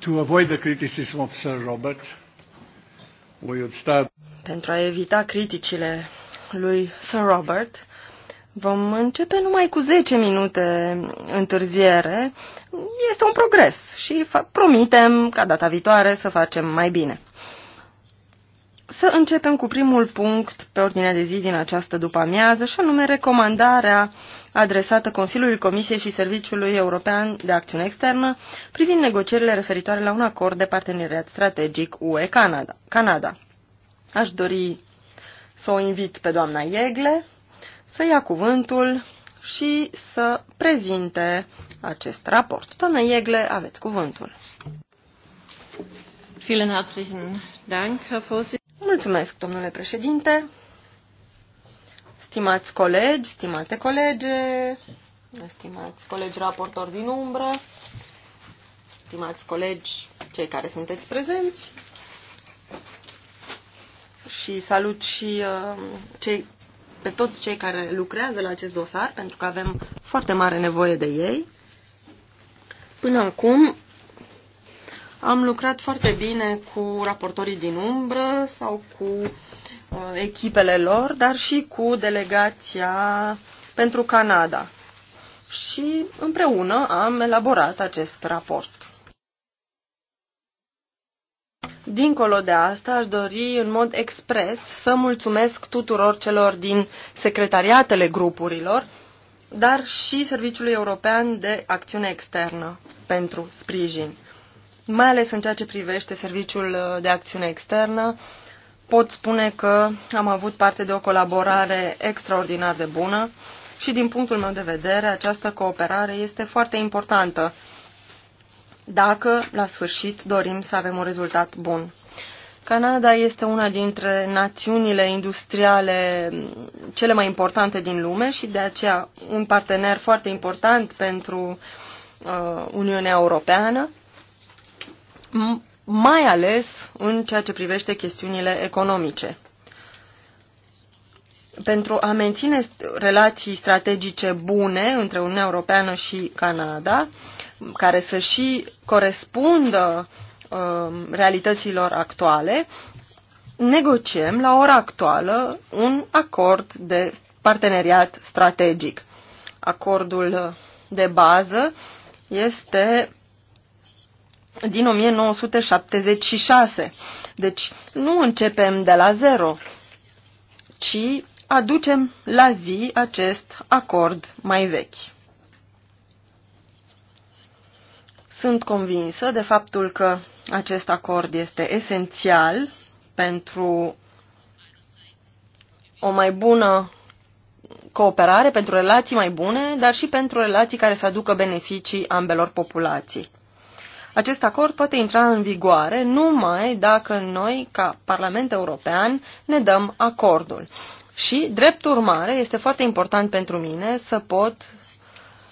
to avoid the criticism of Sir Robert, we would start... Pentru a evita criticile lui Sir Robert, vom începe numai cu 10 minute întârziere. Este un progres și promitem ca data viitoare să facem mai bine. Să începem cu primul punct pe ordinea de zi din această după-amiază, și anume recomandarea uh, adresată Consiliului Comisiei și Serviciului European de Acțiune Externă privind negocierile referitoare la un acord de parteneriat strategic UE-Canada. Canada. Aș dori să o invit pe doamna Iegle să ia cuvântul și să prezinte acest raport. Doamna Iegle, aveți cuvântul. Mulțumesc, domnule președinte. Stimați colegi, stimate colege, stimați colegi raportori din umbră, stimați colegi cei care sunteți prezenți și salut și uh, cei, pe toți cei care lucrează la acest dosar, pentru că avem foarte mare nevoie de ei. Până acum am lucrat foarte bine cu raportorii din umbră sau cu uh, echipele lor, dar și cu delegația pentru Canada. Și împreună am elaborat acest raport. Dincolo de asta, aș dori în mod expres să mulțumesc tuturor celor din secretariatele grupurilor, dar și Serviciului European de Acțiune Externă pentru sprijin mai ales în ceea ce privește serviciul uh, de acțiune externă, pot spune că am avut parte de o colaborare extraordinar de bună și din punctul meu de vedere această cooperare este foarte importantă dacă la sfârșit dorim să avem un rezultat bun. Canada este una dintre națiunile industriale mm, cele mai importante din lume și de aceea un partener foarte important pentru uh, Uniunea Europeană mai ales în ceea ce privește chestiunile economice. Pentru a menține relații strategice bune între Uniunea Europeană și Canada, care să și corespundă um, realităților actuale, negociem la ora actuală un acord de parteneriat strategic. Acordul de bază este din 1976. Deci nu începem de la zero, ci aducem la zi acest acord mai vechi. Sunt convinsă de faptul că acest acord este esențial pentru o mai bună cooperare, pentru relații mai bune, dar și pentru relații care să aducă beneficii ambelor populații. Acest acord poate intra în vigoare numai dacă noi, ca Parlament European, ne dăm acordul. Și, drept urmare, este foarte important pentru mine să pot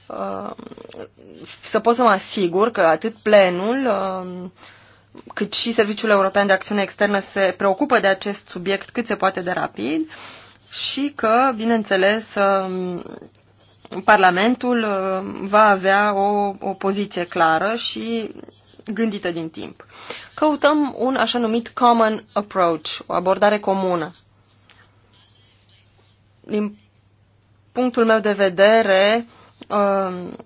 uh, să pot să mă asigur că atât plenul uh, cât și Serviciul European de Acțiune Externă se preocupă de acest subiect cât se poate de rapid și că, bineînțeles, um, Parlamentul uh, va avea o, o poziție clară și gândită din timp. Căutăm un așa numit common approach, o abordare comună. Din punctul meu de vedere, um,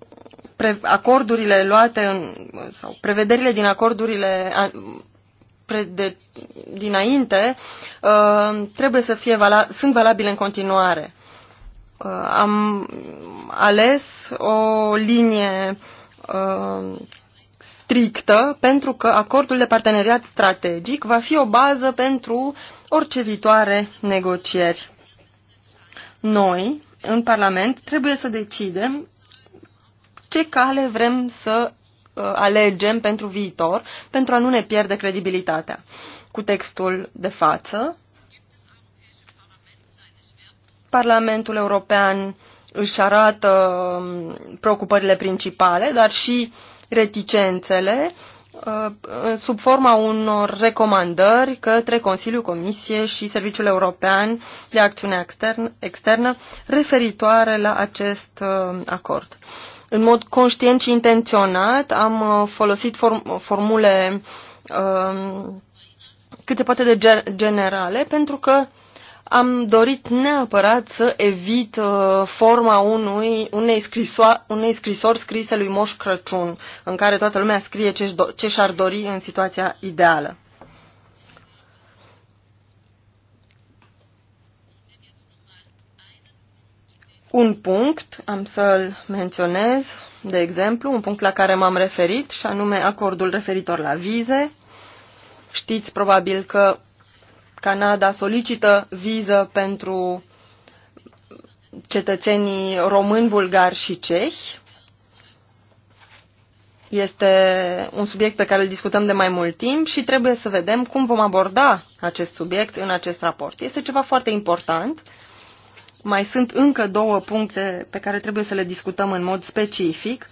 acordurile luate în, sau prevederile din acordurile de, dinainte um, trebuie să fie vala, sunt valabile în continuare. Uh, am ales o linie um, strictă, pentru că acordul de parteneriat strategic va fi o bază pentru orice viitoare negocieri. Noi, în Parlament, trebuie să decidem ce cale vrem să uh, alegem pentru viitor, pentru a nu ne pierde credibilitatea. Cu textul de față, Parlamentul European își arată um, preocupările principale, dar și uh, reticențele uh, sub forma unor recomandări către Consiliul, Comisie și Serviciul European de Acțiune Externă, externă referitoare la acest uh, acord. În mod conștient și intenționat am uh, folosit form formule cât se poate de generale pentru că am dorit neapărat să evit uh, forma unui, unei, scriso- unei scrisori scrise lui Moș Crăciun, în care toată lumea scrie ce, do ce și-ar dori în situația ideală. Un punct, am să-l menționez, de exemplu, un punct la care m-am referit, și anume acordul referitor la vize. Știți probabil că Canada solicită viză pentru cetățenii români, bulgari și cehi. Este un subiect pe care îl discutăm de mai mult timp și trebuie să vedem cum vom aborda acest subiect în acest raport. Este ceva foarte important. Mai sunt încă două puncte pe care trebuie să le discutăm în mod specific,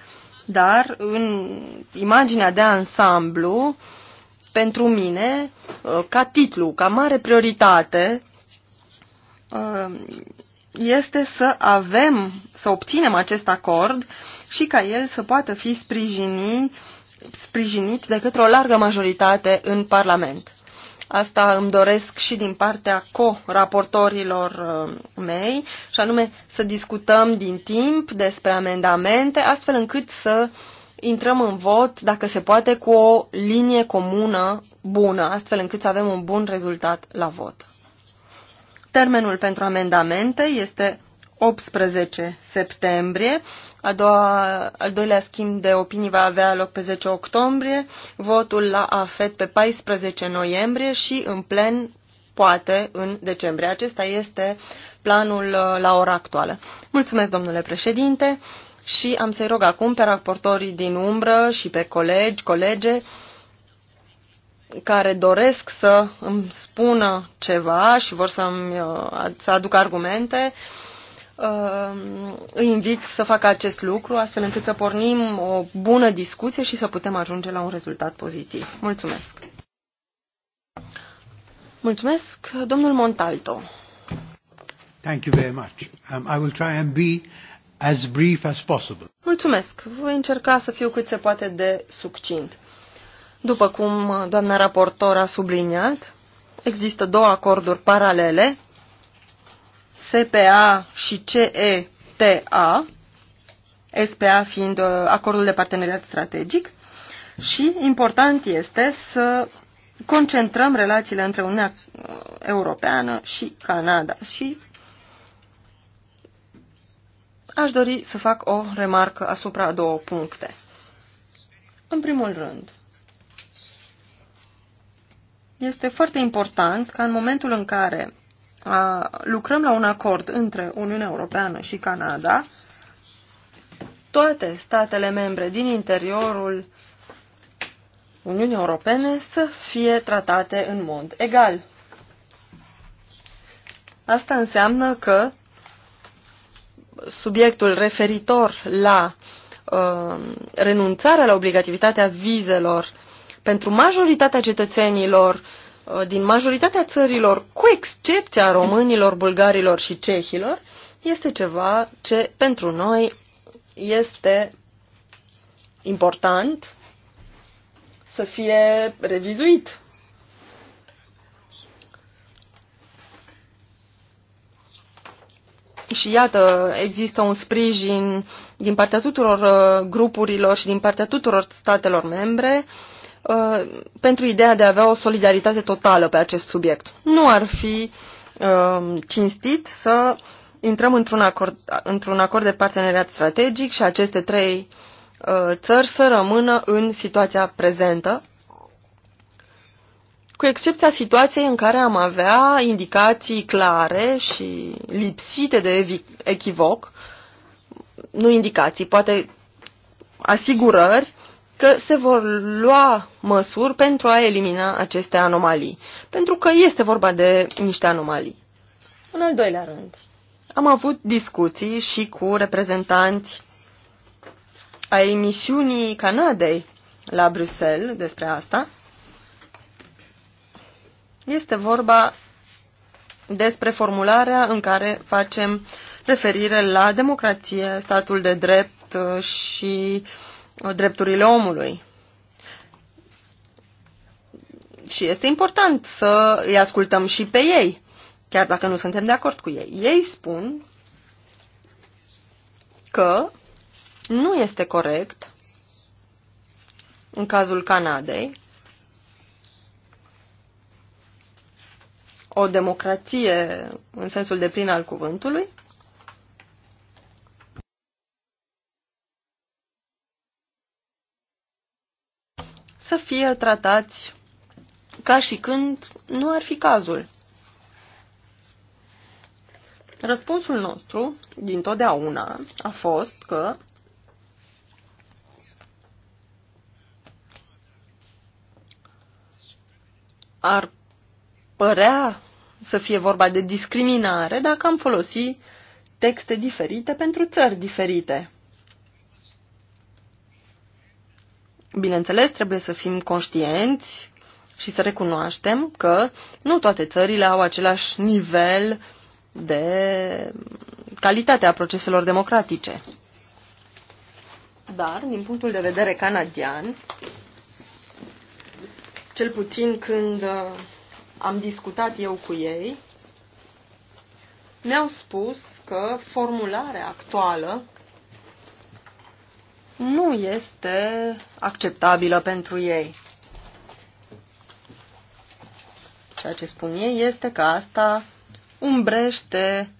dar în imaginea de ansamblu, pentru mine, uh, ca titlu, ca mare prioritate, uh, este să avem, să obținem acest acord și ca el să poată fi sprijinit, sprijinit de către o largă majoritate în Parlament. Asta îmi doresc și din partea co-raportorilor uh, mei, și anume să discutăm din timp despre amendamente, astfel încât să uh, intrăm în vot, dacă se poate, cu o linie comună bună, astfel încât să avem un bun rezultat la vot. Termenul pentru amendamente este 18 septembrie. A doua, al doilea schimb de opinii va avea loc pe 10 octombrie, votul la AFET pe 14 noiembrie și în plen poate în decembrie. Acesta este planul uh, la ora actuală. Mulțumesc, domnule președinte și am să-i rog acum pe raportorii din umbră și pe colegi, colege, care doresc să îmi spună ceva și vor să-mi uh, să aduc argumente, uh, îi invit să facă acest lucru, astfel încât să pornim o bună discuție și să putem ajunge la un rezultat pozitiv. Mulțumesc! Mulțumesc, domnul Montalto. Thank you very much. Um, I will try and be as brief as possible. Mulțumesc. Voi încerca să fiu cât se poate de succint. După cum doamna raportor a subliniat, există două acorduri paralele, CPA și CETA, SPA fiind uh, acordul de parteneriat strategic, și important este să concentrăm relațiile între Uniunea Europeană și Canada și aș dori să fac o remarcă asupra a două puncte. În primul rând, este foarte important ca în momentul în care a, lucrăm la un acord între Uniunea Europeană și Canada, toate statele membre din interiorul Uniunii Europene să fie tratate în mod egal. Asta înseamnă că subiectul referitor la uh, renunțarea la obligativitatea vizelor pentru majoritatea cetățenilor uh, din majoritatea țărilor, cu excepția românilor, bulgarilor și cehilor, este ceva ce pentru noi este important să fie revizuit și iată, există un sprijin din partea tuturor uh, grupurilor și din partea tuturor statelor membre uh, pentru ideea de a avea o solidaritate totală pe acest subiect. Nu ar fi uh, cinstit să intrăm într-un acord, într acord de parteneriat strategic și aceste trei țări să rămână în situația prezentă, cu excepția situației în care am avea indicații clare și lipsite de echivoc, nu indicații, poate asigurări că se vor lua măsuri pentru a elimina aceste anomalii, pentru că este vorba de niște anomalii. În al doilea rând, am avut discuții și cu reprezentanți ai emisiunii Canadei la Bruxelles despre asta este vorba despre formularea în care facem referire la democrație, statul de drept uh, și uh, drepturile omului. Și este important să îi ascultăm și pe ei, chiar dacă nu suntem de acord cu ei. Ei spun că nu este corect, în cazul Canadei, o democrație în sensul de plin al cuvântului. Să fie tratați ca și când nu ar fi cazul. Răspunsul nostru din totdeauna a fost că ar părea să fie vorba de discriminare dacă am folosi texte diferite pentru țări diferite. Bineînțeles, trebuie să fim conștienți și să recunoaștem că nu toate țările au același nivel de calitate a proceselor democratice. Dar, din punctul de vedere canadian, cel puțin când am discutat eu cu ei, ne au spus că formularea actuală nu este acceptabilă pentru ei. Ceea ce spun ei este că asta umbrește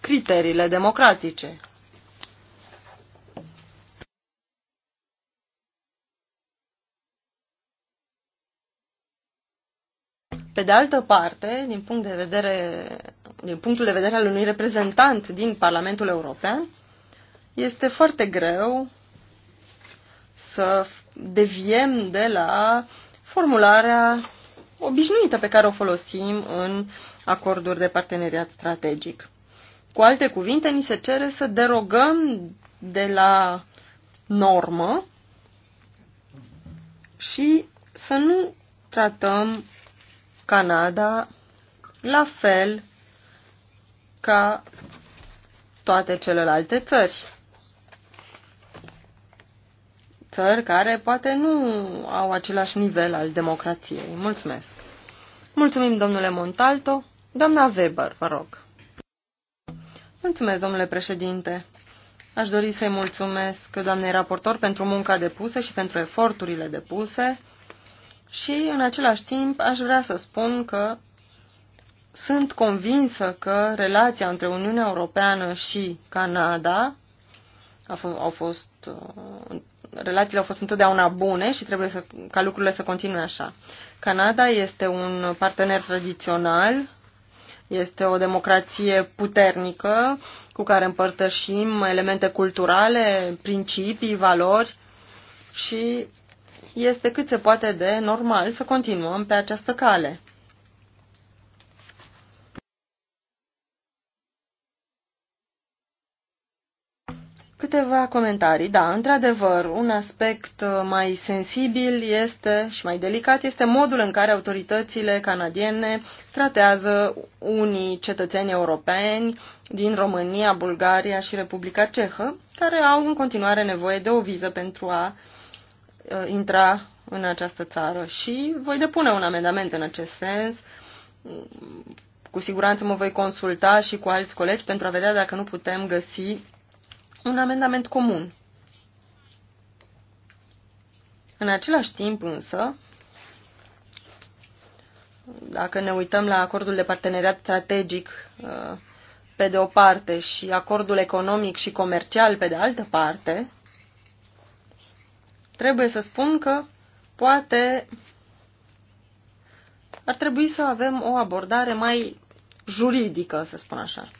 criteriile democratice. Pe de altă parte, din, punct de vedere, din punctul de vedere al unui reprezentant din Parlamentul European, este foarte greu să deviem de la formularea obișnuită pe care o folosim în acorduri de parteneriat strategic. Cu alte cuvinte, ni se cere să derogăm de la normă și să nu tratăm Canada, la fel ca toate celelalte țări. Țări care poate nu au același nivel al democrației. Mulțumesc! Mulțumim, domnule Montalto. Doamna Weber, vă rog. Mulțumesc, domnule președinte. Aș dori să-i mulțumesc doamnei raportor pentru munca depusă și pentru eforturile depuse. Și în același timp aș vrea să spun că sunt convinsă că relația între Uniunea Europeană și Canada a fost, au fost, uh, relațiile au fost întotdeauna bune și trebuie să, ca lucrurile să continue așa. Canada este un partener tradițional, este o democrație puternică cu care împărtășim elemente culturale, principii, valori și este cât se poate de normal să continuăm pe această cale. Câteva comentarii. Da, într-adevăr, un aspect uh, mai sensibil este și mai delicat este modul în care autoritățile canadiene tratează unii cetățeni europeni din România, Bulgaria și Republica Cehă, care au în continuare nevoie de o viză pentru a Uh, intra în această țară și voi depune un amendament în acest sens. Cu siguranță mă voi consulta și cu alți colegi pentru a vedea dacă nu putem găsi un amendament comun. În același timp însă, dacă ne uităm la acordul de parteneriat strategic uh, pe de o parte și acordul economic și comercial pe de altă parte, trebuie să spun că poate ar trebui să avem o abordare mai juridică, să spun așa.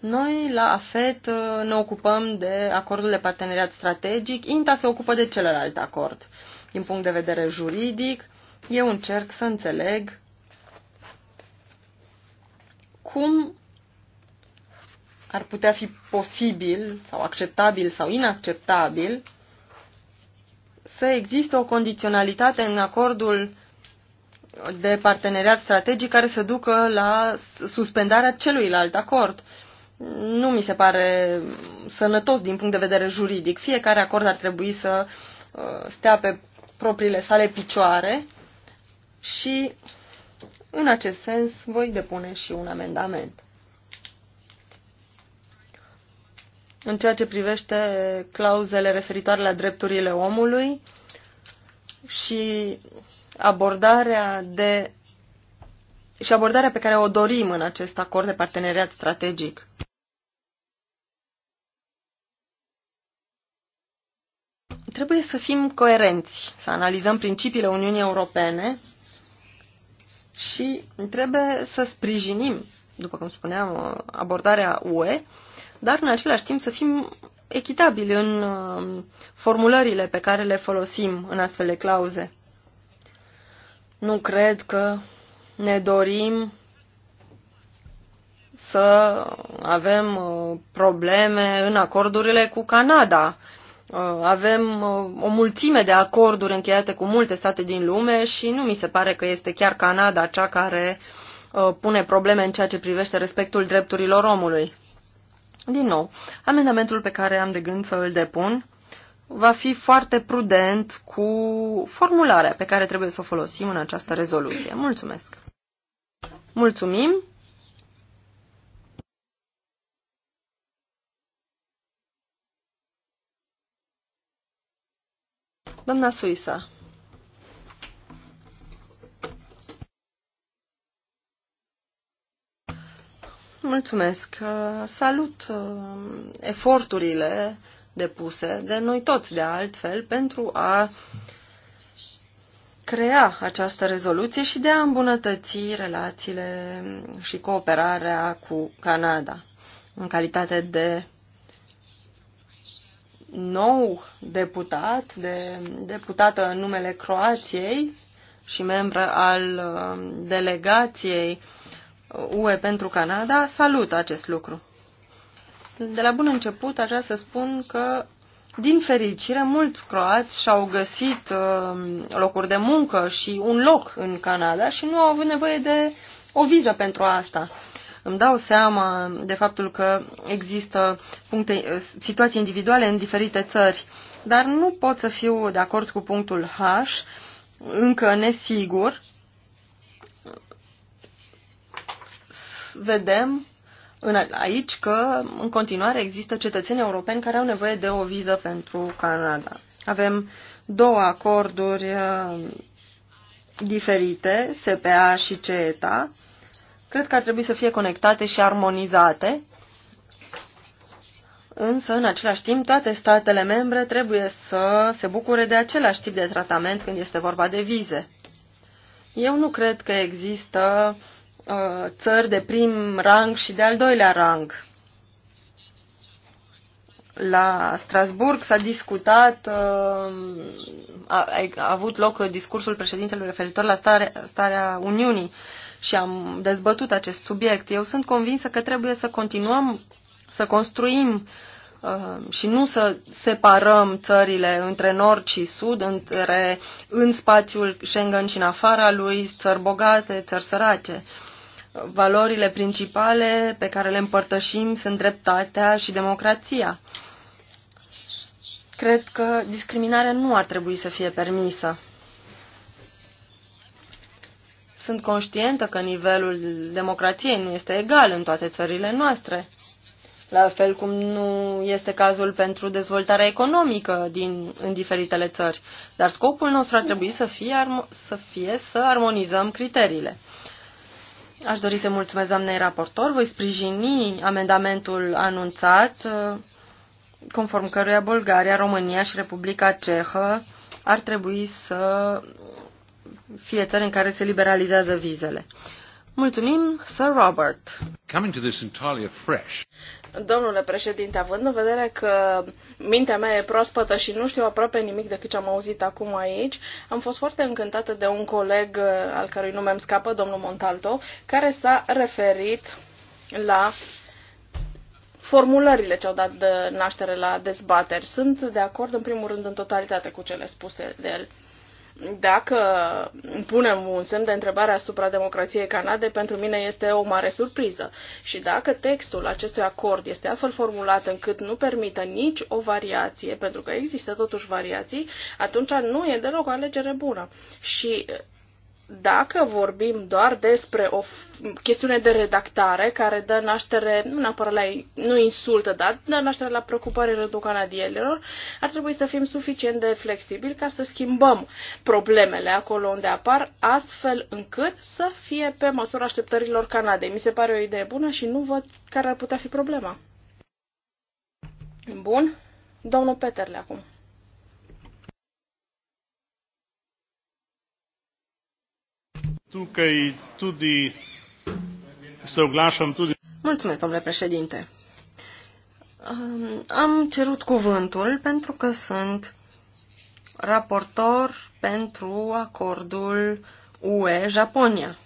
Noi la AFET ne ocupăm de acordul de parteneriat strategic, INTA se ocupă de celălalt acord. Din punct de vedere juridic, eu încerc să înțeleg cum ar putea fi posibil sau acceptabil sau inacceptabil să existe o condiționalitate în acordul de parteneriat strategic care să ducă la suspendarea celuilalt acord. Nu mi se pare sănătos din punct de vedere juridic. Fiecare acord ar trebui să uh, stea pe propriile sale picioare și în acest sens voi depune și un amendament. în ceea ce privește clauzele referitoare la drepturile omului și abordarea de și abordarea pe care o dorim în acest acord de parteneriat strategic. Trebuie să fim coerenți, să analizăm principiile Uniunii Europene și trebuie să sprijinim, după cum spuneam, abordarea UE dar în același timp să fim echitabili în uh, formulările pe care le folosim în astfel de clauze. Nu cred că ne dorim să avem uh, probleme în acordurile cu Canada. Uh, avem o mulțime de acorduri încheiate cu multe state din lume și nu mi se pare că este chiar Canada cea care pune probleme în ceea ce privește respectul drepturilor omului. Din nou, amendamentul pe care am de gând să îl depun va fi foarte prudent cu formularea pe care trebuie să o folosim în această rezoluție. Mulțumesc! Mulțumim! Doamna Suisa. Mulțumesc. Uh, salut uh, eforturile depuse de noi toți, de altfel, pentru a crea această rezoluție și de a îmbunătăți relațiile și cooperarea cu Canada. În calitate de nou deputat, de deputată în numele Croației și membră al uh, delegației UE pentru Canada salută acest lucru. De la bun început aș vrea să spun că, din fericire, mulți croați și-au găsit um, locuri de muncă și un loc în Canada și nu au avut nevoie de o viză pentru asta. Îmi dau seama de faptul că există puncte, situații individuale în diferite țări, dar nu pot să fiu de acord cu punctul H, încă nesigur, vedem în, aici că în continuare există cetățeni europeni care au nevoie de o viză pentru Canada. Avem două acorduri uh, diferite, SPA și CETA. Cred că ar trebui să fie conectate și armonizate. Însă, în același timp, toate statele membre trebuie să se bucure de același tip de tratament când este vorba de vize. Eu nu cred că există uh, Uh, țări de prim rang și de al doilea rang. La Strasburg s-a discutat, uh, a, a avut loc discursul președintelui referitor la stare, starea Uniunii și am dezbătut acest subiect. Eu sunt convinsă că trebuie să continuăm să construim uh, și nu să separăm țările între nord și sud, între, în spațiul Schengen și în afara lui, țări bogate, țări sărace. Uh, Valorile principale pe care le împărtășim sunt dreptatea și democrația. Cred că discriminarea nu ar trebui să fie permisă. Sunt conștientă că nivelul democrației nu este egal în toate țările noastre, la fel cum nu este cazul pentru dezvoltarea economică din, în diferitele țări. Dar scopul nostru ar trebui să fie, să fie să armonizăm criteriile. Aș dori să mulțumesc doamnei raportor. Voi sprijini amendamentul anunțat, uh, conform căruia Bulgaria, România și Republica Cehă ar trebui să fie țări în care se liberalizează vizele. Mulțumim, Sir Robert. Coming to this entirely afresh. Domnule președinte, având în vedere că mintea mea e proaspătă și nu știu aproape nimic decât ce am auzit acum aici, am fost foarte încântată de un coleg uh, al cărui nume îmi scapă, domnul Montalto, care s-a referit la formulările ce au dat de naștere la dezbateri. Sunt de acord, în primul rând, în totalitate cu cele spuse de el. Dacă punem un semn de întrebare asupra democrației Canadei, pentru mine este o mare surpriză. Și dacă textul acestui acord este astfel formulat încât nu permită nici o variație, pentru că există totuși variații, atunci nu e deloc o alegere bună. Și dacă vorbim doar despre o chestiune de redactare care dă naștere, nu neapărat la, nu insultă, dar dă naștere la preocupare în rândul canadienilor, ar trebui să fim suficient de flexibili ca să schimbăm problemele acolo unde apar, astfel încât să fie pe măsura așteptărilor Canadei. Mi se pare o idee bună și nu văd care ar putea fi problema. Bun. Domnul Peterle acum. Tukaj tudi se oglašam tudi. Mulțumesc, domnule președinte. Am cerut cuvântul pentru că sunt raportor pentru acordul UE-Japonia.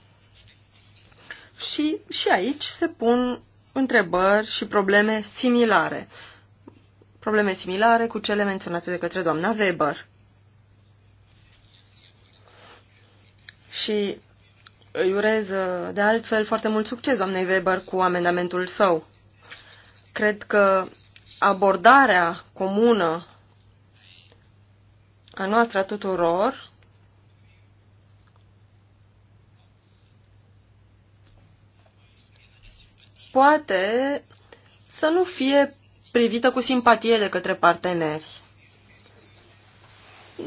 Și, și aici se pun întrebări și probleme similare. Probleme similare cu cele menționate de către doamna Weber. Și îi urez uh, de altfel foarte mult succes doamnei Weber cu amendamentul său. Cred că abordarea comună a noastră a tuturor poate să nu fie privită cu simpatie de către parteneri.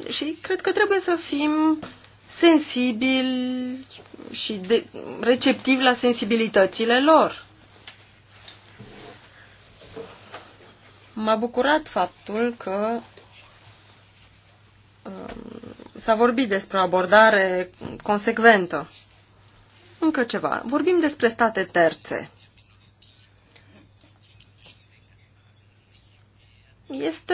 Și cred că trebuie să fim sensibil și de, receptiv la sensibilitățile lor. M-a bucurat faptul că um, s-a vorbit despre o abordare consecventă. Încă ceva. Vorbim despre state terțe. Este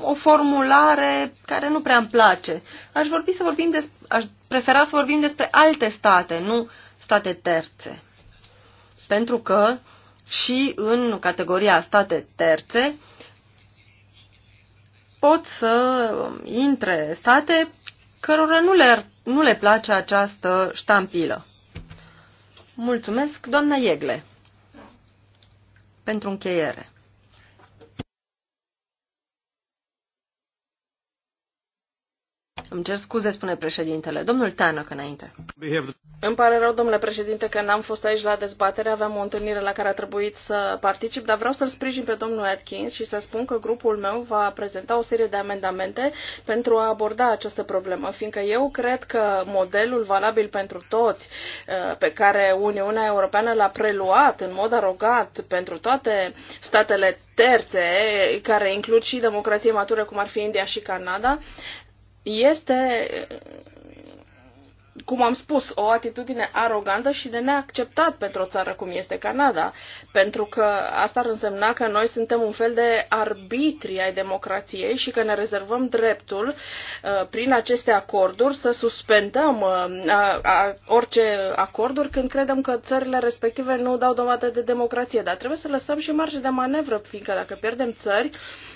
o formulare care nu prea îmi place. Aș vorbi să vorbim despre aș prefera să vorbim despre alte state, nu state terțe. Pentru că și în categoria state terțe pot să intre state cărora nu le, nu le place această ștampilă. Mulțumesc, doamna Iegle, pentru încheiere. Îmi cer scuze, spune președintele. Domnul Tanăc înainte. Îmi pare rău, domnule președinte, că n-am fost aici la dezbatere. Aveam o întâlnire la care a trebuit să particip, dar vreau să-l sprijin pe domnul Atkins și să spun că grupul meu va prezenta o serie de amendamente pentru a aborda această problemă, fiindcă eu cred că modelul valabil pentru toți, uh, pe care Uniunea Europeană l-a preluat în mod arogat pentru toate statele terțe, care includ și democrații mature, cum ar fi India și Canada, este cum am spus, o atitudine arogantă și de neacceptat pentru o țară cum este Canada, pentru că asta ar însemna că noi suntem un fel de arbitri ai democrației și că ne rezervăm dreptul uh, prin aceste acorduri să suspendăm uh, orice acorduri când credem că țările respective nu dau dovadă de democrație, dar trebuie să lăsăm și marge de manevră, fiindcă dacă pierdem țări,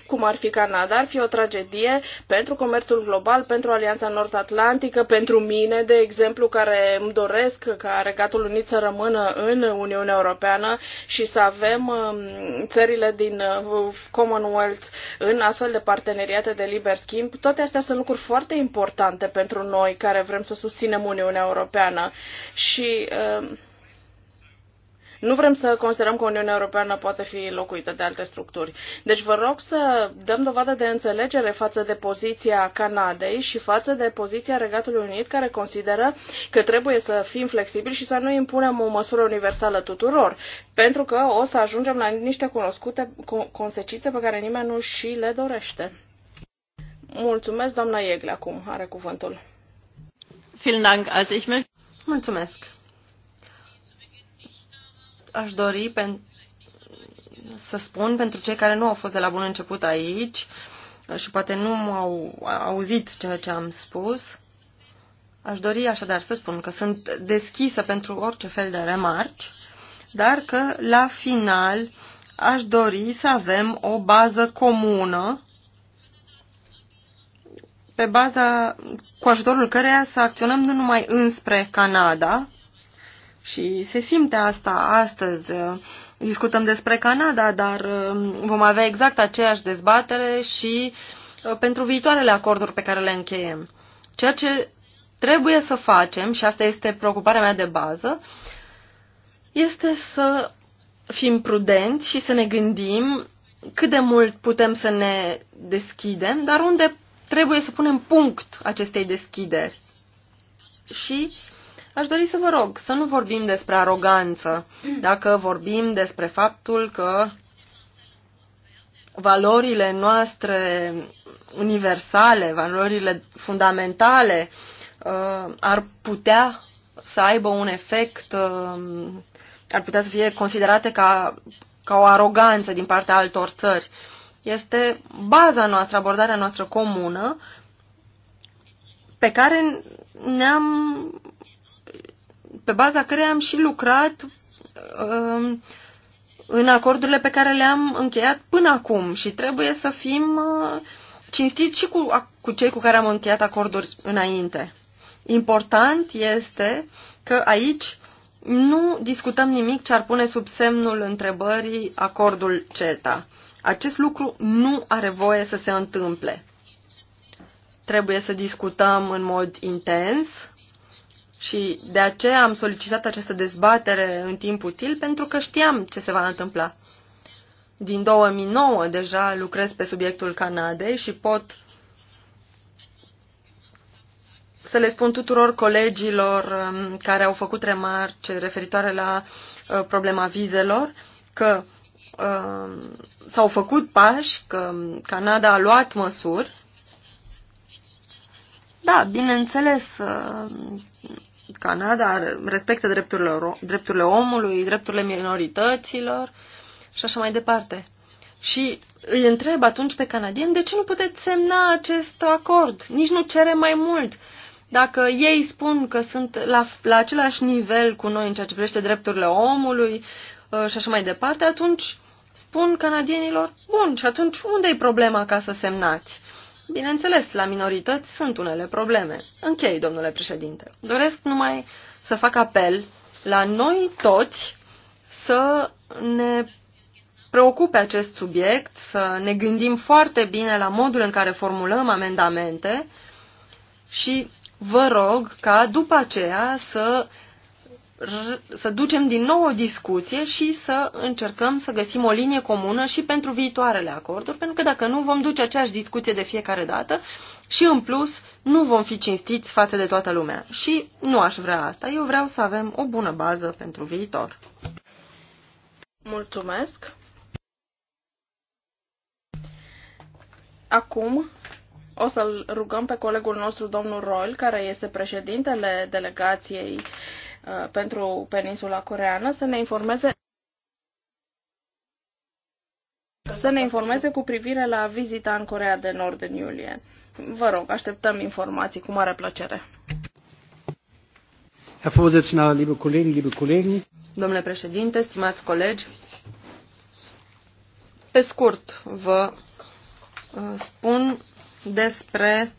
cum ar fi Canada, ar fi o tragedie pentru comerțul global, pentru Alianța Nord-Atlantică, pentru mine, de exemplu, exemplu, care îmi doresc ca Regatul Unit să rămână în Uniunea Europeană și să avem um, țările din uh, Commonwealth în astfel de parteneriate de liber schimb. Toate astea sunt lucruri foarte importante pentru noi care vrem să susținem Uniunea Europeană și uh, nu vrem să considerăm că Uniunea Europeană poate fi locuită de alte structuri. Deci vă rog să dăm dovadă de înțelegere față de poziția Canadei și față de poziția Regatului Unit, care consideră că trebuie să fim flexibili și să nu impunem o măsură universală tuturor, pentru că o să ajungem la niște cunoscute consecințe pe care nimeni nu și le dorește. Mulțumesc, doamna Iegle, acum are cuvântul. Mulțumesc aș dori pen, să spun pentru cei care nu au fost de la bun început aici și poate nu au auzit ceea ce am spus, aș dori așadar să spun că sunt deschisă pentru orice fel de remarci, dar că la final aș dori să avem o bază comună pe baza cu ajutorul căreia să acționăm nu numai înspre Canada, și se simte asta astăzi. Discutăm despre Canada, dar um, vom avea exact aceeași dezbatere și uh, pentru viitoarele acorduri pe care le încheiem. Ceea ce trebuie să facem, și asta este preocuparea mea de bază, este să fim prudenți și să ne gândim cât de mult putem să ne deschidem, dar unde trebuie să punem punct acestei deschideri. Și Aș dori să vă rog să nu vorbim despre aroganță, dacă vorbim despre faptul că valorile noastre universale, valorile fundamentale uh, ar putea să aibă un efect, uh, ar putea să fie considerate ca, ca o aroganță din partea altor țări. Este baza noastră, abordarea noastră comună pe care ne-am pe baza căreia am și lucrat um, în acordurile pe care le-am încheiat până acum și trebuie să fim uh, cinstiți și cu, cu cei cu care am încheiat acorduri înainte. Important este că aici nu discutăm nimic ce ar pune sub semnul întrebării acordul CETA. Acest lucru nu are voie să se întâmple. Trebuie să discutăm în mod intens și de aceea am solicitat această dezbatere în timp util, pentru că știam ce se va întâmpla. Din 2009 deja lucrez pe subiectul Canadei și pot să le spun tuturor colegilor um, care au făcut remarce referitoare la uh, problema vizelor că um, s-au făcut pași, că Canada a luat măsuri. Da, bineînțeles, uh, Canada respectă drepturile, drepturile omului, drepturile minorităților și așa mai departe. Și îi întreb atunci pe canadieni de ce nu puteți semna acest acord, nici nu cere mai mult. Dacă ei spun că sunt la, la același nivel cu noi în ceea ce privește drepturile omului uh, și așa mai departe, atunci spun canadienilor, bun, și atunci unde e problema ca să semnați? Bineînțeles, la minorități sunt unele probleme. Închei, domnule președinte. Doresc numai să fac apel la noi toți să ne preocupe acest subiect, să ne gândim foarte bine la modul în care formulăm amendamente și vă rog ca după aceea să să ducem din nou o discuție și să încercăm să găsim o linie comună și pentru viitoarele acorduri, pentru că dacă nu vom duce aceeași discuție de fiecare dată și în plus nu vom fi cinstiți față de toată lumea. Și nu aș vrea asta, eu vreau să avem o bună bază pentru viitor. Mulțumesc! Acum o să-l rugăm pe colegul nostru, domnul Roil, care este președintele delegației Uh, pentru peninsula coreeană să ne informeze să ne informeze cu privire la vizita în Corea de Nord în iulie. Vă rog, așteptăm informații cu mare plăcere. Domnule președinte, stimați colegi, pe scurt vă uh, spun despre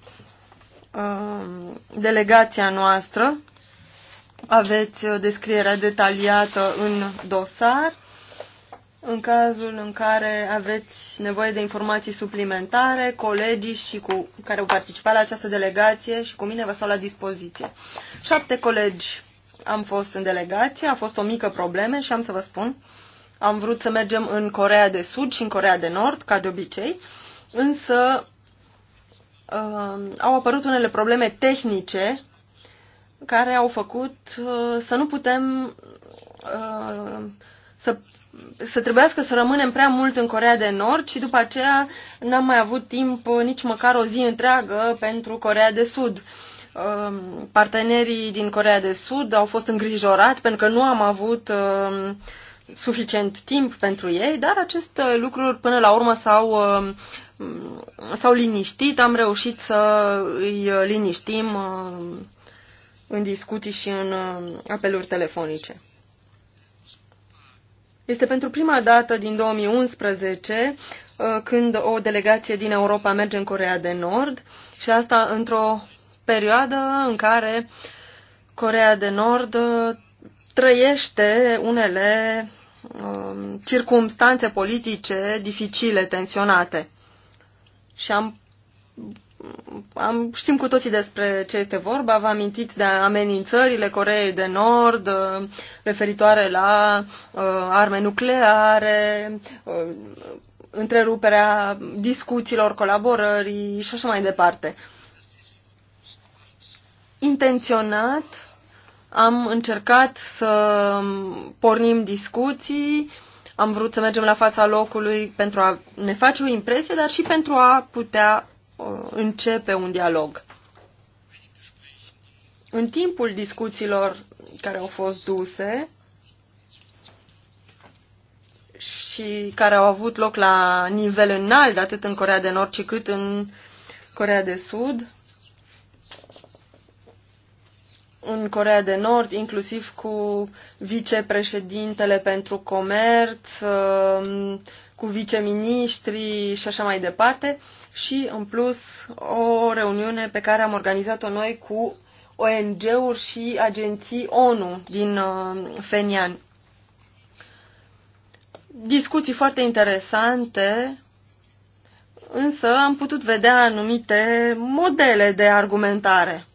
uh, delegația noastră aveți descrierea detaliată în dosar. În cazul în care aveți nevoie de informații suplimentare, colegii și cu care au participat la această delegație și cu mine vă stau la dispoziție. Șapte colegi am fost în delegație, a fost o mică problemă și am să vă spun, am vrut să mergem în Corea de Sud și în Corea de Nord, ca de obicei, însă uh, au apărut unele probleme tehnice care au făcut uh, să nu putem uh, să, să trebuiască să rămânem prea mult în Corea de Nord și după aceea n-am mai avut timp nici măcar o zi întreagă pentru Corea de Sud. Um, partenerii din Corea de Sud au fost îngrijorați pentru că nu am avut um, suficient timp pentru ei, dar acest lucru până la urmă s-au, um, s-au liniștit, am reușit să îi liniștim în discuții și în uh, apeluri telefonice. Este pentru prima dată din 2011 uh, când o delegație din Europa merge în Corea de Nord și asta într-o perioadă în care Corea de Nord uh, trăiește unele um, circumstanțe politice dificile, tensionate. Și am am, știm cu toții despre ce este vorba, vă amintiți de amenințările Coreei de Nord uh, referitoare la uh, arme nucleare, uh, întreruperea discuțiilor, colaborării și așa mai departe. Intenționat am încercat să pornim discuții, am vrut să mergem la fața locului pentru a ne face o impresie, dar și pentru a putea Uh, începe un dialog. În timpul discuțiilor care au fost duse și care au avut loc la nivel înalt, atât în Corea de Nord, ci cât în Corea de Sud, în Corea de Nord, inclusiv cu vicepreședintele pentru comerț, uh, cu viceministrii și așa mai departe, și, în plus, o reuniune pe care am organizat-o noi cu ONG-uri și agenții ONU din uh, Fenian. Discuții foarte interesante, însă am putut vedea anumite modele de argumentare.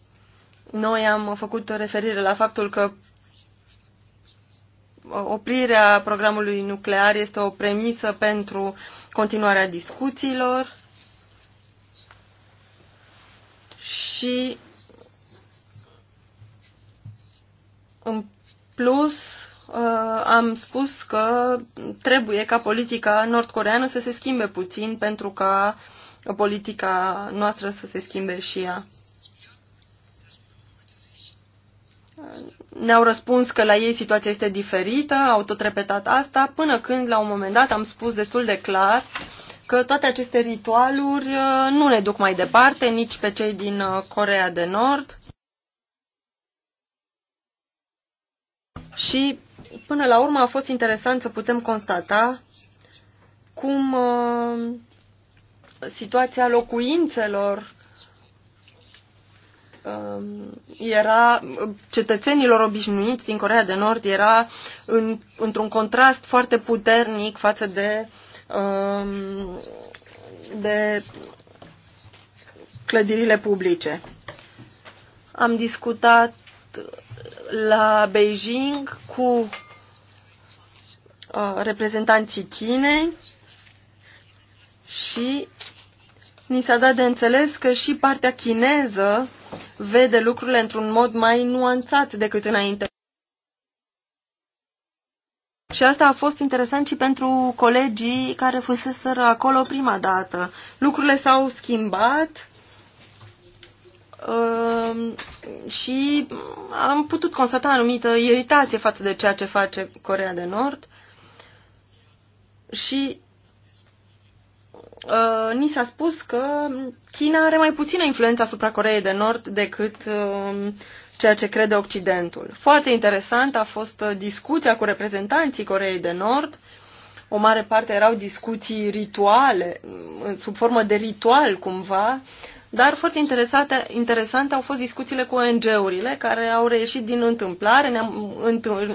Noi am făcut referire la faptul că oprirea programului nuclear este o premisă pentru continuarea discuțiilor și în plus uh, am spus că trebuie ca politica nordcoreană să se schimbe puțin pentru ca politica noastră să se schimbe și ea. Ne-au răspuns că la ei situația este diferită, au tot repetat asta, până când la un moment dat am spus destul de clar uh, că toate aceste ritualuri uh, nu le duc mai departe, nici pe cei din uh, Corea de Nord. Și până la urmă a fost interesant să putem constata cum uh, situația locuințelor um, era cetățenilor obișnuiți din Corea de Nord era în, într-un contrast foarte puternic față de uh, Um, de clădirile publice. Am discutat la Beijing cu uh, reprezentanții Chinei și ni s-a dat de înțeles că și partea chineză vede lucrurile într-un mod mai nuanțat decât înainte. Și asta a fost interesant și pentru colegii care fuseseră acolo prima dată. Lucrurile s-au schimbat um, și am putut constata anumită iritație față de ceea ce face Corea de Nord și uh, ni s-a spus că China are mai puțină influență asupra Coreei de Nord decât uh, ceea ce crede Occidentul. Foarte interesant a fost uh, discuția cu reprezentanții Coreei de Nord. O mare parte erau discuții rituale, sub formă de ritual cumva, dar foarte interesante, interesante au fost discuțiile cu ONG-urile care au reieșit din întâmplare. Ne-am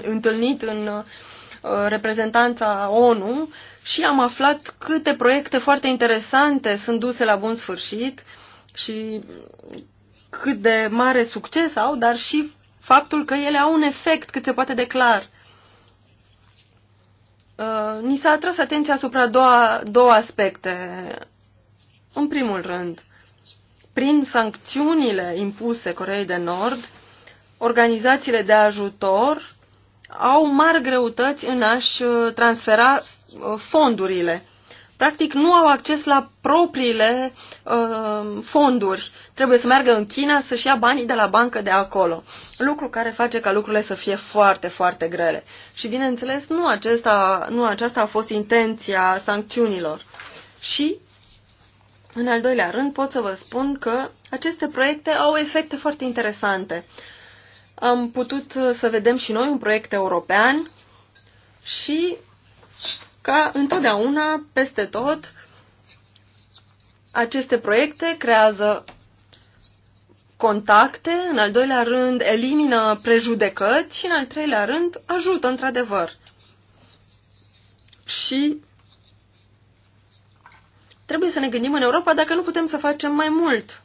întâlnit în uh, reprezentanța ONU și am aflat câte proiecte foarte interesante sunt duse la bun sfârșit și cât de mare succes au, dar și faptul că ele au un efect cât se poate de clar. Uh, ni s-a atras atenția asupra două, două aspecte. În primul rând, prin sancțiunile impuse Coreei de Nord, organizațiile de ajutor au mari greutăți în a-și transfera uh, fondurile practic nu au acces la propriile uh, fonduri. Trebuie să meargă în China să-și ia banii de la bancă de acolo. Lucru care face ca lucrurile să fie foarte, foarte grele. Și bineînțeles, nu, acesta, nu aceasta a fost intenția sancțiunilor. Și, în al doilea rând, pot să vă spun că aceste proiecte au efecte foarte interesante. Am putut să vedem și noi un proiect european și ca întotdeauna, peste tot, aceste proiecte creează contacte, în al doilea rând elimină prejudecăți și în al treilea rând ajută într-adevăr. Și trebuie să ne gândim în Europa dacă nu putem să facem mai mult.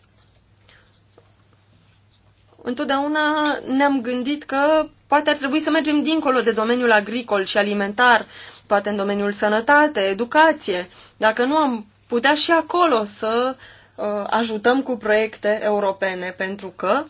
Întotdeauna ne-am gândit că poate ar trebui să mergem dincolo de domeniul agricol și alimentar poate în domeniul sănătate, educație, dacă nu am putea și acolo să uh, ajutăm cu proiecte europene, pentru că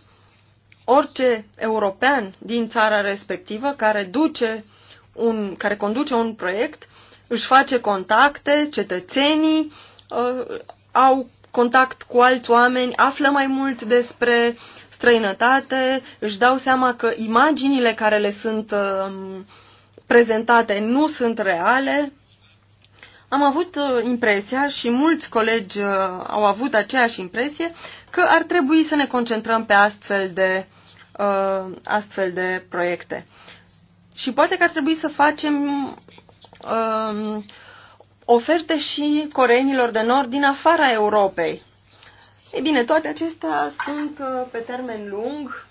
orice european din țara respectivă care, duce un, care conduce un proiect își face contacte, cetățenii uh, au contact cu alți oameni, află mai mult despre străinătate, își dau seama că imaginile care le sunt uh, prezentate nu sunt reale. Am avut uh, impresia și mulți colegi uh, au avut aceeași impresie că ar trebui să ne concentrăm pe astfel de, uh, astfel de proiecte. Și poate că ar trebui să facem uh, oferte și coreenilor de nord din afara Europei. Ei bine, toate acestea sunt uh, pe termen lung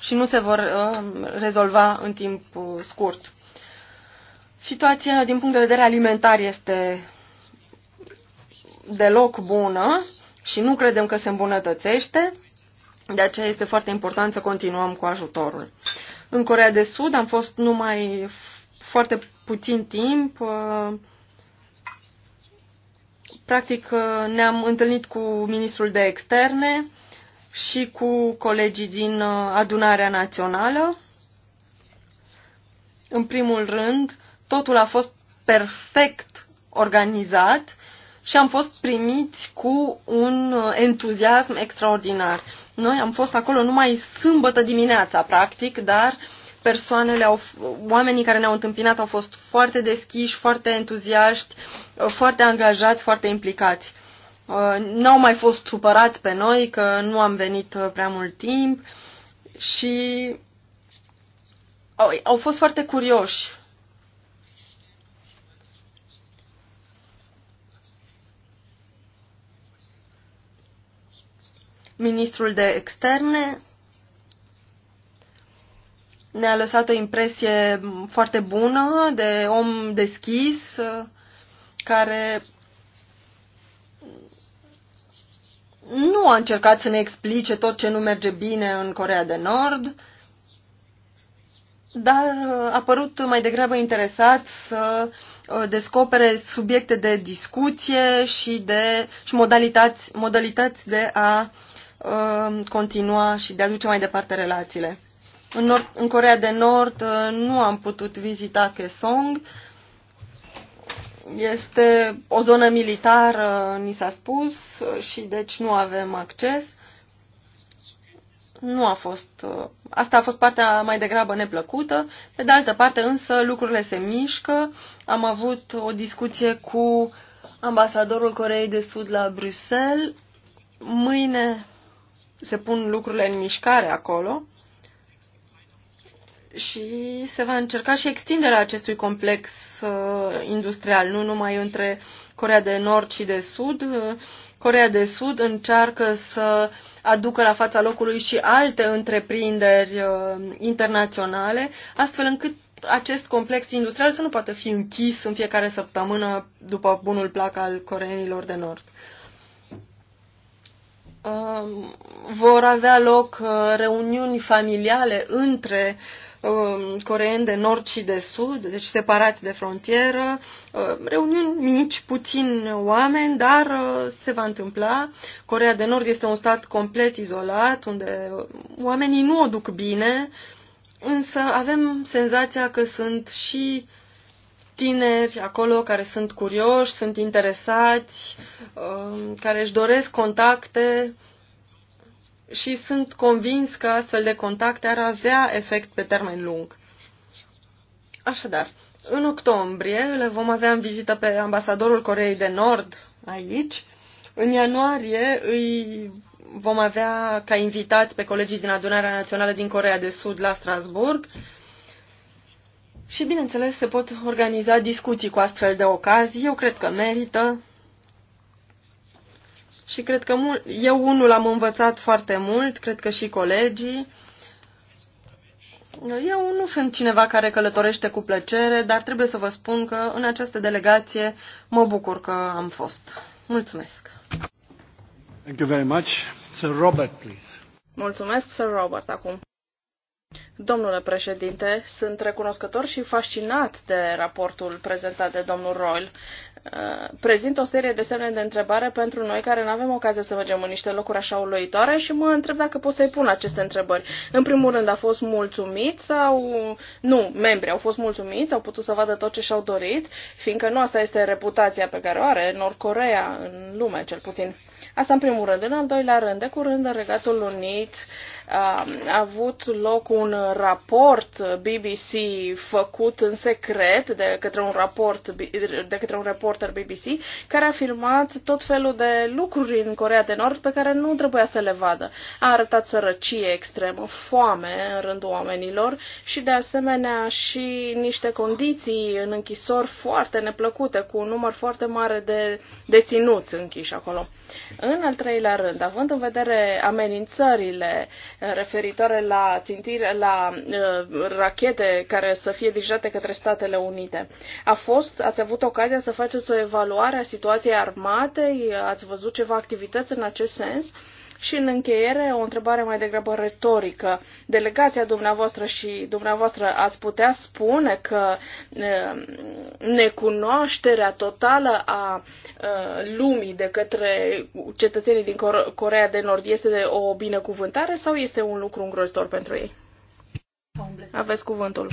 și nu se vor uh, rezolva în timp uh, scurt. Situația din punct de vedere alimentar este deloc bună și nu credem că se îmbunătățește, de aceea este foarte important să continuăm cu ajutorul. În Corea de Sud am fost numai foarte puțin timp. Practic ne-am întâlnit cu ministrul de externe și cu colegii din adunarea națională. În primul rând, totul a fost perfect organizat și am fost primiți cu un entuziasm extraordinar. Noi am fost acolo numai sâmbătă dimineața, practic, dar persoanele, au, oamenii care ne-au întâmpinat au fost foarte deschiși, foarte entuziaști, foarte angajați, foarte implicați. Uh, n-au mai fost supărați pe noi că nu am venit uh, prea mult timp și au, au fost foarte curioși ministrul de externe ne-a lăsat o impresie foarte bună de om deschis care nu a încercat să ne explice tot ce nu merge bine în Corea de Nord, dar a părut mai degrabă interesat să uh, descopere subiecte de discuție și, de, și modalități, modalități de a Um, continua și de a duce mai departe relațiile. În, Nord, în Corea de Nord uh, nu am putut vizita Kaesong. Este o zonă militară, ni s-a spus, și deci nu avem acces. Nu a fost... Uh, asta a fost partea mai degrabă neplăcută. Pe de altă parte, însă, lucrurile se mișcă. Am avut o discuție cu ambasadorul Coreei de Sud la Bruxelles. Mâine se pun lucrurile în mișcare acolo și se va încerca și extinderea acestui complex uh, industrial, nu numai între Corea de Nord și de Sud. Uh, Corea de Sud încearcă să aducă la fața locului și alte întreprinderi uh, internaționale, astfel încât acest complex industrial să nu poată fi închis în fiecare săptămână după bunul plac al coreenilor de Nord. Um, vor avea loc uh, reuniuni familiale între um, coreeni de nord și de sud, deci separați de frontieră, uh, reuniuni mici, puțin oameni, dar uh, se va întâmpla. Corea de Nord este un stat complet izolat, unde oamenii nu o duc bine, însă avem senzația că sunt și tineri acolo care sunt curioși, sunt interesați, um, care își doresc contacte și sunt convins că astfel de contacte ar avea efect pe termen lung. Așadar, în octombrie le vom avea în vizită pe ambasadorul Coreei de Nord aici. În ianuarie îi vom avea ca invitați pe colegii din Adunarea Națională din Corea de Sud la Strasburg. Și, bineînțeles, se pot organiza discuții cu astfel de ocazii. Eu cred că merită. Și cred că eu unul am învățat foarte mult, cred că și colegii. Eu nu sunt cineva care călătorește cu plăcere, dar trebuie să vă spun că în această delegație mă bucur că am fost. Mulțumesc! Thank you very much. Sir Robert, please. Mulțumesc, Sir Robert, acum. Domnule președinte, sunt recunoscător și fascinat de raportul prezentat de domnul Royal. Uh, prezint o serie de semne de întrebare pentru noi care nu avem ocazia să mergem în niște locuri așa uluitoare și mă întreb dacă pot să-i pun aceste întrebări. În primul rând, a fost mulțumit sau... Nu, membrii au fost mulțumiți, au putut să vadă tot ce și-au dorit, fiindcă nu asta este reputația pe care o are Nord-Corea în lume, cel puțin. Asta în primul rând. În al doilea rând, de curând, în Regatul Unit, a avut loc un raport BBC făcut în secret de către un, raport, de către un reporter BBC care a filmat tot felul de lucruri în Corea de Nord pe care nu trebuia să le vadă. A arătat sărăcie extremă, foame în rândul oamenilor și de asemenea și niște condiții în închisori foarte neplăcute cu un număr foarte mare de deținuți închiși acolo. În al treilea rând, având în vedere amenințările referitoare la țintire, la uh, rachete care să fie dirijate către Statele Unite. A fost, ați avut ocazia să faceți o evaluare a situației armatei? Ați văzut ceva activități în acest sens? Uh, și în încheiere, o întrebare mai degrabă retorică. Delegația dumneavoastră și dumneavoastră ați putea spune că necunoașterea totală a lumii de către cetățenii din Corea de Nord este de o binecuvântare sau este un lucru îngrozitor pentru ei? Aveți cuvântul.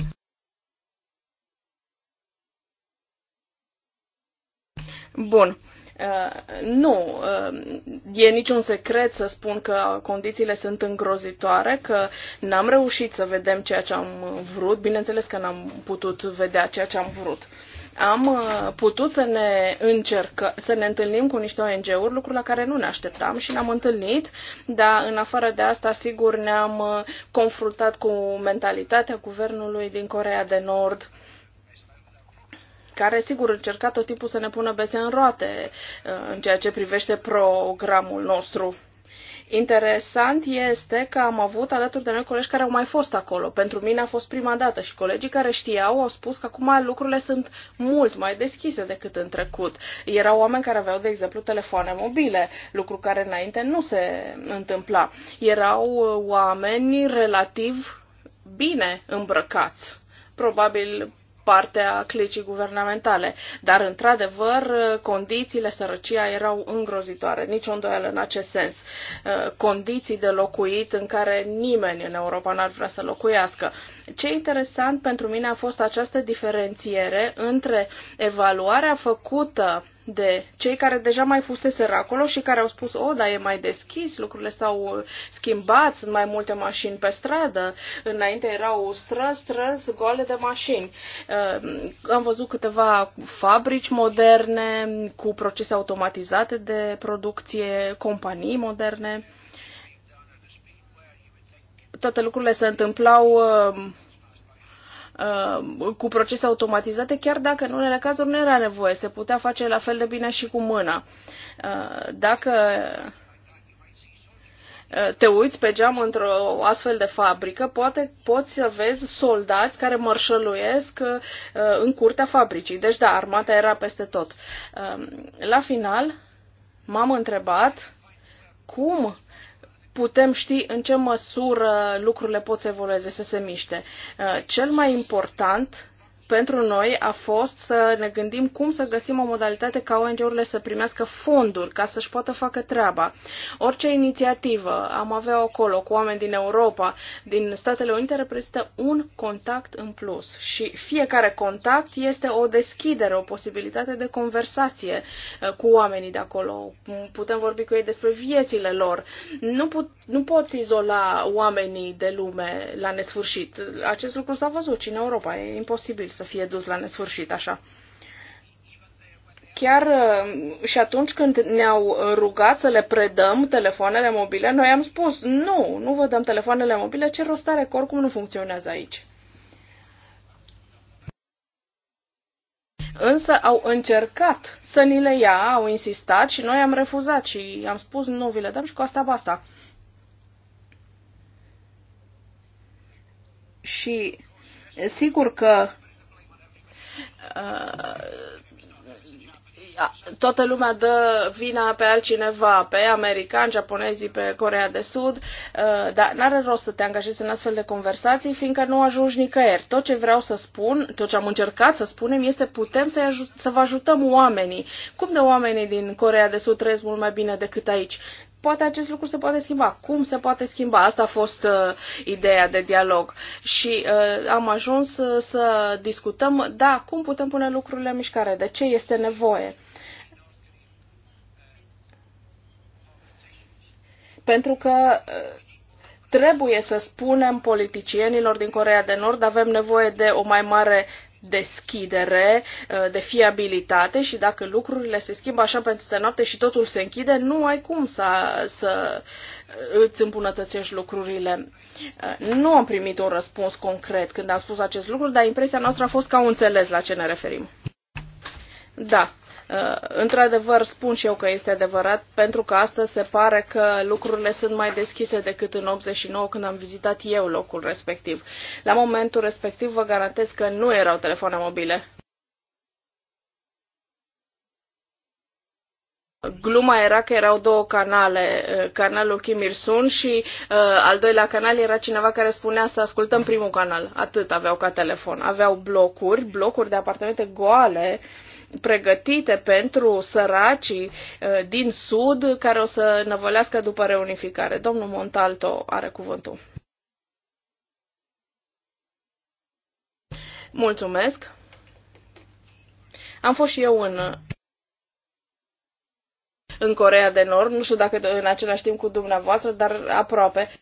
Bun. Uh, nu, uh, e niciun secret să spun că condițiile sunt îngrozitoare, că n-am reușit să vedem ceea ce am vrut, bineînțeles că n-am putut vedea ceea ce am vrut am uh, putut să ne încercă, să ne întâlnim cu niște ONG-uri, lucru la care nu ne așteptam și ne-am întâlnit, dar în afară de asta, sigur, ne-am confruntat cu mentalitatea guvernului din Corea de Nord, care sigur încerca tot timpul să ne pună bețe în roate uh, în ceea ce privește programul nostru. Interesant este că am avut alături de noi colegi care au mai fost acolo. Pentru mine a fost prima dată și colegii care știau au spus că acum lucrurile sunt mult mai deschise decât în trecut. Erau oameni care aveau, de exemplu, telefoane mobile, lucru care înainte nu se întâmpla. Erau oameni relativ bine îmbrăcați. Probabil parte a clicii guvernamentale. Dar, într-adevăr, condițiile, sărăcia erau îngrozitoare, nici o îndoială în acest sens. Uh, condiții de locuit în care nimeni în Europa n-ar vrea să locuiască. Ce interesant pentru mine a fost această diferențiere între evaluarea făcută de cei care deja mai fuseseră acolo și care au spus, o, dar e mai deschis, lucrurile s-au uh, schimbat, sunt mai multe mașini pe stradă, înainte erau străzi, străzi goale de mașini. Uh, am văzut câteva fabrici moderne cu procese automatizate de producție, companii moderne toate lucrurile se întâmplau um, um, cu procese automatizate, chiar dacă în unele cazuri nu era nevoie, se putea face la fel de bine și cu mâna. Uh, dacă uh, te uiți pe geam într-o astfel de fabrică, poate poți să vezi soldați care mărșăluiesc uh, în curtea fabricii. Deci, da, armata era peste tot. Um, la final, m-am întrebat cum putem ști în ce măsură lucrurile pot să evolueze, să se miște. Uh, cel mai important pentru noi a fost să ne gândim cum să găsim o modalitate ca ONG-urile să primească fonduri ca să-și poată facă treaba. Orice inițiativă am avea acolo cu oameni din Europa, din Statele Unite, reprezintă un contact în plus și fiecare contact este o deschidere, o posibilitate de conversație uh, cu oamenii de acolo. Putem vorbi cu ei despre viețile lor. Nu, put, nu poți izola oamenii de lume la nesfârșit. Acest lucru s-a văzut și în Europa. E imposibil să fie dus la nesfârșit așa. Chiar uh, și atunci când ne-au rugat să le predăm telefoanele mobile, noi am spus, nu, nu vă dăm telefoanele mobile, ce rost are, că oricum nu funcționează aici. Însă au încercat să ni le ia, au insistat și noi am refuzat și am spus nu vi le dăm și cu asta basta. Și sigur că Uh, toată lumea dă vina pe altcineva, pe americani, japonezii, pe Corea de Sud, uh, dar n-are rost să te angajezi în astfel de conversații, fiindcă nu ajungi nicăieri. Tot ce vreau să spun, tot ce am încercat să spunem, este putem să, ajut, să vă ajutăm oamenii. Cum de oamenii din Corea de Sud trăiesc mult mai bine decât aici? poate acest lucru se poate schimba. Cum se poate schimba? Asta a fost uh, ideea de dialog. Și uh, am ajuns uh, să discutăm, da, cum putem pune lucrurile în mișcare, de ce este nevoie. Pentru că uh, trebuie să spunem politicienilor din Corea de Nord avem nevoie de o mai mare deschidere, uh, de fiabilitate și dacă lucrurile se schimbă așa peste noapte și totul se închide, nu ai cum să, să uh, îți îmbunătățești lucrurile. Uh, nu am primit un răspuns concret când am spus acest lucru, dar impresia noastră a fost că au înțeles la ce ne referim. Da, Uh, într-adevăr, spun și eu că este adevărat, pentru că astăzi se pare că lucrurile sunt mai deschise decât în 89 când am vizitat eu locul respectiv. La momentul respectiv vă garantez că nu erau telefoane mobile. gluma era că erau două canale, uh, canalul Kim Il-sun și uh, al doilea canal era cineva care spunea să ascultăm primul canal. Atât aveau ca telefon. Aveau blocuri, blocuri de apartamente goale pregătite pentru săracii uh, din Sud care o să năvălească după reunificare. Domnul Montalto are cuvântul. Mulțumesc! Am fost și eu în, în Corea de Nord, nu știu dacă în același timp cu dumneavoastră, dar aproape.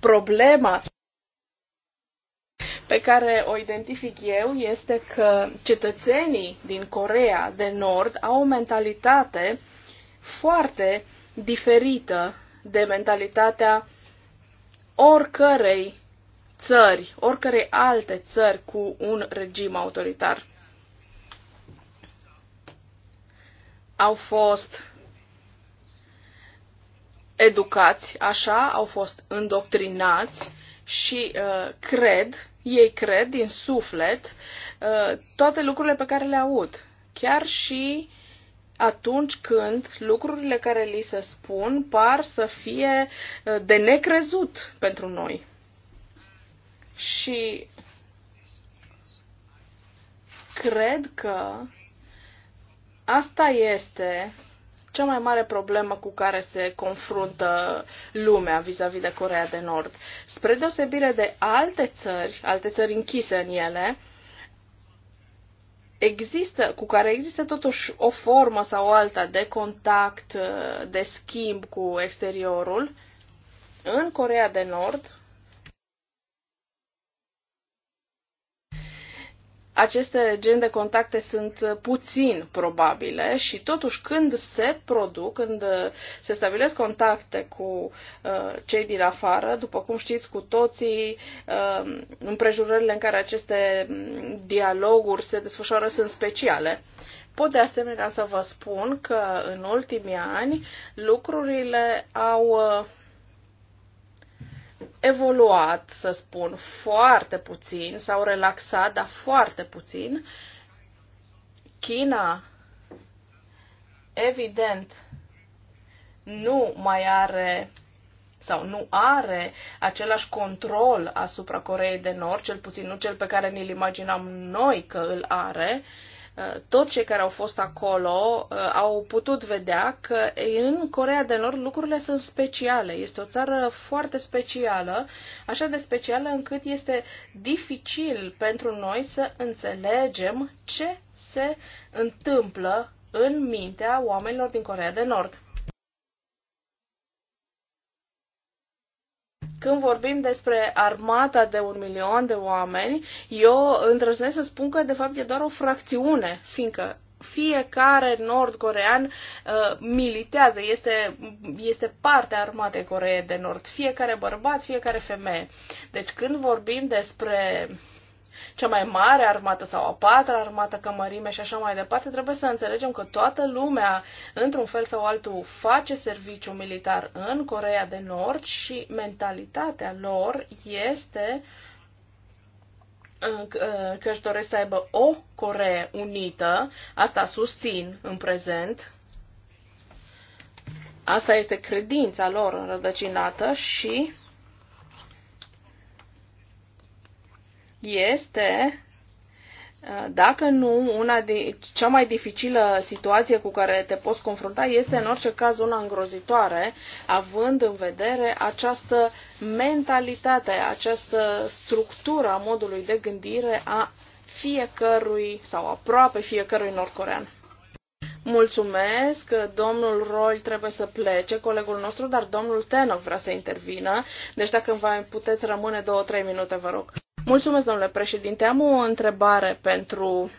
Problema pe care o identific eu este că cetățenii din Corea de Nord au o mentalitate foarte diferită de mentalitatea oricărei țări, oricărei alte țări cu un regim autoritar. Au fost educați așa, au fost îndoctrinați și uh, cred ei cred din suflet uh, toate lucrurile pe care le aud. Chiar și atunci când lucrurile care li se spun par să fie uh, de necrezut pentru noi. Și cred că asta este cea mai mare problemă cu care se confruntă lumea vis-a-vis -vis de Corea de Nord. Spre deosebire de alte țări, alte țări închise în ele, există, cu care există totuși o formă sau alta de contact, de schimb cu exteriorul, în Corea de Nord aceste gen de contacte sunt puțin probabile și totuși când se produc, când se stabilesc contacte cu uh, cei din afară, după cum știți cu toții, uh, împrejurările în care aceste mm, dialoguri se desfășoară sunt speciale. Pot de asemenea să vă spun că în ultimii ani lucrurile au uh, evoluat, să spun, foarte puțin, s-au relaxat, dar foarte puțin. China, evident, nu mai are sau nu are același control asupra Coreei de Nord, cel puțin nu cel pe care ni-l imaginam noi că îl are, uh, Uh, toți cei care au fost acolo uh, au putut vedea că în Corea de Nord lucrurile sunt speciale. Este o țară foarte specială, așa de specială încât este dificil pentru noi să înțelegem ce se întâmplă în mintea oamenilor din Corea de Nord. Când vorbim despre armata de un milion de oameni, eu îndrăznesc să spun că de fapt e doar o fracțiune, fiindcă fiecare nord-corean uh, militează, este, este parte a armatei Coreei de Nord, fiecare bărbat, fiecare femeie. Deci când vorbim despre uh, cea mai mare armată sau a patra armată ca mărime și așa mai departe, trebuie să înțelegem că toată lumea, într-un fel sau altul, face serviciu militar în Corea de Nord și mentalitatea lor este că își doresc să aibă o Coree unită, asta susțin în prezent, asta este credința lor înrădăcinată și este uh, dacă nu, una de, cea mai dificilă situație cu care te poți confrunta este în orice caz una îngrozitoare, având în vedere această mentalitate, această structură a modului de gândire a fiecărui sau aproape fiecărui nordcorean. Mulțumesc, domnul Roy trebuie să plece, colegul nostru, dar domnul Tenov vrea să intervină, deci dacă îmi puteți rămâne două-trei minute, vă rog. Mulțumesc, domnule președinte. Am o întrebare pentru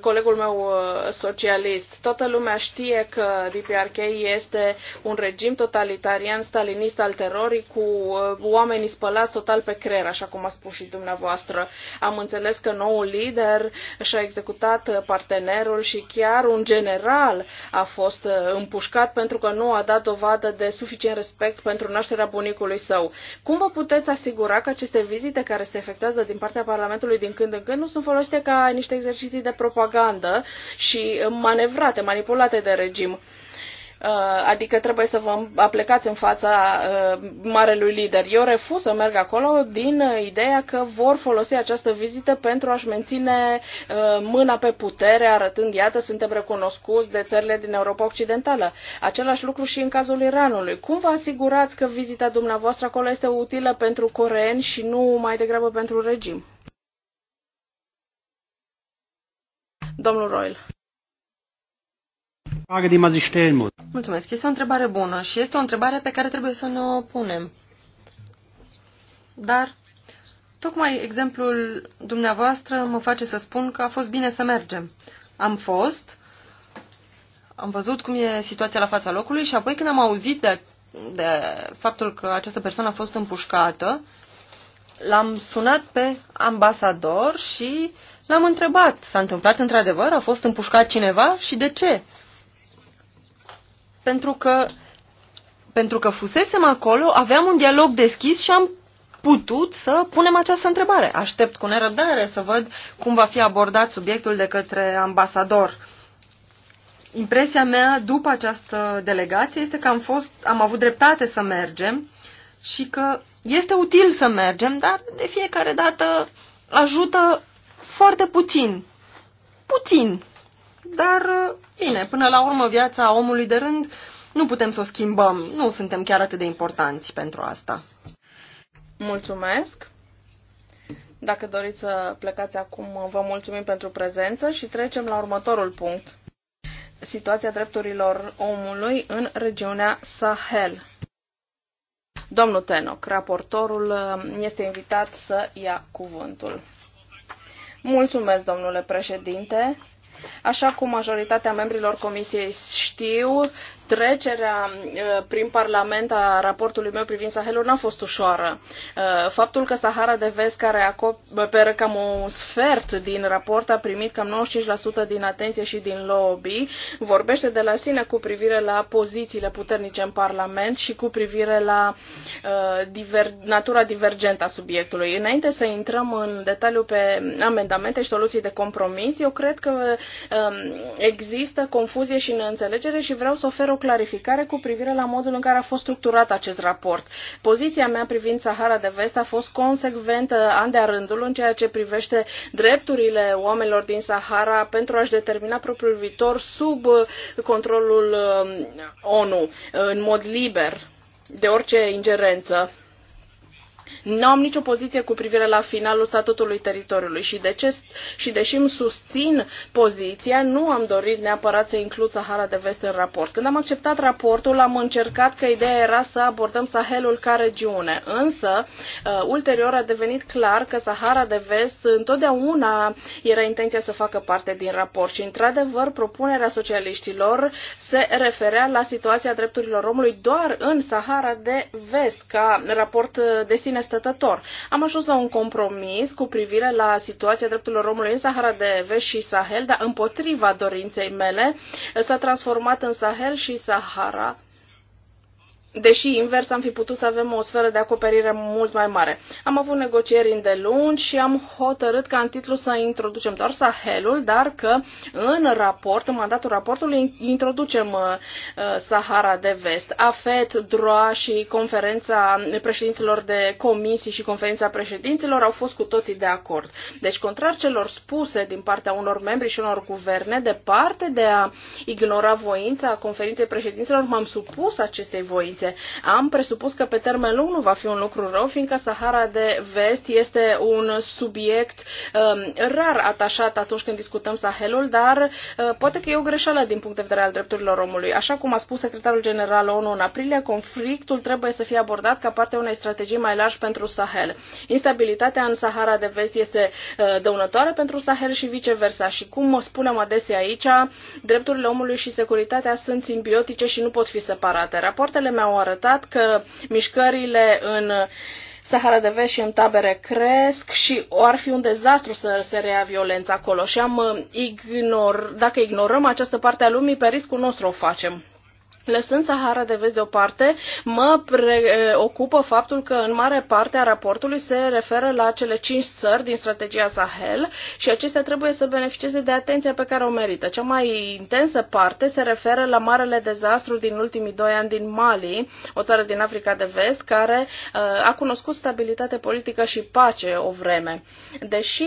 colegul meu uh, socialist. Toată lumea știe că DPRK este un regim totalitarian stalinist al terorii cu uh, oamenii spălați total pe creier, așa cum a spus și dumneavoastră. Am înțeles că noul lider și-a executat uh, partenerul și chiar un general a fost împușcat pentru că nu a dat dovadă de suficient respect pentru nașterea bunicului său. Cum vă puteți asigura că aceste vizite care se efectuează din partea Parlamentului din când în când nu sunt folosite ca niște exerciții de propagandă? propagandă și manevrate, manipulate de regim. Uh, adică trebuie să vă aplecați în fața uh, marelui lider. Eu refuz să merg acolo din ideea că vor folosi această vizită pentru a-și menține uh, mâna pe putere, arătând, iată, suntem recunoscuți de țările din Europa Occidentală. Același lucru și în cazul Iranului. Cum vă asigurați că vizita dumneavoastră acolo este utilă pentru coreeni și nu mai degrabă pentru regim? Domnul Royal. Mulțumesc. Este o întrebare bună și este o întrebare pe care trebuie să ne o punem. Dar Tocmai exemplul dumneavoastră mă face să spun că a fost bine să mergem. Am fost, am văzut cum e situația la fața locului și apoi când am auzit de, de faptul că această persoană a fost împușcată, l-am sunat pe ambasador și L-am întrebat, s-a întâmplat într-adevăr? A fost împușcat cineva? Și de ce? Pentru că, pentru că fusesem acolo, aveam un dialog deschis și am putut să punem această întrebare. Aștept cu nerăbdare să văd cum va fi abordat subiectul de către ambasador. Impresia mea după această delegație este că am, fost, am avut dreptate să mergem și că este util să mergem, dar de fiecare dată ajută foarte puțin. Puțin. Dar, bine, până la urmă, viața omului de rând nu putem să o schimbăm. Nu suntem chiar atât de importanți pentru asta. Mulțumesc! Dacă doriți să plecați acum, vă mulțumim pentru prezență și trecem la următorul punct. Situația drepturilor omului în regiunea Sahel. Domnul Tenoc, raportorul, este invitat să ia cuvântul. Mulțumesc, domnule președinte. Așa cum majoritatea membrilor comisiei știu, trecerea uh, prin Parlament a raportului meu privind Sahelul n-a fost ușoară. Uh, faptul că Sahara de Vest, care acoperă cam un sfert din raport, a primit cam 95% din atenție și din lobby, vorbește de la sine cu privire la pozițiile puternice în Parlament și cu privire la uh, diver, natura divergentă a subiectului. Înainte să intrăm în detaliu pe amendamente și soluții de compromis, eu cred că um, există confuzie și neînțelegere și vreau să ofer o clarificare cu privire la modul în care a fost structurat acest raport. Poziția mea privind Sahara de Vest a fost consecventă an de-a rândul în ceea ce privește drepturile oamenilor din Sahara pentru a-și determina propriul viitor sub uh, controlul um, ONU, în mod liber de orice ingerență. Nu am nicio poziție cu privire la finalul statutului teritoriului și, de ce, și deși îmi susțin poziția, nu am dorit neapărat să includ Sahara de Vest în raport. Când am acceptat raportul, am încercat că ideea era să abordăm Sahelul ca regiune, însă uh, ulterior a devenit clar că Sahara de Vest întotdeauna era intenția să facă parte din raport și, într-adevăr, propunerea socialiștilor se referea la situația drepturilor omului doar în Sahara de Vest, ca raport uh, de sine stătător. Am ajuns la un compromis cu privire la situația drepturilor omului în Sahara de Vest și Sahel, dar împotriva dorinței mele s-a transformat în Sahel și Sahara Deși invers am fi putut să avem o sferă de acoperire mult mai mare. Am avut negocieri îndelungi și am hotărât ca în titlu să introducem doar Sahelul, dar că în raport, în mandatul raportului, introducem uh, uh, Sahara de Vest. AFET, DROA și conferința președinților de comisii și conferința președinților au fost cu toții de acord. Deci, contrar celor spuse din partea unor membri și unor guverne, departe de a ignora voința conferinței președinților, m-am supus acestei voințe granițe. Am presupus că pe termen lung nu va fi un lucru rău, fiindcă Sahara de Vest este un subiect um, rar atașat atunci când discutăm Sahelul, dar uh, poate că e o greșeală din punct de vedere al drepturilor omului. Așa cum a spus secretarul general ONU în aprilie, conflictul trebuie să fie abordat ca parte a unei strategii mai largi pentru Sahel. Instabilitatea în Sahara de Vest este uh, dăunătoare pentru Sahel și viceversa. Și cum spunem adesea aici, drepturile omului și securitatea sunt simbiotice și nu pot fi separate. Rapoartele mele au arătat că mișcările în Sahara de Vest și în tabere cresc și ar fi un dezastru să se rea violența acolo. Și am uh, ignor, dacă ignorăm această parte a lumii, pe riscul nostru o facem. Lăsând Sahara de vest deoparte, mă preocupă faptul că în mare parte a raportului se referă la cele cinci țări din strategia Sahel și acestea trebuie să beneficieze de atenția pe care o merită. Cea mai intensă parte se referă la marele dezastru din ultimii doi ani din Mali, o țară din Africa de vest, care a cunoscut stabilitate politică și pace o vreme. Deși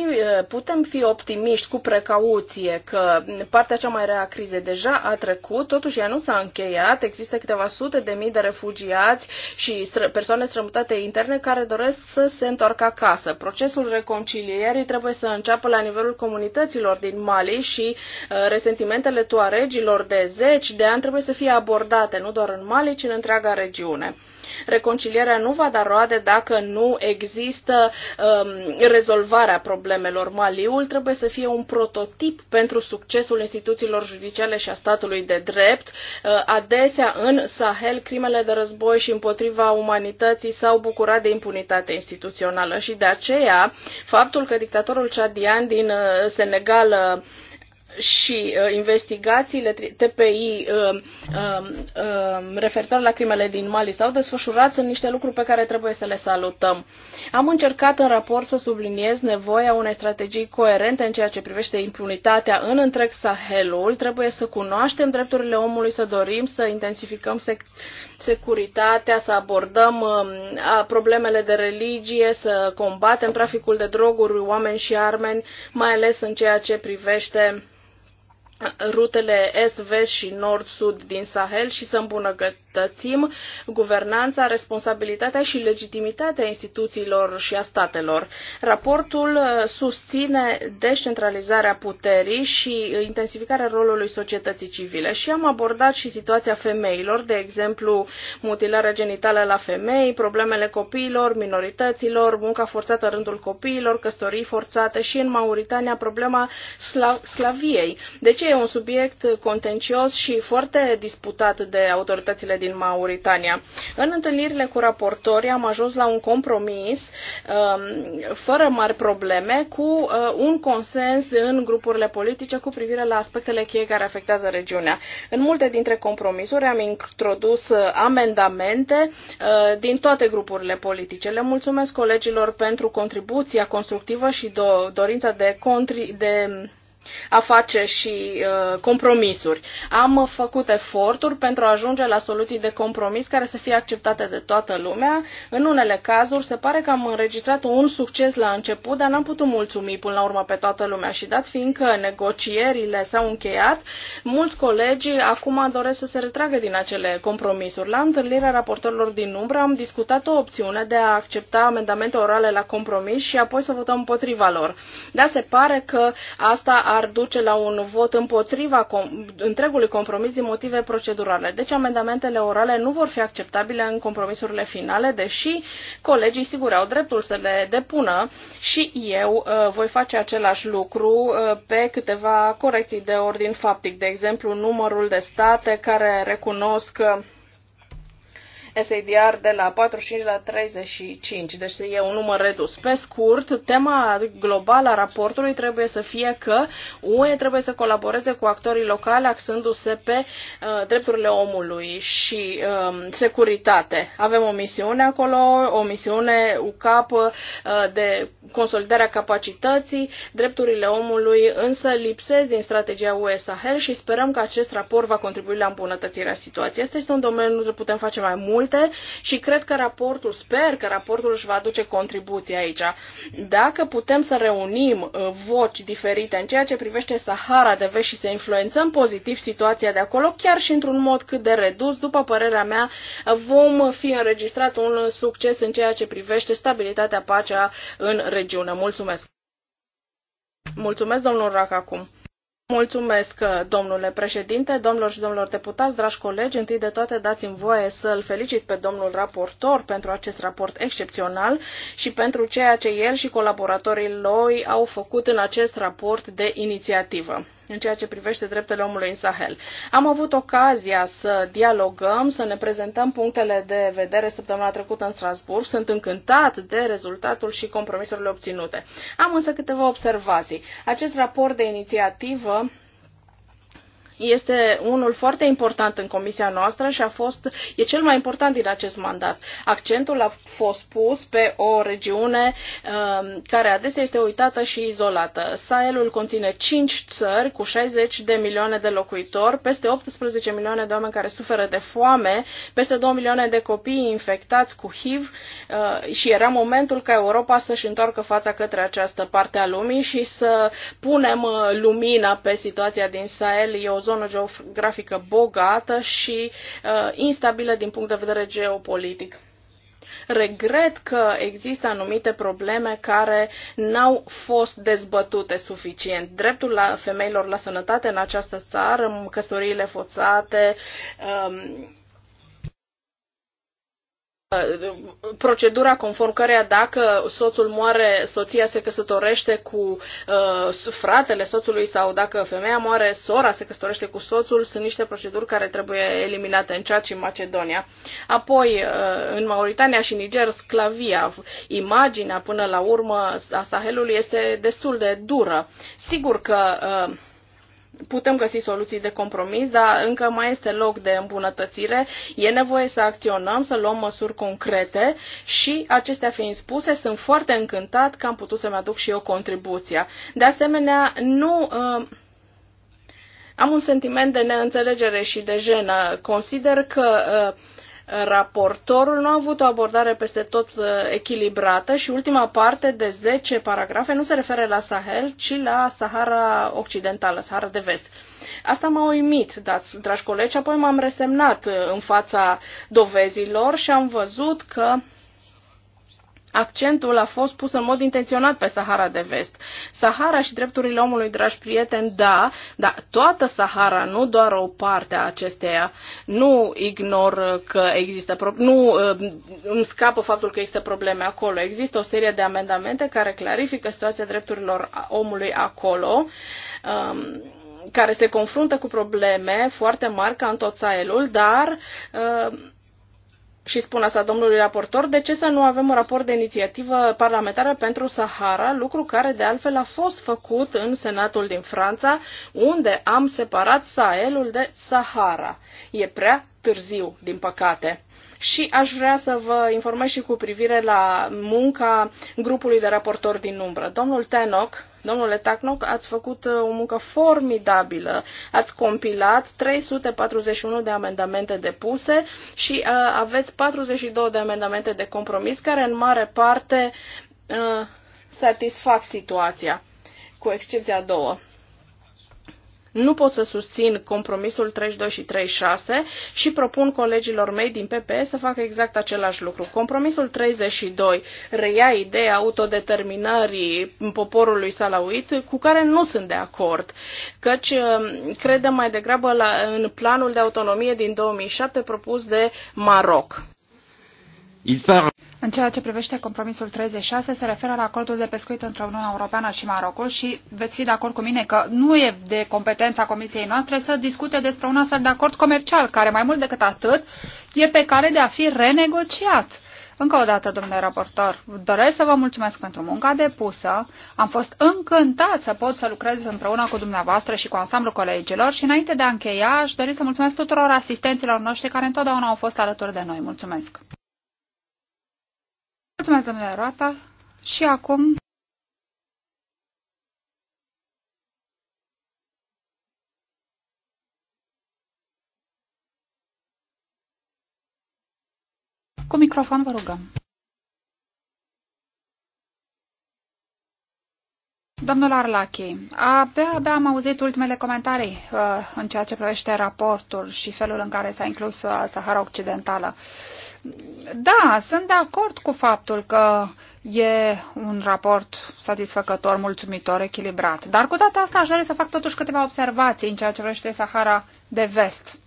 putem fi optimiști cu precauție că partea cea mai rea a crizei deja a trecut, totuși ea nu s-a încheiat refugiat. Există câteva sute de mii de refugiați și stră- persoane strămutate interne care doresc să se întoarcă acasă. Procesul reconcilierii trebuie să înceapă la nivelul comunităților din Mali și uh, resentimentele tuaregilor de zeci de ani trebuie să fie abordate nu doar în Mali, ci în întreaga regiune reconcilierea nu va da roade dacă nu există um, rezolvarea problemelor. Maliul trebuie să fie un prototip pentru succesul instituțiilor judiciale și a statului de drept. Uh, adesea în Sahel, crimele de război și împotriva umanității s-au bucurat de impunitate instituțională și de aceea faptul că dictatorul Chadian din uh, Senegal uh, și uh, investigațiile TPI uh, um, uh, um, uh, um, referitor la crimele din Mali s-au desfășurat, sunt niște lucruri pe care trebuie să le salutăm. Am încercat în raport să subliniez nevoia unei strategii coerente în ceea ce privește impunitatea în întreg Sahelul. Trebuie să cunoaștem drepturile omului, să dorim să intensificăm sec- securitatea, să abordăm uh, problemele de religie, să combatem traficul de droguri, oameni și armeni, mai ales în ceea ce privește rutele est-vest și nord-sud din Sahel și să îmbunătăț îmbunătățim guvernanța, responsabilitatea și legitimitatea instituțiilor și a statelor. Raportul uh, susține descentralizarea puterii și intensificarea rolului societății civile și am abordat și situația femeilor, de exemplu mutilarea genitală la femei, problemele copiilor, minorităților, munca forțată în rândul copiilor, căsătorii forțate și în Mauritania problema sla- slaviei. Deci e un subiect contencios și foarte disputat de autoritățile din din Mauritania. În întâlnirile cu raportorii am ajuns la un compromis um, fără mari probleme cu uh, un consens în grupurile politice cu privire la aspectele cheie care afectează regiunea. În multe dintre compromisuri am introdus uh, amendamente uh, din toate grupurile politice. Le mulțumesc colegilor pentru contribuția constructivă și dorința de, contri- de a face și uh, compromisuri. Am făcut eforturi pentru a ajunge la soluții de compromis care să fie acceptate de toată lumea. În unele cazuri se pare că am înregistrat un succes la început, dar n-am putut mulțumi până la urmă pe toată lumea și dat fiindcă negocierile s-au încheiat, mulți colegi acum doresc să se retragă din acele compromisuri. La întâlnirea raportorilor din umbră am discutat o opțiune de a accepta amendamente orale la compromis și apoi să votăm împotriva lor. Dar se pare că asta a ar duce la un vot împotriva com- întregului compromis din motive procedurale. Deci amendamentele orale nu vor fi acceptabile în compromisurile finale, deși colegii sigur au dreptul să le depună și eu uh, voi face același lucru uh, pe câteva corecții de ordin faptic, de exemplu numărul de state care recunosc uh, SADR de la 45 la 35, deci e un număr redus. Pe scurt, tema globală a raportului trebuie să fie că UE trebuie să colaboreze cu actorii locali axându-se pe uh, drepturile omului și uh, securitate. Avem o misiune acolo, o misiune UCAP uh, de consolidarea capacității, drepturile omului însă lipsesc din strategia UE Sahel și sperăm că acest raport va contribui la îmbunătățirea situației. Asta este un domeniu unde putem face mai mult multe și cred că raportul, sper că raportul își va aduce contribuții aici. Dacă putem să reunim uh, voci diferite în ceea ce privește Sahara de Vest și să influențăm pozitiv situația de acolo, chiar și într-un mod cât de redus, după părerea mea, vom fi înregistrat un succes în ceea ce privește stabilitatea, pacea în regiune. Mulțumesc! Mulțumesc, domnul Rac, acum. Mulțumesc, domnule președinte, domnilor și domnilor deputați, dragi colegi. Întâi de toate, dați-mi voie să-l felicit pe domnul raportor pentru acest raport excepțional și pentru ceea ce el și colaboratorii lui au făcut în acest raport de inițiativă în ceea ce privește dreptele omului în Sahel. Am avut ocazia să dialogăm, să ne prezentăm punctele de vedere săptămâna trecută în Strasburg. Sunt încântat de rezultatul și compromisurile obținute. Am însă câteva observații. Acest raport de inițiativă este unul foarte important în comisia noastră și a fost, e cel mai important din acest mandat. Accentul a fost pus pe o regiune um, care adesea este uitată și izolată. Sahelul conține 5 țări cu 60 de milioane de locuitori, peste 18 milioane de oameni care suferă de foame, peste 2 milioane de copii infectați cu HIV uh, și era momentul ca Europa să-și întoarcă fața către această parte a lumii și să punem uh, lumina pe situația din Sahel. E o zonă geografică bogată și uh, instabilă din punct de vedere geopolitic. Regret că există anumite probleme care n-au fost dezbătute suficient. Dreptul la femeilor la sănătate în această țară, căsătoriile forțate, um, Uh, procedura conform căreia dacă soțul moare, soția se căsătorește cu uh, fratele soțului sau dacă femeia moare, sora se căsătorește cu soțul, sunt niște proceduri care trebuie eliminate în Ceat și în Macedonia. Apoi, uh, în Mauritania și Niger, sclavia, imaginea până la urmă a Sahelului este destul de dură. Sigur că uh, putem găsi soluții de compromis, dar încă mai este loc de îmbunătățire. E nevoie să acționăm, să luăm măsuri concrete și, acestea fiind spuse, sunt foarte încântat că am putut să-mi aduc și eu contribuția. De asemenea, nu. Uh, am un sentiment de neînțelegere și de jenă. Consider că uh, raportorul nu a avut o abordare peste tot uh, echilibrată și ultima parte de 10 paragrafe nu se referă la Sahel, ci la Sahara Occidentală, Sahara de Vest. Asta m-a uimit, dați, dragi colegi, apoi m-am resemnat uh, în fața dovezilor și am văzut că Accentul a fost pus în mod intenționat pe Sahara de Vest. Sahara și drepturile omului, dragi prieteni, da, dar toată Sahara, nu doar o parte a acesteia. Nu ignor că există, pro- nu uh, îmi scapă faptul că există probleme acolo. Există o serie de amendamente care clarifică situația drepturilor omului acolo. Um, care se confruntă cu probleme foarte mari ca în tot Sahelul, dar uh, și spun asta domnului raportor, de ce să nu avem un raport de inițiativă parlamentară pentru Sahara, lucru care de altfel a fost făcut în Senatul din Franța, unde am separat Sahelul de Sahara. E prea târziu, din păcate. Și aș vrea să vă informez și cu privire la munca grupului de raportori din umbră. Domnul Tenoc Domnule Tacnoc, ați făcut uh, o muncă formidabilă. Ați compilat 341 de amendamente depuse și uh, aveți 42 de amendamente de compromis care în mare parte uh, satisfac situația, cu excepția două. Nu pot să susțin compromisul 32 și 36 și propun colegilor mei din PPE să facă exact același lucru. Compromisul 32 reia ideea autodeterminării poporului salauit cu care nu sunt de acord, căci um, credem mai degrabă la, în planul de autonomie din 2007 propus de Maroc. Il în ceea ce privește compromisul 36, se referă la acordul de pescuit între Uniunea Europeană și Marocul și veți fi de acord cu mine că nu e de competența comisiei noastre să discute despre un astfel de acord comercial, care mai mult decât atât e pe care de a fi renegociat. Încă o dată, domnule raportor, doresc să vă mulțumesc pentru munca depusă. Am fost încântat să pot să lucrez împreună cu dumneavoastră și cu ansamblul colegilor și înainte de a încheia, aș dori să mulțumesc tuturor asistenților noștri care întotdeauna au fost alături de noi. Mulțumesc! Mulțumesc, domnule Roata. Și acum... Cu microfon vă rugăm. Domnul Arlachi, abia, abia am auzit ultimele comentarii uh, în ceea ce privește raportul și felul în care s-a inclus uh, Sahara Occidentală. Da, sunt de acord cu faptul că e un raport satisfăcător, mulțumitor, echilibrat. Dar cu toate astea aș dori să fac totuși câteva observații în ceea ce privește Sahara de vest.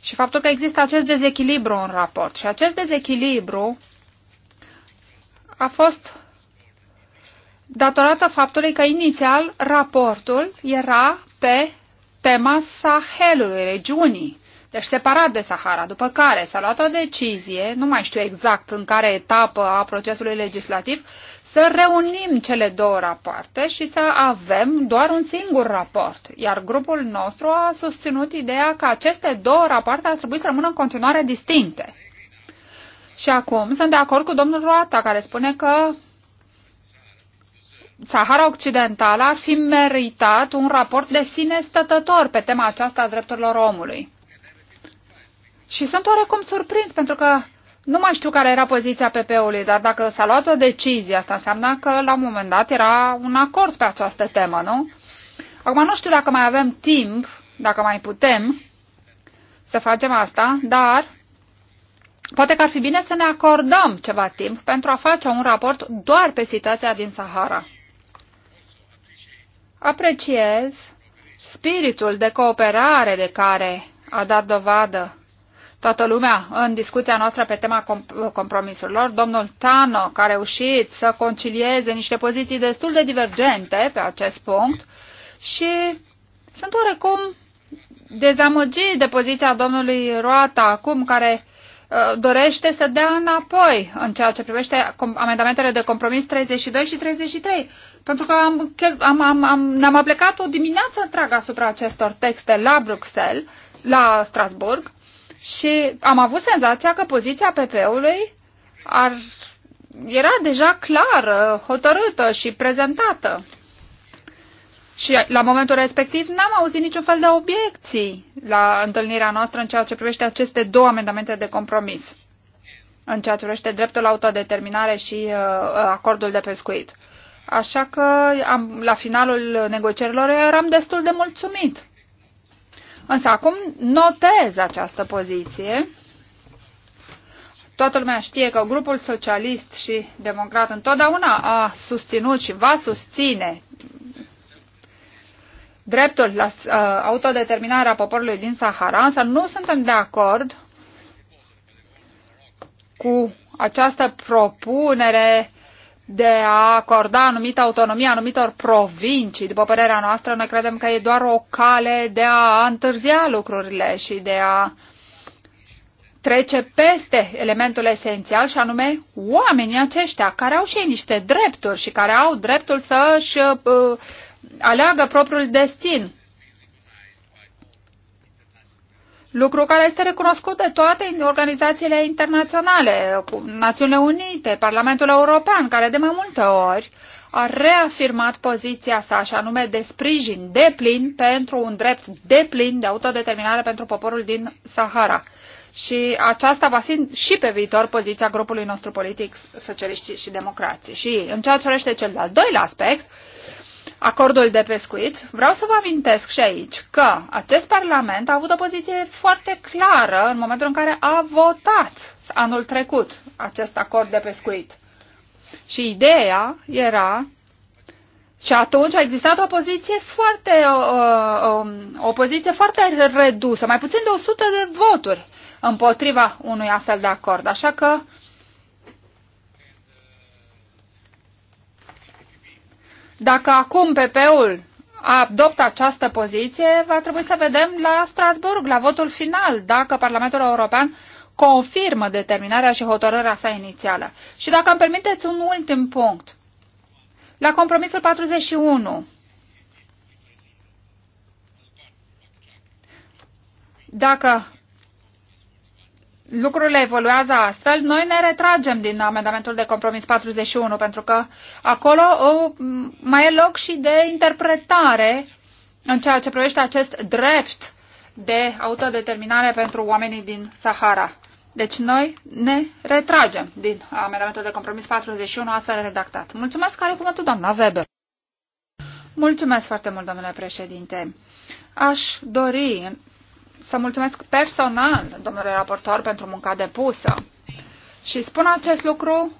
Și faptul că există acest dezechilibru în raport. Și acest dezechilibru a fost datorată faptului că inițial raportul era pe tema Sahelului, regiunii, deci separat de Sahara, după care s-a luat o decizie, nu mai știu exact în care etapă a procesului legislativ, să reunim cele două rapoarte și să avem doar un singur raport. Iar grupul nostru a susținut ideea că aceste două rapoarte ar trebui să rămână în continuare distincte. Și acum sunt de acord cu domnul Roata, care spune că Sahara Occidentală ar fi meritat un raport de sine stătător pe tema aceasta a drepturilor omului. Și sunt oarecum surprins pentru că nu mai știu care era poziția PP-ului, dar dacă s-a luat o decizie, asta înseamnă că la un moment dat era un acord pe această temă, nu? Acum nu știu dacă mai avem timp, dacă mai putem să facem asta, dar poate că ar fi bine să ne acordăm ceva timp pentru a face un raport doar pe situația din Sahara. Apreciez spiritul de cooperare de care a dat dovadă toată lumea în discuția noastră pe tema compromisurilor. Domnul Tano, care a reușit să concilieze niște poziții destul de divergente pe acest punct și sunt oarecum dezamăgit de poziția domnului Roata acum, care Uh, dorește să dea înapoi în ceea ce privește amendamentele de compromis 32 și 33. Pentru că am, am, am, am, ne-am aplicat o dimineață întreagă asupra acestor texte la Bruxelles, la Strasburg, și am avut senzația că poziția PP-ului ar, era deja clară, hotărâtă și prezentată. Și la momentul respectiv n-am auzit niciun fel de obiecții la întâlnirea noastră în ceea ce privește aceste două amendamente de compromis, în ceea ce privește dreptul la autodeterminare și uh, uh, acordul de pescuit. Așa că am, la finalul negocierilor eram destul de mulțumit. Însă acum notez această poziție. Toată lumea știe că grupul socialist și democrat întotdeauna a susținut și va susține dreptul la uh, autodeterminarea poporului din Sahara, însă nu suntem de acord cu această propunere de a acorda anumită autonomie anumitor provincii. După părerea noastră, noi credem că e doar o cale de a întârzia lucrurile și de a trece peste elementul esențial și anume oamenii aceștia care au și ei niște drepturi și care au dreptul să și uh, aleagă propriul destin. Lucru care este recunoscut de toate organizațiile internaționale, Națiunile Unite, Parlamentul European, care de mai multe ori a reafirmat poziția sa, și anume de sprijin deplin pentru un drept deplin de autodeterminare pentru poporul din Sahara. Și aceasta va fi și pe viitor poziția grupului nostru politic, socialiștii și democrații. Și în ceea ce vrește cel de-al doilea aspect, acordul de pescuit, vreau să vă amintesc și aici că acest Parlament a avut o poziție foarte clară în momentul în care a votat anul trecut acest acord de pescuit. Și ideea era și atunci a existat o poziție foarte, o, uh, o, uh, um, o poziție foarte redusă, mai puțin de 100 de voturi împotriva unui astfel de acord. Așa că Dacă acum PP-ul adoptă această poziție, va trebui să vedem la Strasburg, la votul final, dacă Parlamentul European confirmă determinarea și hotărârea sa inițială. Și dacă îmi permiteți un ultim punct. La compromisul 41, dacă lucrurile evoluează astfel, noi ne retragem din amendamentul de compromis 41, pentru că acolo o, mai e loc și de interpretare în ceea ce privește acest drept de autodeterminare pentru oamenii din Sahara. Deci noi ne retragem din amendamentul de compromis 41 astfel redactat. Mulțumesc, care cuvântul doamna Weber. Mulțumesc foarte mult, domnule președinte. Aș dori să mulțumesc personal domnului raportor pentru munca depusă. Și spun acest lucru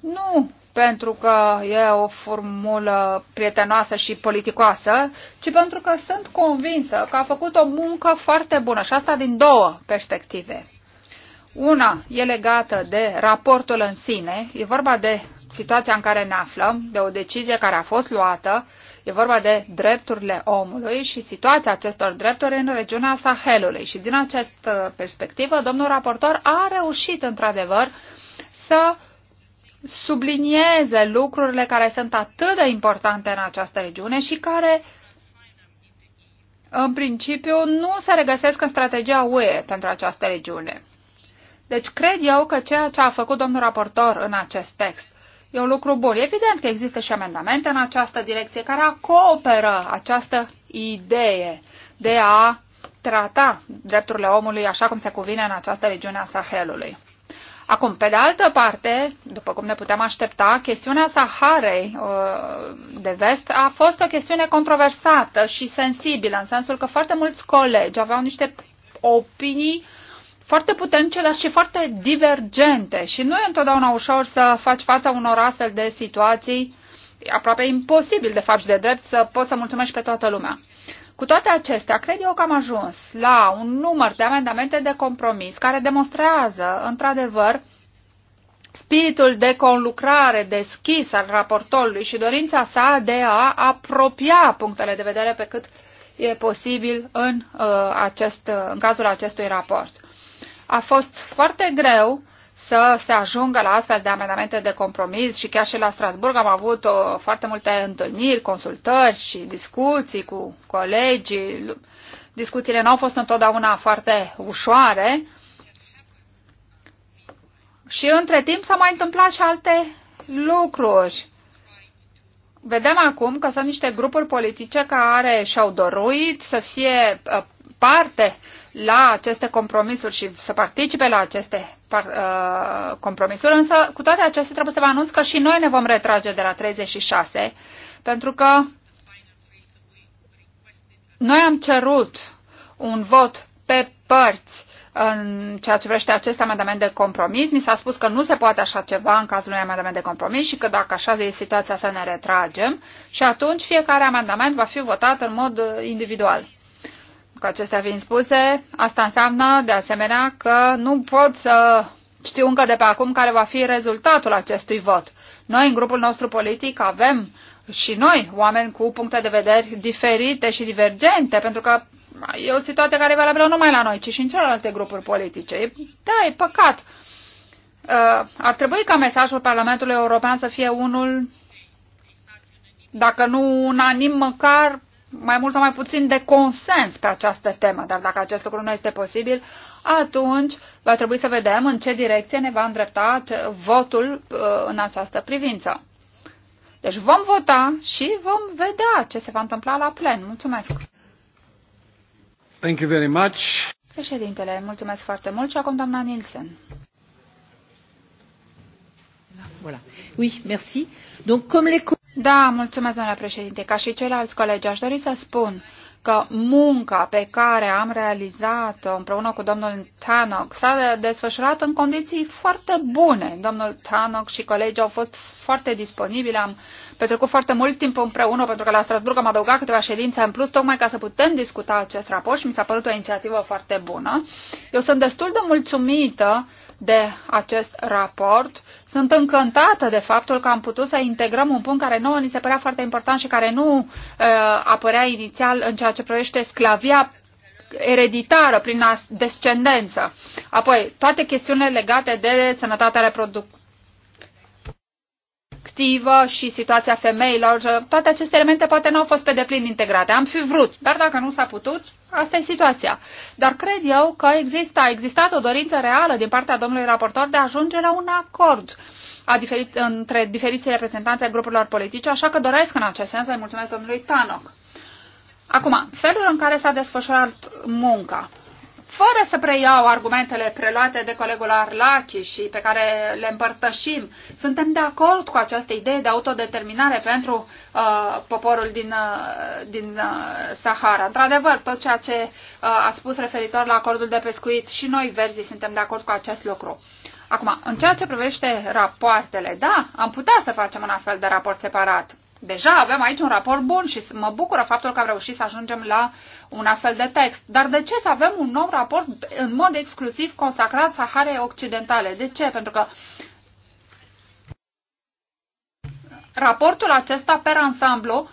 nu pentru că e o formulă prietenoasă și politicoasă, ci pentru că sunt convinsă că a făcut o muncă foarte bună și asta din două perspective. Una e legată de raportul în sine, e vorba de situația în care ne aflăm, de o decizie care a fost luată E vorba de drepturile omului și situația acestor drepturi în regiunea Sahelului. Și din această perspectivă, domnul raportor a reușit, într-adevăr, să sublinieze lucrurile care sunt atât de importante în această regiune și care în principiu, nu se regăsesc în strategia UE pentru această regiune. Deci cred eu că ceea ce a făcut domnul raportor în acest text e un lucru bun. Evident că există și amendamente în această direcție care acoperă această idee de a trata drepturile omului așa cum se cuvine în această regiune a Sahelului. Acum, pe de altă parte, după cum ne putem aștepta, chestiunea Saharei uh, de vest a fost o chestiune controversată și sensibilă, în sensul că foarte mulți colegi aveau niște opinii foarte puternice, dar și foarte divergente. Și nu e întotdeauna ușor să faci fața unor astfel de situații. E aproape imposibil, de fapt, și de drept să poți să mulțumești pe toată lumea. Cu toate acestea, cred eu că am ajuns la un număr de amendamente de compromis care demonstrează, într-adevăr, spiritul de conlucrare deschis al raportorului și dorința sa de a apropia punctele de vedere pe cât e posibil în, uh, acest, în cazul acestui raport a fost foarte greu să se ajungă la astfel de amendamente de compromis și chiar și la Strasburg am avut o, uh, foarte multe întâlniri, consultări și discuții cu colegii. Discuțiile nu au fost întotdeauna foarte ușoare. Și între timp s-au mai întâmplat și alte lucruri. Vedem acum că sunt niște grupuri politice care și-au dorit să fie uh, parte la aceste compromisuri și să participe la aceste uh, compromisuri, însă cu toate acestea trebuie să vă anunț că și noi ne vom retrage de la 36, pentru că noi am cerut un vot pe părți în ceea ce vrește acest amendament de compromis. Ni s-a spus că nu se poate așa ceva în cazul unui amendament de compromis și că dacă așa e situația să ne retragem și atunci fiecare amendament va fi votat în mod uh, individual. Cu acestea fiind spuse, asta înseamnă, de asemenea, că nu pot să știu încă de pe acum care va fi rezultatul acestui vot. Noi, în grupul nostru politic, avem și noi oameni cu puncte de vedere diferite și divergente, pentru că e o situație care e valabilă numai la noi, ci și în celelalte grupuri politice. Da, e păcat. Uh, ar trebui ca mesajul Parlamentului European să fie unul, dacă nu unanim, măcar mai mult sau mai puțin de consens pe această temă, dar dacă acest lucru nu este posibil, atunci va trebui să vedem în ce direcție ne va îndrepta votul uh, în această privință. Deci vom vota și vom vedea ce se va întâmpla la plen. Mulțumesc! Thank you very much. Președintele, mulțumesc foarte mult și acum doamna Nielsen. Voilà. Oui, merci. Donc, comme les da, mulțumesc, domnule președinte. Ca și ceilalți colegi, aș dori să spun că munca pe care am realizat-o împreună cu domnul Tanok s-a desfășurat în condiții foarte bune. Domnul Tanok și colegii au fost foarte disponibili, am petrecut foarte mult timp împreună, pentru că la Strasburg am adăugat câteva ședințe în plus, tocmai ca să putem discuta acest raport și mi s-a părut o inițiativă foarte bună. Eu sunt destul de mulțumită uh, de acest raport. Sunt încântată de faptul că am putut să integrăm un punct care nouă ni se părea foarte important și care nu uh, apărea inițial în ceea ce privește sclavia ereditară, prin descendență. Apoi, toate chestiunile legate de sănătatea reproductivă activă și situația femeilor, uh, toate aceste elemente poate nu au fost pe deplin integrate. Am fi vrut, dar dacă nu s-a putut, asta e situația. Dar cred eu că există, a existat o dorință reală din partea domnului raportor de a ajunge la un acord a diferit, între diferiții reprezentanți ai grupurilor politice, așa că doresc în acest sens să-i mulțumesc domnului Tanoc. Acum, felul în care s-a desfășurat munca fără să preiau argumentele preluate de colegul Arlachi și pe care le împărtășim, suntem de acord cu această idee de autodeterminare pentru uh, poporul din, uh, din uh, Sahara. Într-adevăr, tot ceea ce uh, a spus referitor la acordul de pescuit și noi, verzii, suntem de acord cu acest lucru. Acum, în ceea ce privește rapoartele, da, am putea să facem un astfel de raport separat. Deja avem aici un raport bun și mă bucură faptul că am reușit să ajungem la un astfel de text. Dar de ce să avem un nou raport în mod exclusiv consacrat Saharei Occidentale? De ce? Pentru că raportul acesta per ansamblu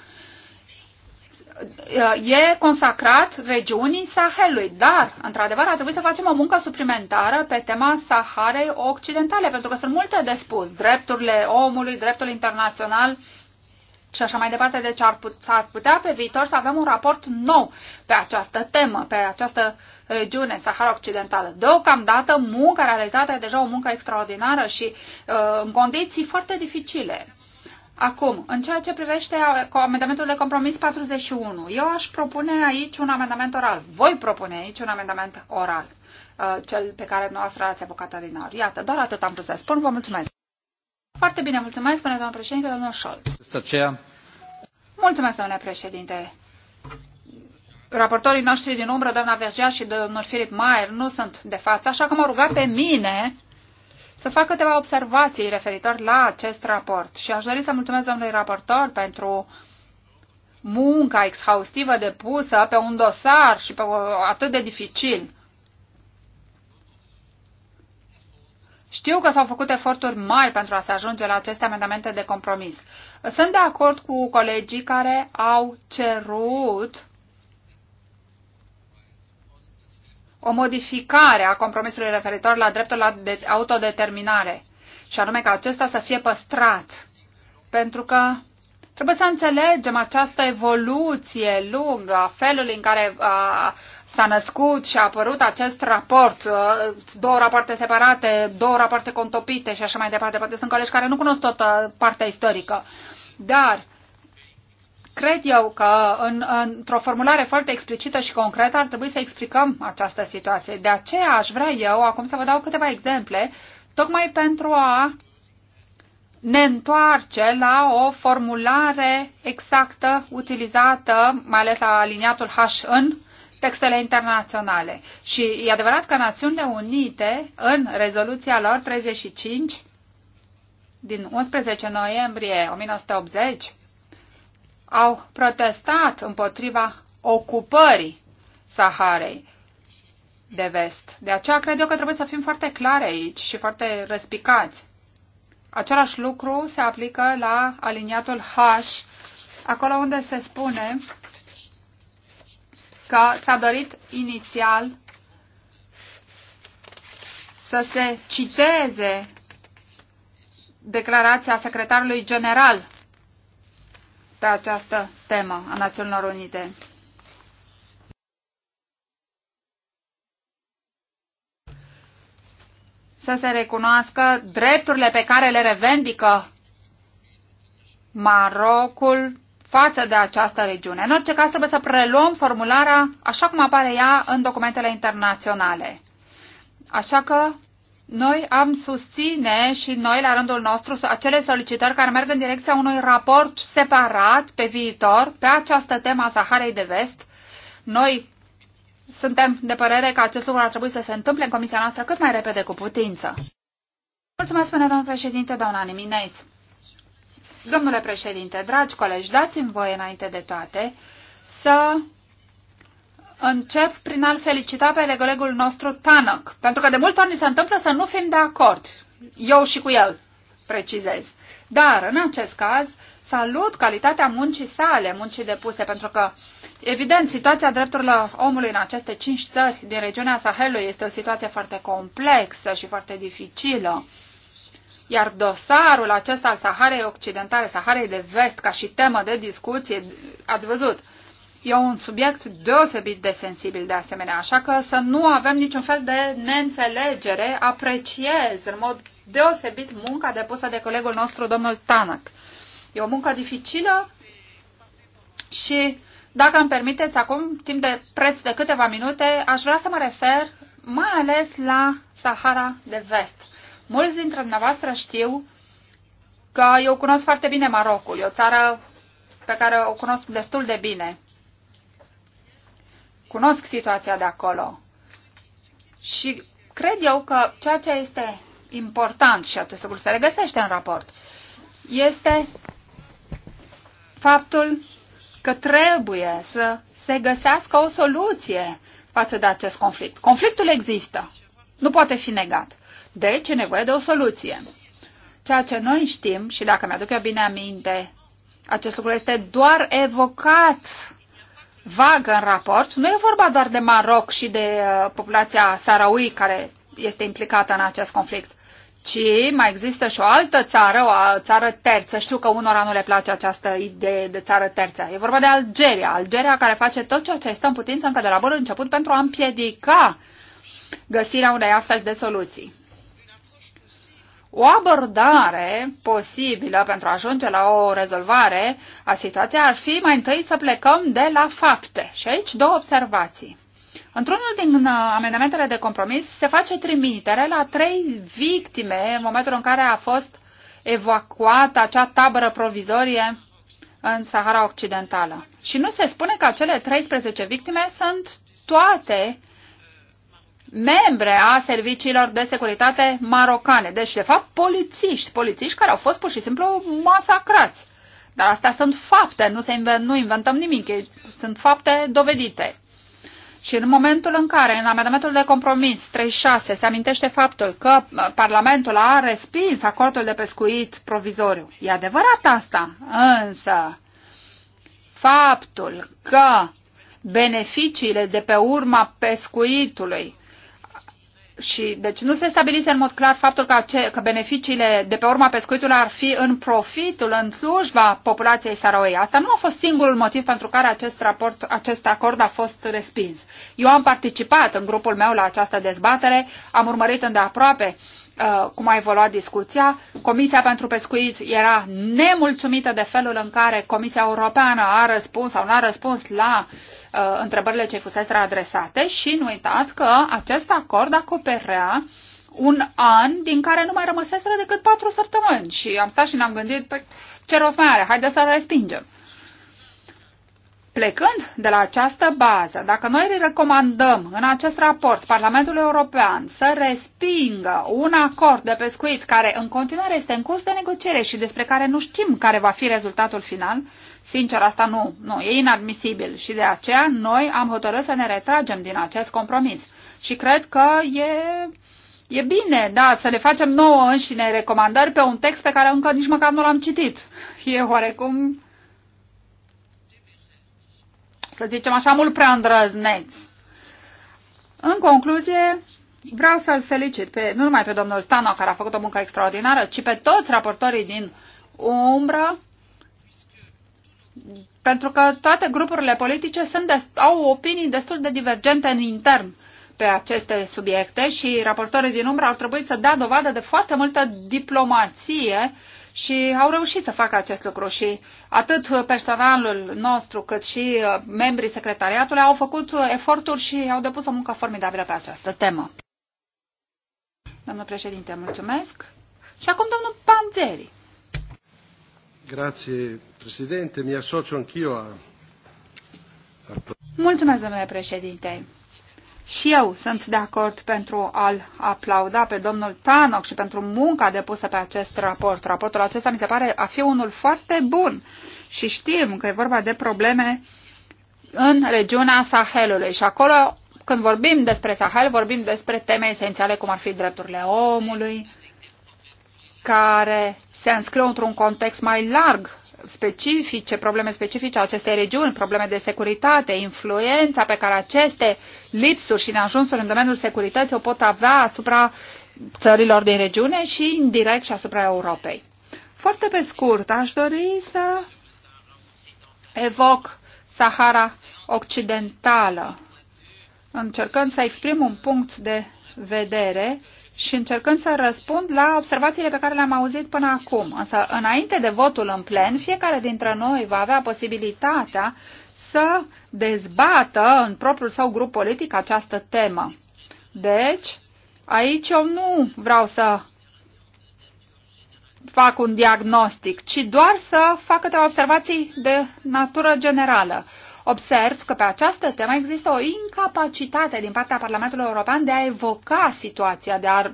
e consacrat regiunii Sahelului, dar, într-adevăr, a trebuit să facem o muncă suplimentară pe tema Saharei Occidentale, pentru că sunt multe de spus. Drepturile omului, dreptul internațional, uh, și așa mai departe. Deci ar putea, putea pe viitor să avem un raport nou pe această temă, pe această regiune, Sahara Occidentală. Deocamdată, munca realizată e deja o muncă extraordinară și uh, în condiții foarte dificile. Acum, în ceea ce privește uh, amendamentul de compromis 41, eu aș propune aici un amendament oral. Voi propune aici un amendament oral, uh, cel pe care noastră ați evocat adinaur. Iată, doar atât am vrut să spun. Vă mulțumesc. Foarte bine, mulțumesc, spune doamna președinte, domnul Scholz. Mulțumesc, domnule președinte. Raportorii noștri din umbră, doamna Vergea și domnul Filip Maier, nu sunt de față, așa că m-au rugat pe mine să fac câteva observații referitor la acest raport. Și aș dori să mulțumesc domnului raportor pentru munca exhaustivă depusă pe un dosar și pe atât de dificil. Știu că s-au făcut eforturi mari pentru a se ajunge la aceste amendamente de compromis. Sunt de acord cu colegii care au cerut o modificare a compromisului referitor la dreptul la autodeterminare și anume ca acesta să fie păstrat. Pentru că trebuie să înțelegem această evoluție lungă a felului în care a, s-a născut și a apărut acest raport, uh, două rapoarte separate, două rapoarte contopite și așa mai departe. Poate sunt colegi care nu cunosc toată partea istorică. Dar cred eu că în, într-o formulare foarte explicită și concretă ar trebui să explicăm această situație. De aceea aș vrea eu acum să vă dau câteva exemple, tocmai pentru a ne întoarce la o formulare exactă utilizată, mai ales la aliniatul H în uh, textele internaționale. Și e adevărat că Națiunile Unite, în rezoluția lor 35 din 11 noiembrie 1980, au protestat împotriva ocupării Saharei de vest. De aceea cred eu că trebuie să fim foarte clare aici și foarte răspicați. Același lucru se aplică la aliniatul H, acolo unde se spune că s-a dorit inițial să se citeze declarația secretarului general pe această temă a Națiunilor Unite. Să se recunoască drepturile pe care le revendică Marocul față de această regiune. În orice caz, trebuie să preluăm formularea așa cum apare ea în documentele internaționale. Așa că noi am susține și noi, la rândul nostru, acele solicitări care merg în direcția unui raport separat pe viitor pe această temă a Saharei de Vest. Noi suntem de părere că acest lucru ar trebui să se întâmple în comisia noastră cât mai repede cu putință. Mulțumesc, până domnul președinte, doamna Nimineț. Domnule președinte, dragi colegi, dați-mi voie înainte de toate să încep prin a-l felicita pe colegul nostru Tanăc, pentru că de multe ori ni se întâmplă să nu fim de acord, eu și cu el, precizez. Dar, în acest caz, salut calitatea muncii sale, muncii depuse, pentru că, evident, situația drepturilor omului în aceste cinci țări din regiunea Sahelului este o situație foarte complexă și foarte dificilă. Iar dosarul acesta al Saharei Occidentale, Saharei de Vest, ca și temă de discuție, ați văzut, e un subiect deosebit de sensibil de asemenea, așa că să nu avem niciun fel de neînțelegere, apreciez în mod deosebit munca depusă de colegul nostru, domnul Tanac. E o muncă dificilă și, dacă îmi permiteți, acum, timp de preț de câteva minute, aș vrea să mă refer mai ales la Sahara de Vest. Mulți dintre dumneavoastră știu că eu cunosc foarte bine Marocul. E o țară pe care o cunosc destul de bine. Cunosc situația de acolo. Și cred eu că ceea ce este important și acest lucru se regăsește în raport este faptul că trebuie să se găsească o soluție față de acest conflict. Conflictul există, nu poate fi negat. Deci e nevoie de o soluție. Ceea ce noi știm, și dacă mi-aduc eu bine aminte, acest lucru este doar evocat vag în raport. Nu e vorba doar de Maroc și de uh, populația Sarawi care este implicată în acest conflict, ci mai există și o altă țară, o țară terță. Știu că unora nu le place această idee de țară terță. E vorba de Algeria. Algeria care face tot ceea ce stă în putință încă de la bun început pentru a împiedica găsirea unei astfel de soluții. O abordare posibilă pentru a ajunge la o rezolvare a situației ar fi mai întâi să plecăm de la fapte. Și aici două observații. Într-unul din uh, amendamentele de compromis se face trimitere la trei victime în momentul în care a fost evacuată acea tabără provizorie în Sahara Occidentală. Și nu se spune că acele 13 victime sunt toate membre a serviciilor de securitate marocane. Deci, de fapt, polițiști, polițiști care au fost pur și simplu masacrați. Dar astea sunt fapte, nu, se invent, nu inventăm nimic, sunt fapte dovedite. Și în momentul în care, în amendamentul de compromis 36, se amintește faptul că uh, Parlamentul a respins acordul de pescuit provizoriu, e adevărat asta, însă faptul că beneficiile de pe urma pescuitului și deci nu se stabilise în mod clar faptul că, ace- că beneficiile de pe urma pescuitului ar fi în profitul, în slujba populației Saroei. Asta nu a fost singurul motiv pentru care acest, raport, acest acord a fost respins. Eu am participat în grupul meu la această dezbatere, am urmărit îndeaproape uh, Uh, cum a evoluat discuția, Comisia pentru Pescuit era nemulțumită de felul în care Comisia Europeană a răspuns sau n-a răspuns la uh, întrebările ce fusese adresate și nu uitați că acest acord acoperea un an din care nu mai rămăseseră decât patru săptămâni și am stat și ne-am gândit, pe păi, ce rost mai are, haide să l respingem. Plecând de la această bază, dacă noi recomandăm în acest raport Parlamentului European să respingă un acord de pescuit care în continuare este în curs de negociere și despre care nu știm care va fi rezultatul final, sincer asta nu, nu, e inadmisibil și de aceea noi am hotărât să ne retragem din acest compromis. Și cred că e E bine, da, să le facem nouă înșine recomandări pe un text pe care încă nici măcar nu l-am citit. E oarecum să zicem așa, mult prea îndrăzneți. În concluzie, vreau să-l felicit pe, nu numai pe domnul Stano, care a făcut o muncă extraordinară, ci pe toți raportorii din umbră, pentru că toate grupurile politice sunt de, au opinii destul de divergente în intern pe aceste subiecte și raportorii din umbră ar trebui să dea dovadă de foarte multă diplomație uh, și au reușit să facă acest lucru și atât personalul nostru cât și uh, membrii secretariatului au făcut uh, eforturi și au depus o muncă formidabilă pe această temă. Domnul președinte, mulțumesc. Și acum domnul Panzeri. Grazie, președinte. Mi asocio anch'io a... Mulțumesc, domnule președinte. Și eu sunt de acord pentru a-l aplauda pe domnul Tanoc și pentru munca depusă pe acest raport. Raportul acesta mi se pare a fi unul foarte bun și știm că e vorba de probleme în regiunea Sahelului și acolo când vorbim despre Sahel vorbim despre teme esențiale cum ar fi drepturile omului, care se înscriu într-un context mai larg specifice, probleme specifice a acestei regiuni, probleme de securitate, influența pe care aceste lipsuri și neajunsuri în domeniul securității o pot avea asupra țărilor din regiune și indirect și asupra Europei. Foarte pe scurt, aș dori să evoc Sahara Occidentală, încercând să exprim un punct de vedere uh, și încercând să răspund la observațiile pe care le-am auzit până acum. Însă, înainte de votul în plen, fiecare dintre noi va avea posibilitatea să dezbată în propriul său grup politic această temă. Deci, aici eu nu vreau să fac un diagnostic, ci doar să fac câteva observații de natură generală. Observ că pe această temă există o incapacitate din partea Parlamentului European de a evoca situația, de a uh,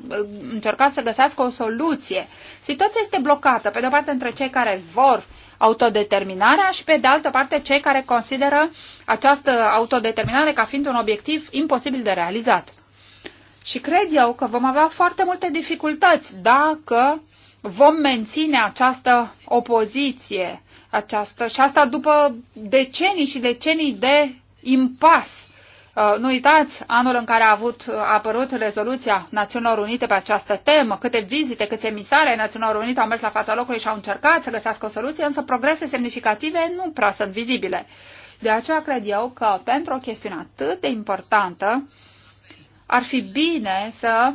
încerca să găsească o soluție. Situația este blocată, pe de o parte, între cei care vor autodeterminarea și, pe de altă parte, cei care consideră această autodeterminare ca fiind un obiectiv imposibil de realizat. Și cred eu că vom avea foarte multe dificultăți dacă vom menține această opoziție această, și asta după decenii și decenii de impas. Uh, nu uitați anul în care a, avut, uh, a apărut rezoluția Națiunilor Unite pe această temă, câte vizite, câte emisare Națiunilor Unite au mers la fața locului și au încercat să găsească o soluție, însă progrese semnificative nu prea sunt vizibile. De aceea cred eu că pentru o chestiune atât de importantă ar fi bine să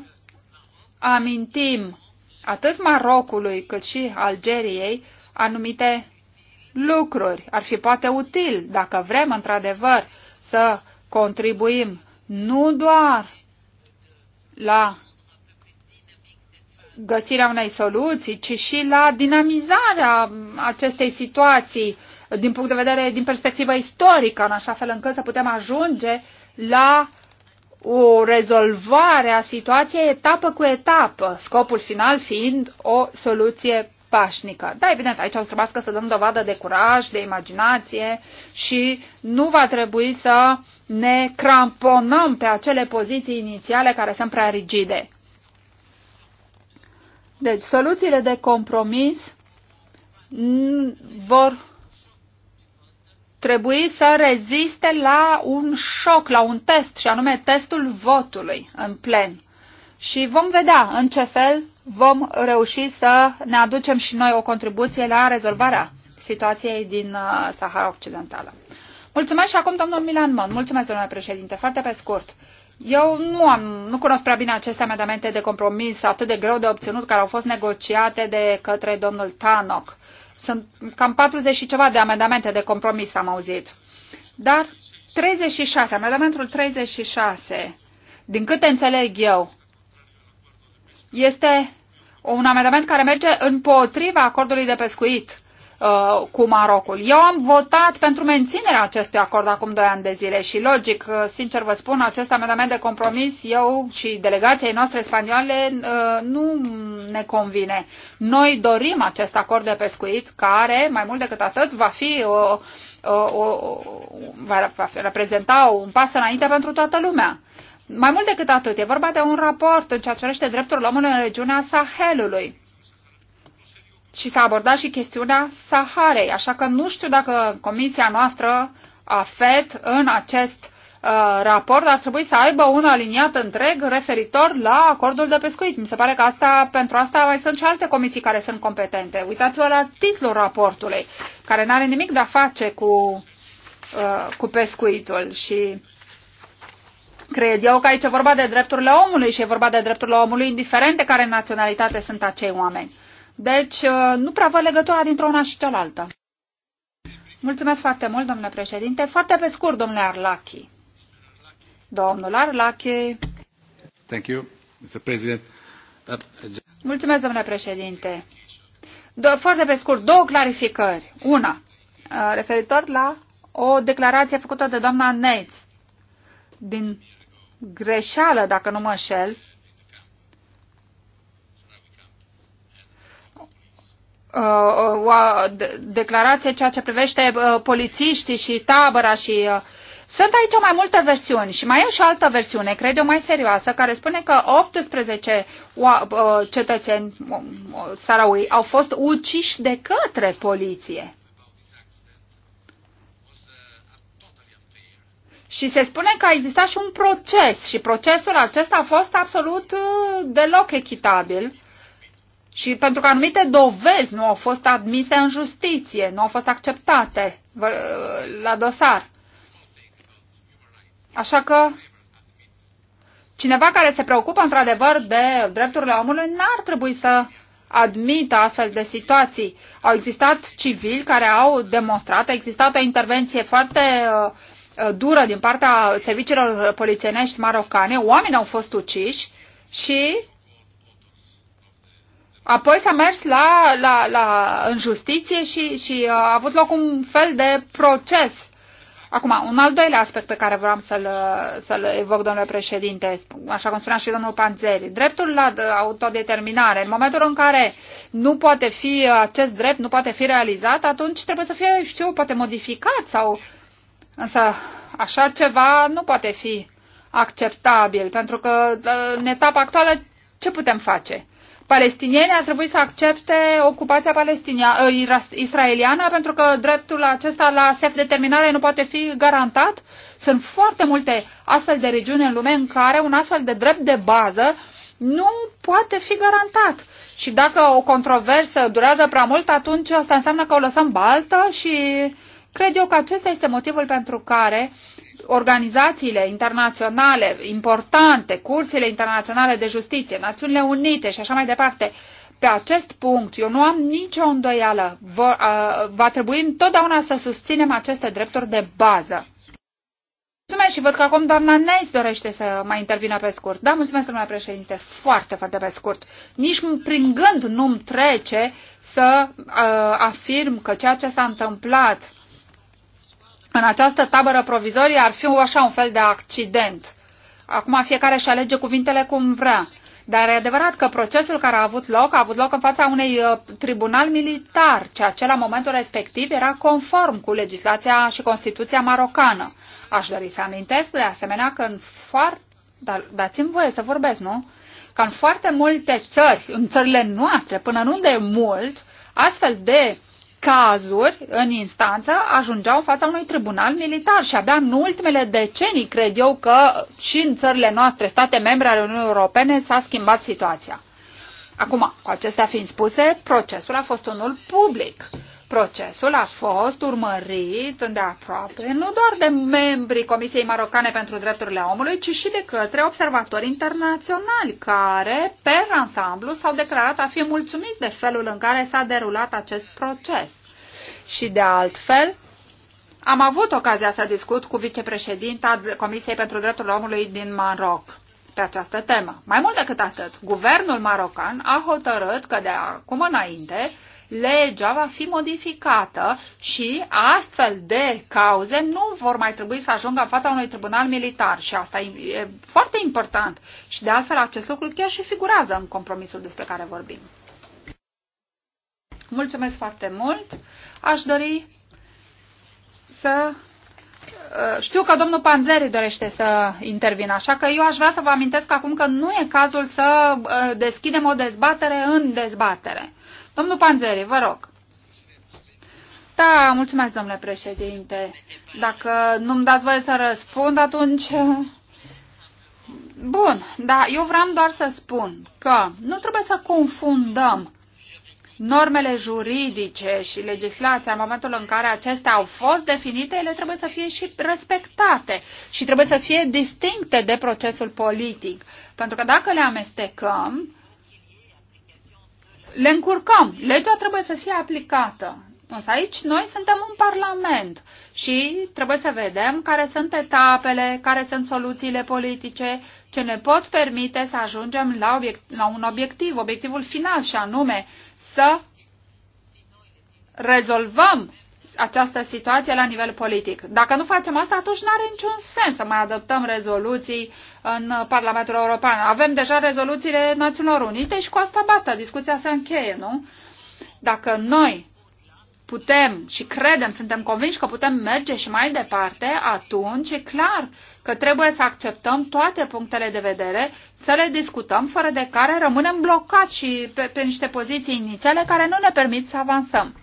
amintim atât Marocului cât și Algeriei anumite lucruri. Ar fi poate util dacă vrem într-adevăr să contribuim nu doar la găsirea unei soluții, ci și la dinamizarea acestei situații din punct de vedere, din perspectivă istorică, în așa fel încât să putem ajunge la o rezolvare a situației etapă cu etapă, scopul final fiind o soluție pașnică. Da, evident, aici o să trebuiască să dăm dovadă de curaj, de imaginație și nu va trebui să ne cramponăm pe acele poziții inițiale care sunt prea rigide. Deci, soluțiile de compromis vor trebui să reziste la un șoc, la un test, și anume testul votului în plen. Și vom vedea în ce fel vom reuși să ne aducem și noi o contribuție la rezolvarea situației din uh, Sahara Occidentală. Mulțumesc și acum domnul Milan Mon. Mulțumesc, domnule președinte. Foarte pe scurt. Eu nu, am, nu cunosc prea bine aceste amendamente de compromis atât de greu de obținut care au fost negociate de către domnul Tanoc. Sunt cam 40 și ceva de amendamente de compromis am auzit. Dar 36, amendamentul 36, din câte înțeleg eu, este un amendament care merge împotriva acordului de pescuit uh, cu Marocul. Eu am votat pentru menținerea acestui acord acum doi ani de zile și logic, uh, sincer vă spun, acest amendament de compromis eu și delegației noastre spaniole uh, nu ne convine. Noi dorim acest acord de pescuit care, mai mult decât atât, va fi o, o, o, va reprezenta un pas înainte pentru toată lumea. Mai mult decât atât, e vorba de un raport în ceea ce privește drepturile omului în regiunea Sahelului. Și s-a abordat și chestiunea Saharei, așa că nu știu dacă comisia noastră a FED în acest uh, raport ar trebui să aibă un aliniat întreg referitor la acordul de pescuit. Mi se pare că asta, pentru asta mai sunt și alte comisii care sunt competente. Uitați-vă la titlul raportului, care nu are nimic de a face cu, uh, cu pescuitul și Cred eu că aici e vorba de drepturile omului și e vorba de drepturile omului indiferent de care naționalitate sunt acei oameni. Deci uh, nu prea văd legătura dintre una și cealaltă. Mulțumesc foarte mult, domnule președinte. Foarte pe scurt, domnule Arlachi. Domnul Arlachi. Thank you, Mr. President. Uh, Mulțumesc, domnule președinte. Do- foarte pe scurt, două clarificări. Una, uh, referitor la o declarație făcută de doamna Neitz din greșeală, dacă nu mă înșel, uh, uh, o declarație ceea ce privește uh, polițiștii și tabăra și sunt aici mai multe versiuni și mai e și o altă versiune, cred eu, mai serioasă, care spune că 18 cetățeni saraui au fost uciși de către poliție. Și se spune că a existat și un proces și procesul acesta a fost absolut uh, deloc echitabil și pentru că anumite dovezi nu au fost admise în justiție, nu au fost acceptate uh, la dosar. Așa că cineva care se preocupă într-adevăr de drepturile omului n-ar trebui să admită astfel de situații. Au existat civili care au demonstrat, a existat o intervenție foarte uh, Uh, dură din partea serviciilor polițienești marocane, oameni au fost uciși și apoi s-a mers la, la, la, în justiție și, și uh, a avut loc un fel de proces. Acum, un al doilea aspect pe care vreau să-l, uh, să evoc, domnule președinte, așa cum spunea și domnul Panzeri, dreptul la autodeterminare, în momentul în care nu poate fi acest drept, nu poate fi realizat, atunci trebuie să fie, știu, poate modificat sau uh, Însă așa ceva nu poate fi acceptabil, pentru că ă, în etapa actuală ce putem face? palestinienii ar trebui să accepte ocupația ă, israeliană pentru că dreptul acesta la self-determinare nu poate fi garantat. Sunt foarte multe astfel de regiuni în lume în care un astfel de drept de bază nu poate fi garantat. Și dacă o controversă durează prea mult, atunci asta înseamnă că o lăsăm baltă și uh, Cred eu că acesta este motivul pentru care organizațiile internaționale importante, curțile internaționale de justiție, Națiunile Unite și așa mai departe, pe acest punct, eu nu am nicio îndoială, va, a, va trebui întotdeauna să susținem aceste drepturi de bază. Mulțumesc și văd că acum doamna Neis dorește să mai intervină pe scurt. Da, mulțumesc, domnule președinte, foarte, foarte pe scurt. Nici prin gând nu-mi trece să uh, afirm că ceea ce s-a întâmplat uh, în această tabără provizorie ar fi așa un fel de accident. Acum fiecare își alege cuvintele cum vrea. Dar e adevărat că procesul care a avut loc a avut loc în fața unei uh, tribunal militar, ceea ce la momentul respectiv era conform cu legislația și Constituția marocană. Aș dori să amintesc de asemenea că în foarte... Dar dați-mi voie să vorbesc, nu? Că în foarte multe țări, în țările noastre, până nu de mult, astfel de cazuri în instanță ajungeau în fața unui tribunal militar și abia în ultimele decenii cred eu că și în țările noastre, state membre ale Uniunii Europene, s-a schimbat situația. Acum, cu acestea fiind spuse, procesul a fost unul public Procesul a fost urmărit îndeaproape nu doar de membrii Comisiei Marocane pentru Drepturile Omului, ci și de către observatori internaționali care, per ansamblu, s-au declarat a fi mulțumiți de felul în care s-a derulat acest proces. Și de altfel, am avut ocazia să discut cu vicepreședinta Comisiei pentru Drepturile Omului din Maroc pe această temă. Mai mult decât atât, guvernul marocan a hotărât că de acum înainte legea va fi modificată și astfel de cauze nu vor mai trebui să ajungă în fața unui tribunal militar. Și asta e foarte important. Și de altfel acest lucru chiar și figurează în compromisul despre care vorbim. Mulțumesc foarte mult. Aș dori să uh, știu că domnul Panzeri dorește să intervină, așa că eu aș vrea să vă amintesc acum că nu e cazul să uh, deschidem o dezbatere în dezbatere. Domnul Panzeri, vă rog. Da, mulțumesc, domnule președinte. Dacă nu-mi dați voie să răspund, atunci... Bun, dar eu vreau doar să spun că nu trebuie să confundăm normele juridice și legislația în momentul în care acestea au fost definite, ele trebuie să fie și respectate și trebuie să fie distincte de procesul politic. Pentru că dacă le amestecăm, le încurcăm. Legea trebuie să fie aplicată. Însă aici noi suntem un parlament și trebuie să vedem care sunt etapele, care sunt soluțiile politice ce ne pot permite să ajungem la, obiect, la un obiectiv, obiectivul final și anume să rezolvăm această situație la nivel politic. Dacă nu facem asta, atunci nu are niciun sens să mai adoptăm rezoluții în Parlamentul European. Avem deja rezoluțiile Națiunilor Unite și cu asta basta, discuția se încheie, nu? Dacă noi putem și credem, suntem convinși că putem merge și mai departe, atunci e clar că trebuie să acceptăm toate punctele de vedere, să le discutăm, fără de care rămânem blocați și pe, pe niște poziții inițiale care nu ne permit să avansăm.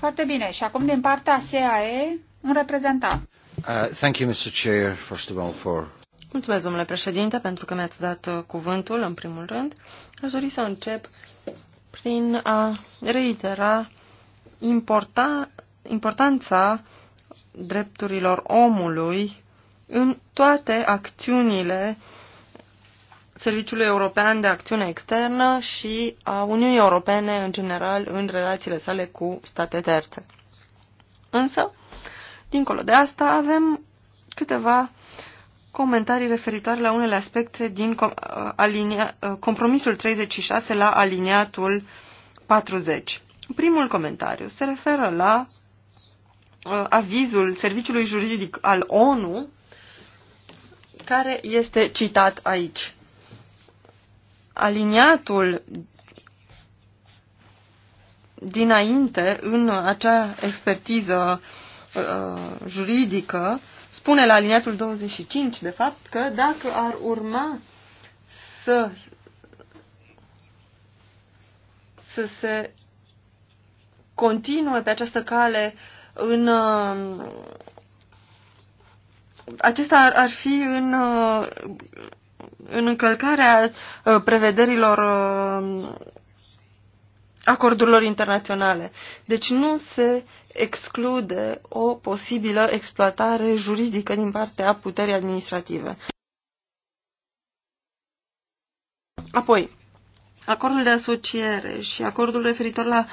Foarte bine. Și acum din partea SAE, un reprezentant. Uh, thank you, Mr. Chair, first of all, for... Mulțumesc, domnule președinte, pentru că mi-ați dat uh, cuvântul, în primul rând. Aș dori să încep prin a reitera importa, importanța drepturilor omului în toate acțiunile uh, Serviciului European de Acțiune Externă și a Uniunii Europene în general în relațiile sale cu state terțe. Însă, dincolo de asta, avem câteva comentarii referitoare la unele aspecte din uh, alinia, uh, compromisul 36 la aliniatul 40. Primul comentariu se referă la uh, avizul Serviciului Juridic al ONU care este citat aici aliniatul dinainte în acea expertiză uh, juridică spune la aliniatul 25, de fapt, că dacă ar urma să, să se continue pe această cale în uh, acesta ar, ar fi în uh, în încălcarea uh, prevederilor uh, acordurilor internaționale. Deci nu se exclude o posibilă exploatare juridică din partea puterii administrative. Apoi, acordul de asociere și acordul referitor la uh,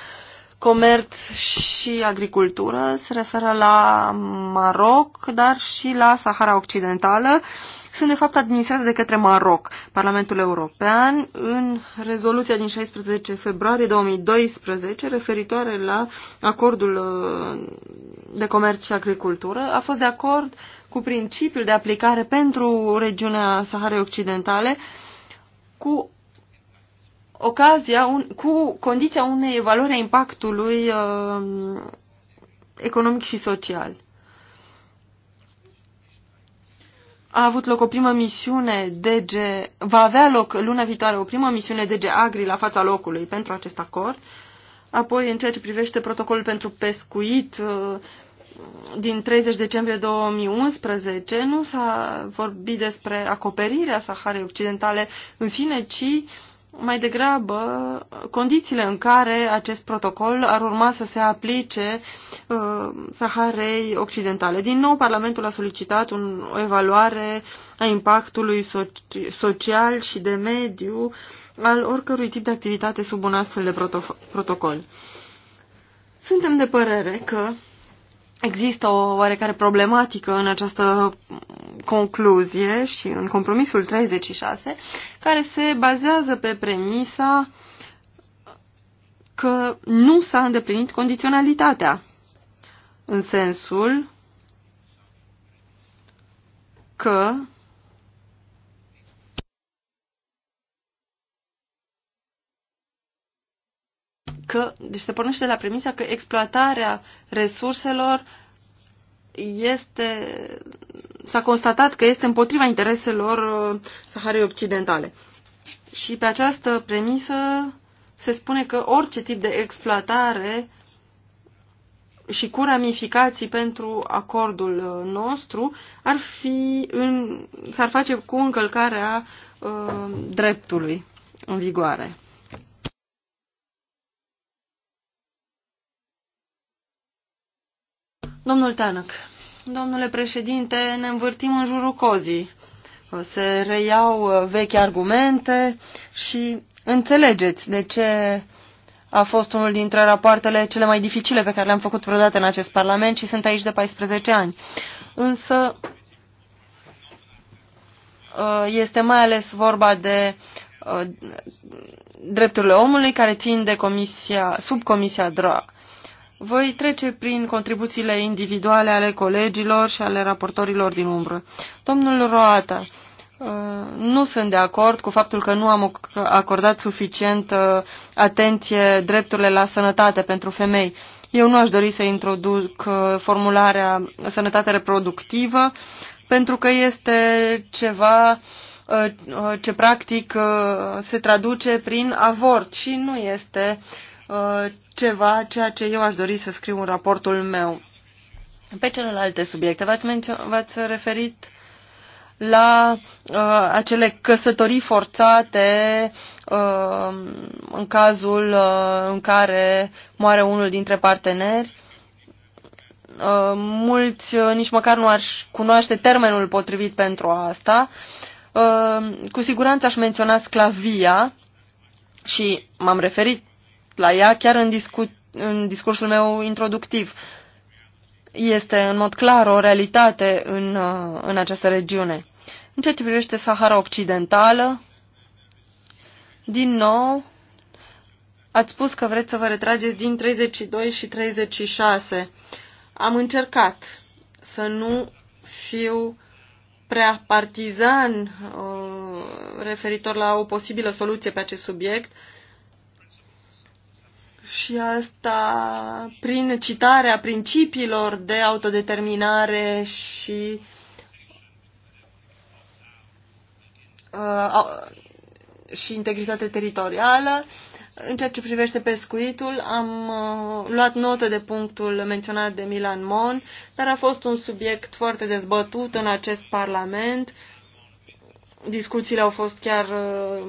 comerț și agricultură se referă la Maroc, dar și la Sahara Occidentală. Sunt, de fapt, administrate de către Maroc. Parlamentul European, în rezoluția din 16 februarie 2012, referitoare la acordul uh, de comerț și agricultură, a fost de acord cu principiul de aplicare pentru regiunea Saharei Occidentale cu ocazia, un, cu condiția unei evaluări a impactului uh, economic și social. A avut loc o primă misiune DG, va avea loc luna viitoare o primă misiune DG Agri la fața locului pentru acest acord. Apoi, în ceea ce privește protocolul pentru pescuit, uh, din 30 decembrie 2011 nu s-a vorbit despre acoperirea Saharei Occidentale în sine, ci mai degrabă condițiile în care acest protocol ar urma să se aplice uh, Saharei Occidentale. Din nou, Parlamentul a solicitat un, o evaluare a impactului so- social și de mediu al oricărui tip de activitate sub un astfel de proto, protocol. Suntem de părere că Există o oarecare problematică în această concluzie și în compromisul 36, care se bazează pe premisa că nu s-a îndeplinit condiționalitatea, în sensul că că, deci se pornește de la premisa că exploatarea resurselor este, s-a constatat că este împotriva intereselor uh, Saharei Occidentale. Și pe această premisă se spune că orice tip de exploatare și cu ramificații pentru acordul uh, nostru ar fi în, s-ar face cu încălcarea uh, dreptului în vigoare. Domnul Tanăc, domnule președinte, ne învârtim în jurul cozii. Se reiau uh, vechi argumente și înțelegeți de ce a fost unul dintre rapoartele cele mai dificile pe care le-am făcut vreodată în acest Parlament și sunt aici de 14 ani. Însă uh, este mai ales vorba de uh, drepturile omului care țin de comisia, subcomisia DRA. Voi trece prin contribuțiile individuale ale colegilor și ale raportorilor din umbră. Domnul Roata, uh, nu sunt de acord cu faptul că nu am acordat suficient uh, atenție drepturile la sănătate pentru femei. Eu nu aș dori să introduc uh, formularea sănătate reproductivă, pentru că este ceva ce practic se traduce prin avort și nu este uh, Uh, ceva, ceea ce eu aș dori să scriu în raportul meu. Pe celelalte subiecte, v-ați, referit la uh, acele căsătorii forțate uh, în cazul uh, în care moare unul dintre parteneri. Uh, mulți uh, nici măcar nu ar cunoaște termenul potrivit pentru asta. Uh, cu siguranță aș menționa sclavia și m-am referit la ea chiar în, discu în discursul meu introductiv. Este în mod clar o realitate în, uh, în această regiune. În ceea ce privește Sahara Occidentală, din nou, ați spus că vreți să vă retrageți din 32 și 36. Am încercat să nu fiu prea partizan uh, referitor la o posibilă soluție pe acest subiect, și asta prin citarea principiilor de autodeterminare și uh, și integritate teritorială. În ceea ce privește pescuitul, am uh, luat notă de punctul menționat de Milan Mon, dar a fost un subiect foarte dezbătut în acest Parlament discuțiile au fost chiar uh,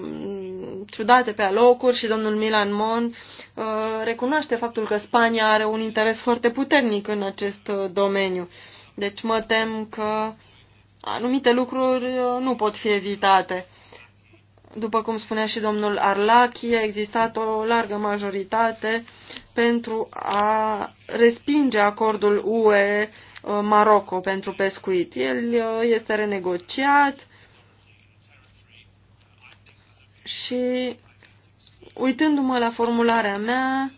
ciudate pe alocuri și domnul Milan Mon uh, recunoaște faptul că Spania are un interes foarte puternic în acest uh, domeniu. Deci mă tem că anumite lucruri nu pot fi evitate. După cum spunea și domnul Arlachi, a existat o largă majoritate pentru a respinge acordul UE Maroco pentru pescuit. El este renegociat, și uitându-mă la formularea mea,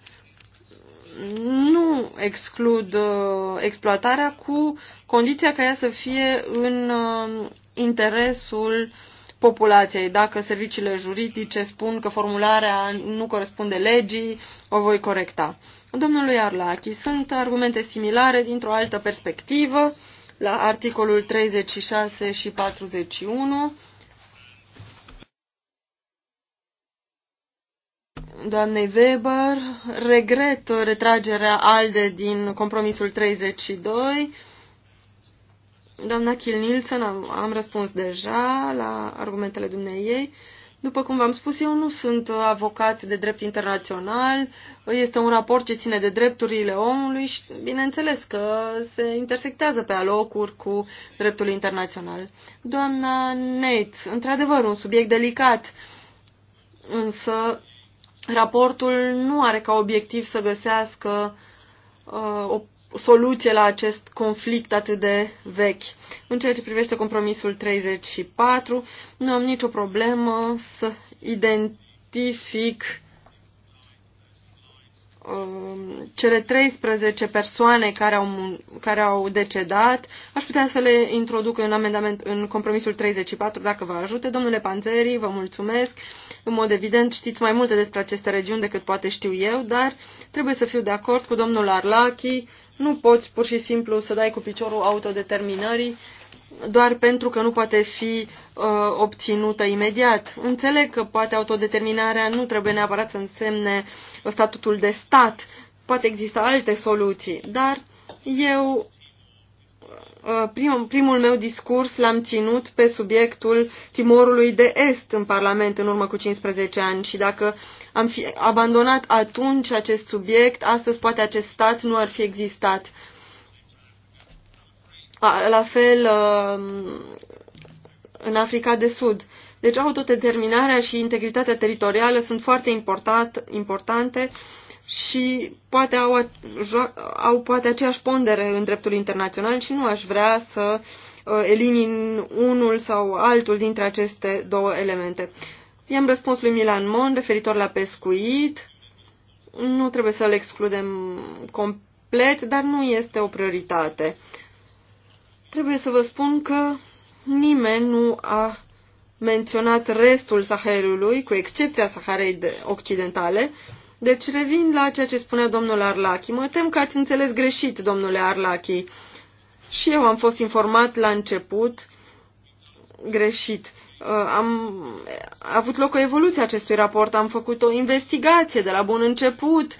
nu exclud uh, exploatarea cu condiția ca ea să fie în uh, interesul populației. Dacă serviciile juridice spun că formularea nu corespunde legii, o voi corecta. Domnului Arlachi, sunt argumente similare dintr-o altă perspectivă la articolul 36 și 41 doamnei Weber. Regret retragerea ALDE din compromisul 32. Doamna Kiel Nielsen, am, am răspuns deja la argumentele dumnei ei. După cum v-am spus, eu nu sunt avocat de drept internațional, este un raport ce ține de drepturile omului și bineînțeles că se intersectează pe alocuri cu dreptul internațional. Doamna Nate, într-adevăr, un subiect delicat, însă raportul nu are ca obiectiv să găsească uh, o soluție la acest conflict atât de vechi. În ceea ce privește compromisul 34, nu am nicio problemă să identific Um, cele 13 persoane care au, care au decedat, aș putea să le introduc în amendament în compromisul 34, dacă vă ajute. Domnule Panzeri, vă mulțumesc. În mod evident știți mai multe despre aceste regiuni decât poate știu eu, dar trebuie să fiu de acord cu domnul Arlachi. Nu poți pur și simplu să dai cu piciorul autodeterminării doar pentru că nu poate fi uh, obținută imediat. Înțeleg că poate autodeterminarea nu trebuie neapărat să însemne uh, statutul de stat. Poate exista alte soluții, dar eu uh, primul, primul meu discurs l-am ținut pe subiectul Timorului de Est în Parlament în urmă cu 15 ani și dacă am fi abandonat atunci acest subiect, astăzi poate acest stat nu ar fi existat. La fel uh, în Africa de Sud. Deci autodeterminarea și integritatea teritorială sunt foarte important, importante și poate au, au poate aceeași pondere în dreptul internațional și nu aș vrea să uh, elimin unul sau altul dintre aceste două elemente. I-am răspuns lui Milan Mon referitor la pescuit. Nu trebuie să-l excludem complet, dar nu este o prioritate. Trebuie să vă spun că nimeni nu a menționat restul Sahelului, cu excepția Saharei Occidentale, deci revin la ceea ce spunea domnul Arlachi. Mă tem că ați înțeles greșit, domnule Arlachi. Și eu am fost informat la început greșit. Uh, am a avut loc o evoluție acestui raport, am făcut o investigație de la bun început.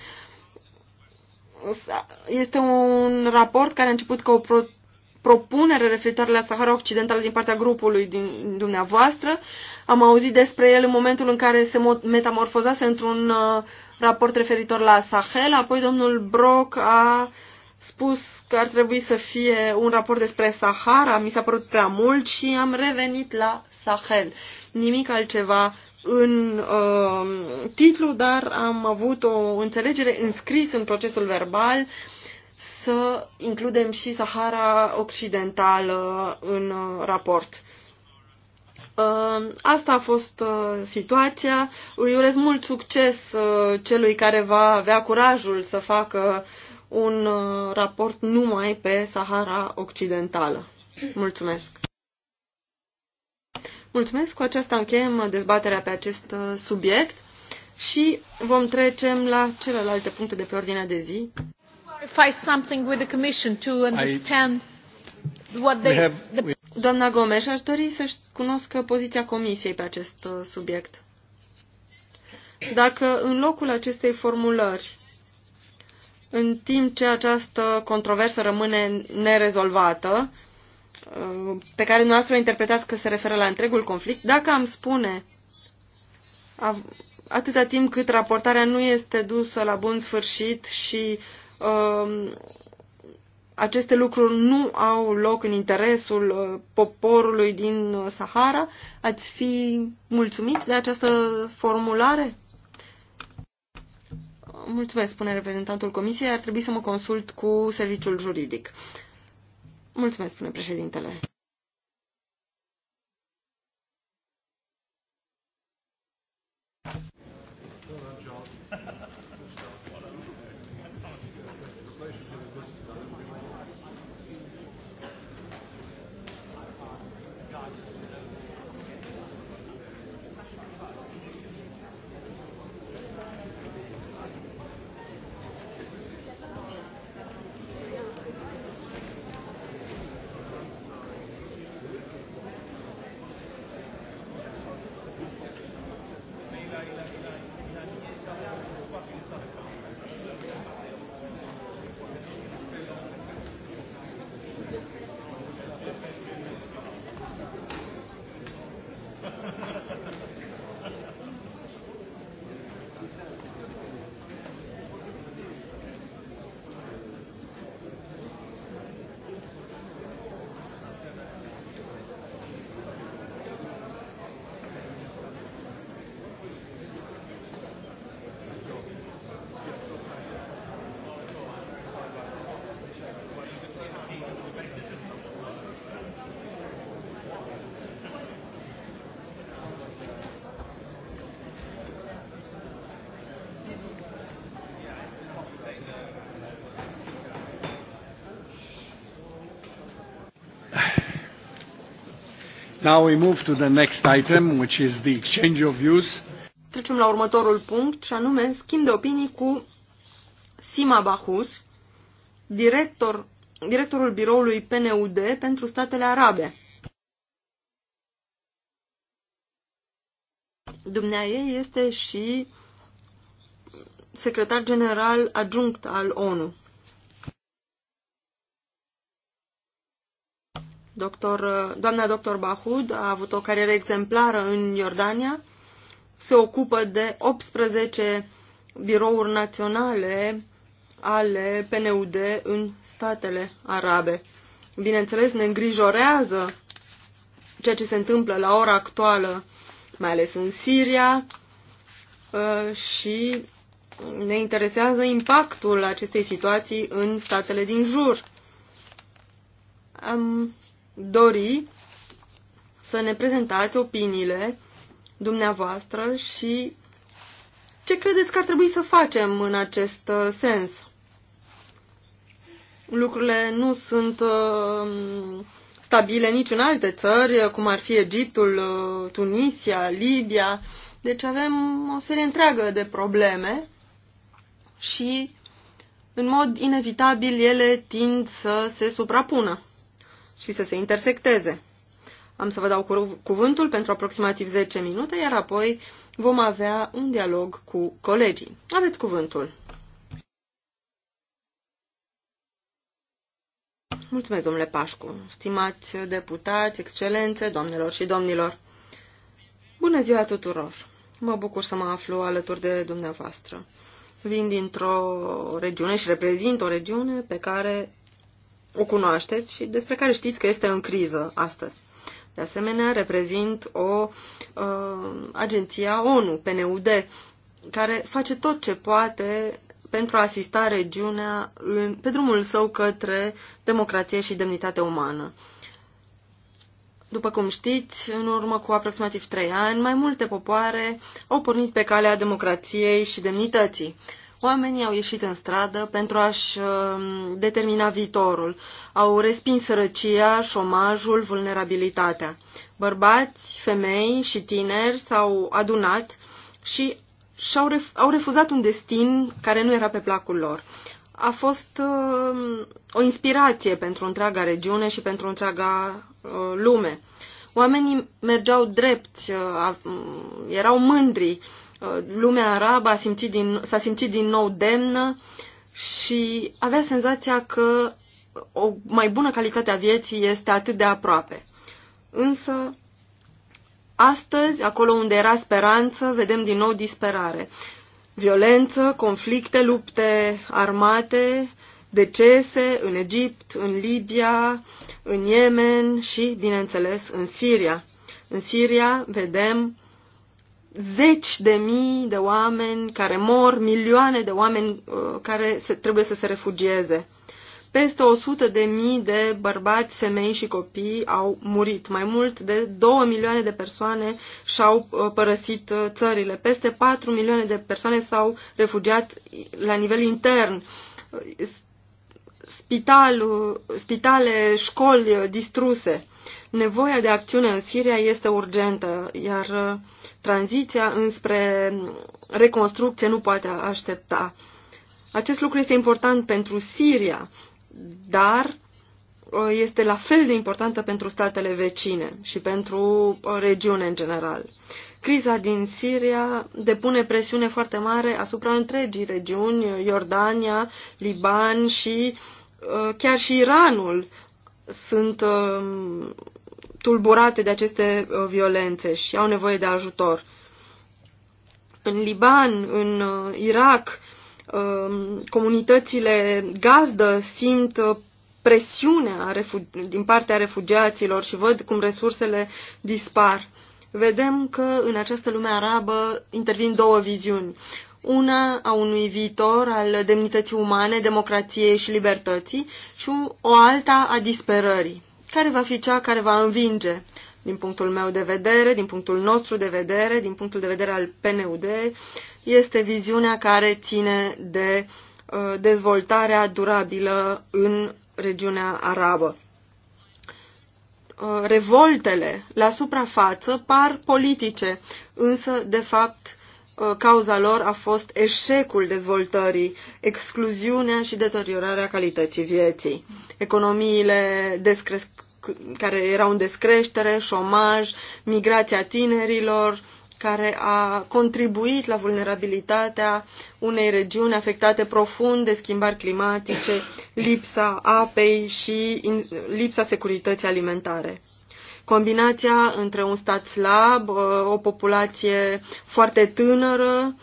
Este un raport care a început ca o propunere referitoare la Sahara Occidentală din partea grupului din dumneavoastră. Am auzit despre el în momentul în care se metamorfozase într-un uh, raport referitor la Sahel, apoi domnul Brock a spus că ar trebui să fie un raport despre Sahara, mi s-a părut prea mult și am revenit la Sahel. Nimic altceva în uh, titlu, dar am avut o înțelegere înscris în procesul verbal să includem și Sahara Occidentală în uh, raport. Uh, asta a fost uh, situația. Îi urez mult succes celui care va avea curajul să facă un raport numai pe Sahara Occidentală. Mulțumesc! Mulțumesc! Cu aceasta încheiem dezbaterea pe acest subiect și vom trecem la celelalte puncte de pe ordinea de zi clarify something with the Commission to understand what they... Have, the... Doamna Gomes, aș dori să cunosc poziția Comisiei pe acest uh, subiect. Dacă în locul acestei formulări, în timp ce această controversă rămâne nerezolvată, uh, pe care noastră o interpretați că se referă la întregul conflict, dacă am spune atâta timp cât raportarea nu este dusă la bun sfârșit și Um, aceste lucruri nu au loc în interesul uh, poporului din uh, Sahara, ați fi mulțumiți de această formulare? Mulțumesc, spune reprezentantul Comisiei. Ar trebui să mă consult cu serviciul juridic. Mulțumesc, spune președintele. Now we move to the next item, which is the exchange of views. Trecem la următorul punct, și anume schimb de opinii cu Sima Bahus, director, directorul biroului PNUD pentru statele arabe. ei este și secretar general adjunct al ONU. Doctor, doamna doctor Bahud a avut o carieră exemplară în Iordania, se ocupă de 18 birouri naționale ale PNUD în statele arabe. Bineînțeles, ne îngrijorează ceea ce se întâmplă la ora actuală, mai ales în Siria, uh, și ne interesează impactul acestei situații în statele din jur. Am dori să ne prezentați opiniile dumneavoastră și ce credeți că ar trebui să facem în acest uh, sens. Lucrurile nu sunt uh, stabile nici în alte țări, cum ar fi Egiptul, uh, Tunisia, Libia. Deci avem o serie întreagă de probleme și, în mod inevitabil, ele tind să se suprapună și să se intersecteze. Am să vă dau cuvântul pentru aproximativ 10 minute, iar apoi vom avea un dialog cu colegii. Aveți cuvântul. Mulțumesc, domnule Pașcu, stimați deputați, excelențe, doamnelor și domnilor. Bună ziua tuturor! Mă bucur să mă aflu alături de dumneavoastră. Vin dintr-o regiune și reprezint o regiune pe care o cunoașteți și despre care știți că este în criză astăzi. De asemenea, reprezint o uh, agenția ONU, PNUD, care face tot ce poate pentru a asista regiunea în, pe drumul său către democrație și demnitate umană. După cum știți, în urmă cu aproximativ trei ani, mai multe popoare au pornit pe calea democrației și demnității. Oamenii au ieșit în stradă pentru a-și uh, determina viitorul. Au respins sărăcia, șomajul, vulnerabilitatea. Bărbați, femei și tineri s-au adunat și și-au ref- au refuzat un destin care nu era pe placul lor. A fost uh, o inspirație pentru întreaga regiune și pentru întreaga uh, lume. Oamenii mergeau drept, uh, erau mândri Uh, lumea arabă a simțit din, s-a simțit din nou demnă și avea senzația că o mai bună calitate a vieții este atât de aproape. Însă, astăzi, acolo unde era speranță, vedem din nou disperare. Violență, conflicte, lupte armate, decese în Egipt, în Libia, în Yemen și, bineînțeles, în Siria. În Siria vedem zeci de mii de oameni care mor, milioane de oameni uh, care se, trebuie să se refugieze. Peste 100 de mii de bărbați, femei și copii au murit. Mai mult de 2 milioane de persoane și-au uh, părăsit uh, țările. Peste 4 milioane de persoane s-au refugiat la nivel intern. Spital, spitale, școli distruse. Nevoia de acțiune în Siria este urgentă, iar uh, Tranziția înspre reconstrucție nu poate aștepta. Acest lucru este important pentru Siria, dar uh, este la fel de importantă pentru statele vecine și pentru uh, regiune în general. Criza din Siria depune presiune foarte mare asupra întregii regiuni, uh, Iordania, Liban și chiar și Iranul sunt tulburate de aceste uh, violențe și au nevoie de ajutor. În Liban, în uh, Irak, um, comunitățile gazdă simt uh, presiunea din partea refugiaților și văd cum resursele dispar. Vedem că în această lume arabă intervin două viziuni. Una a unui viitor al demnității umane, democrației și libertății și o alta a disperării care va fi cea care va învinge din punctul meu de vedere, din punctul nostru de vedere, din punctul de vedere al PNUD, este viziunea care ține de uh, dezvoltarea durabilă în regiunea arabă. Uh, revoltele la suprafață par politice, însă, de fapt, uh, cauza lor a fost eșecul dezvoltării, excluziunea și deteriorarea calității vieții. Economiile descresc care erau în descreștere, șomaj, migrația tinerilor, care a contribuit la vulnerabilitatea unei regiuni afectate profund de schimbări climatice, lipsa apei și lipsa securității alimentare. Combinația între un stat slab, o populație foarte tânără,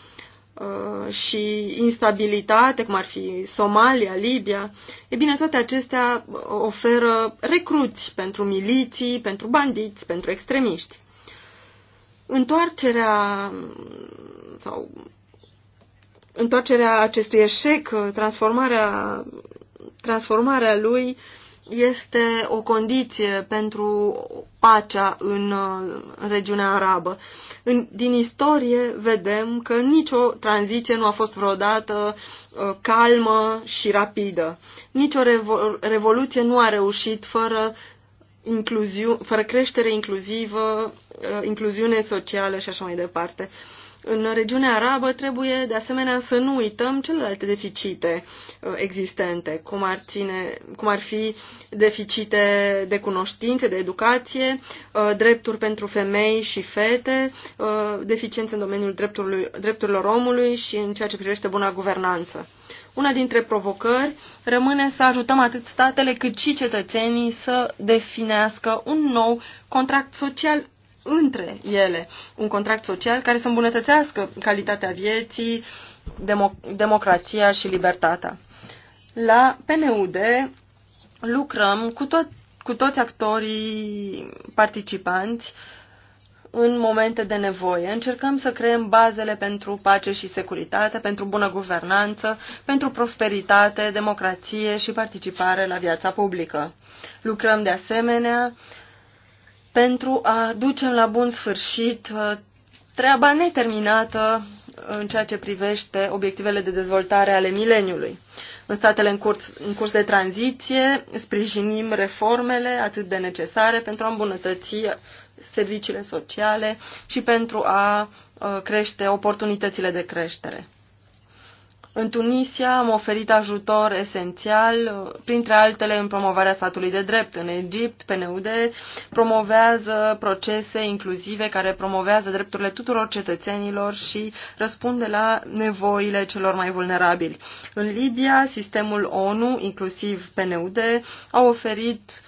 Uh, și instabilitate, cum ar fi Somalia, Libia, e bine, toate acestea oferă recruți pentru miliții, pentru bandiți, pentru extremiști. Întoarcerea sau întoarcerea acestui eșec, transformarea, transformarea lui este o condiție pentru pacea în, regiunea arabă. În, din istorie vedem că nicio tranziție nu a fost vreodată ă, calmă și rapidă. Nicio revo, revoluție nu a reușit fără, incluziu, fără creștere inclusivă, ă, incluziune socială și așa mai departe. Uh, în regiunea arabă trebuie de asemenea să nu uităm celelalte deficite uh, existente, cum ar, ține, cum ar fi deficite de cunoștințe, de educație, uh, drepturi pentru femei și fete, uh, deficiențe în domeniul drepturilor omului și în ceea ce privește buna guvernanță. Una dintre provocări rămâne să ajutăm atât statele cât și cetățenii să definească un nou contract social între ele un contract social care să îmbunătățească calitatea vieții, democ democrația și libertatea. La PNUD lucrăm cu, to cu toți actorii participanți în momente de nevoie. Încercăm să creăm bazele pentru pace și securitate, pentru bună guvernanță, pentru prosperitate, democrație și participare la viața publică. Lucrăm de asemenea pentru a duce la bun sfârșit uh, treaba neterminată în ceea ce privește obiectivele de dezvoltare ale mileniului. În statele în curs, în curs de tranziție sprijinim reformele atât de necesare pentru a îmbunătăți serviciile sociale și pentru a uh, crește oportunitățile de creștere. În Tunisia am oferit ajutor esențial, printre altele în promovarea statului de drept. În Egipt, PNUD promovează procese inclusive care promovează drepturile tuturor cetățenilor și răspunde la nevoile celor mai vulnerabili. În Libia, sistemul ONU, inclusiv PNUD, au oferit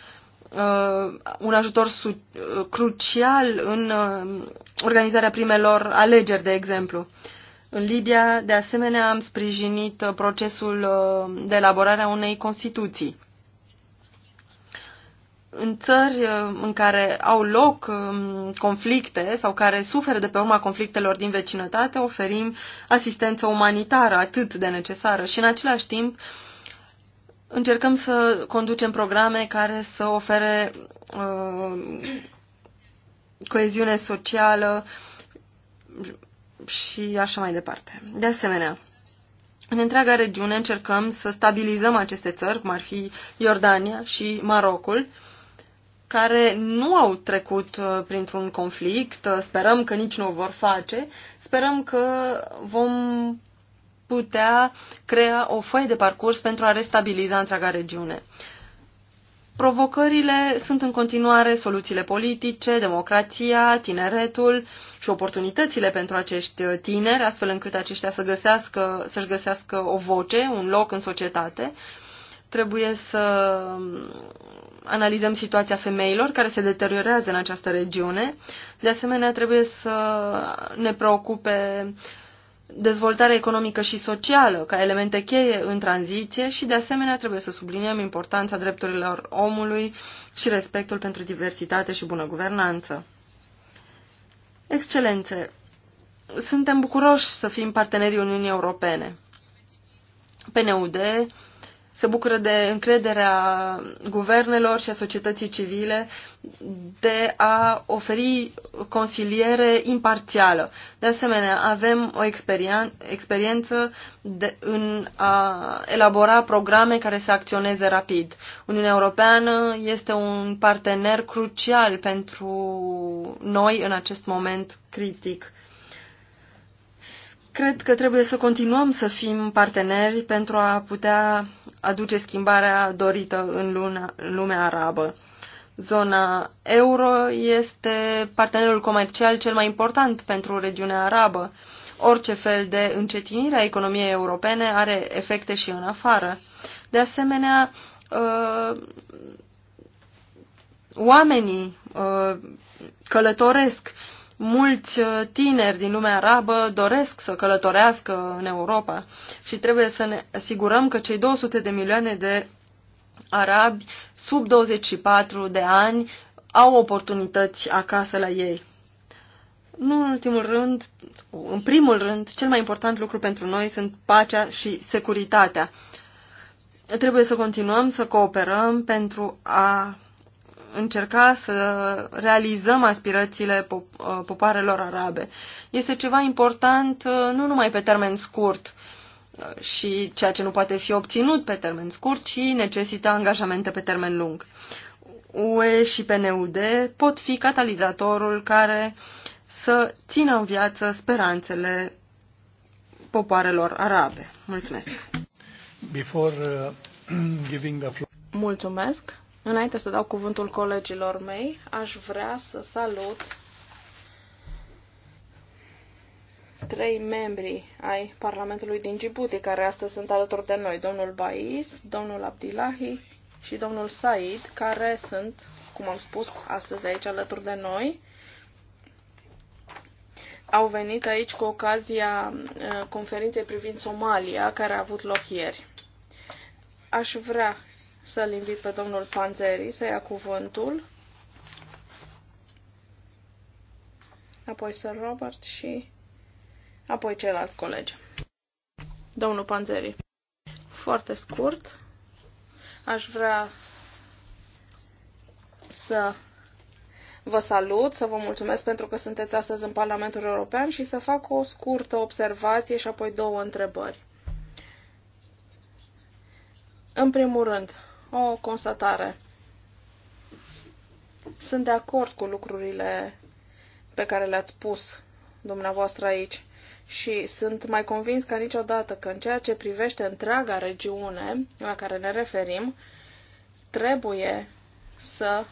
uh, un ajutor su- uh, crucial în uh, organizarea primelor alegeri, de exemplu. Uh, în Libia, de asemenea, am sprijinit uh, procesul uh, de elaborare a unei constituții. În țări uh, în care au loc um, conflicte sau care suferă de pe urma conflictelor din vecinătate, oferim asistență umanitară atât de necesară și, în același timp, încercăm să conducem programe care să ofere uh, coeziune socială și așa mai departe. De asemenea, în întreaga regiune încercăm să stabilizăm aceste țări, cum ar fi Iordania și Marocul, care nu au trecut uh, printr-un conflict, uh, sperăm că nici nu o vor face, sperăm că vom putea crea o foaie de parcurs pentru a restabiliza întreaga regiune. Provocările sunt în continuare soluțiile politice, democrația, tineretul și oportunitățile pentru acești tineri, astfel încât aceștia să găsească, să-și găsească o voce, un loc în societate. Trebuie să analizăm situația femeilor care se deteriorează în această regiune. De asemenea, trebuie să ne preocupe dezvoltarea economică și socială ca elemente cheie în tranziție și, de asemenea, trebuie să subliniem importanța drepturilor omului și respectul pentru diversitate și bună guvernanță. Excelențe, suntem bucuroși să fim partenerii Uniunii Europene. PNUD se bucură de încrederea guvernelor și a societății civile de a oferi consiliere imparțială. De asemenea, avem o experien experiență de, în a elabora programe care să acționeze rapid. Uniunea Europeană este un partener crucial pentru noi în acest moment critic. Cred că trebuie să continuăm să fim parteneri pentru a putea aduce schimbarea dorită în, lumea arabă. Zona euro este partenerul comercial cel mai important pentru regiunea arabă. Orice fel de încetinire a economiei europene are efecte și în afară. De asemenea, uh, oamenii uh, călătoresc mulți uh, tineri din lumea arabă doresc să călătorească în Europa și trebuie să ne asigurăm că cei 200 de milioane de arabi sub 24 de ani au oportunități acasă la ei. Nu în ultimul rând, în primul rând, cel mai important lucru pentru noi sunt pacea și securitatea. Trebuie să continuăm să cooperăm pentru a încerca să realizăm aspirațiile uh, popoarelor arabe. Este ceva important uh, nu numai pe termen scurt uh, și ceea ce nu poate fi obținut pe termen scurt, ci necesită angajamente pe termen lung. UE și PNUD pot fi catalizatorul care să țină în viață speranțele popoarelor arabe. Mulțumesc! Before, uh, giving the floor... Mulțumesc! Înainte să dau cuvântul colegilor mei, aș vrea să salut trei membri ai Parlamentului din Djibouti, care astăzi sunt alături de noi, domnul Baiz, domnul Abdilahi și domnul Said, care sunt, cum am spus, astăzi aici alături de noi. Au venit aici cu ocazia uh, conferinței privind Somalia, care a avut loc ieri. Aș vrea să-l invit pe domnul Panzeri să ia cuvântul. Apoi Sir Robert și apoi ceilalți colegi. Domnul Panzeri, foarte scurt, aș vrea să vă salut, să vă mulțumesc pentru că sunteți astăzi în Parlamentul European și să fac o scurtă observație și apoi două întrebări. În primul rând, o constatare. Sunt de acord cu lucrurile pe care le-ați pus dumneavoastră aici și sunt mai convins ca niciodată că în ceea ce privește întreaga regiune la care ne referim, trebuie să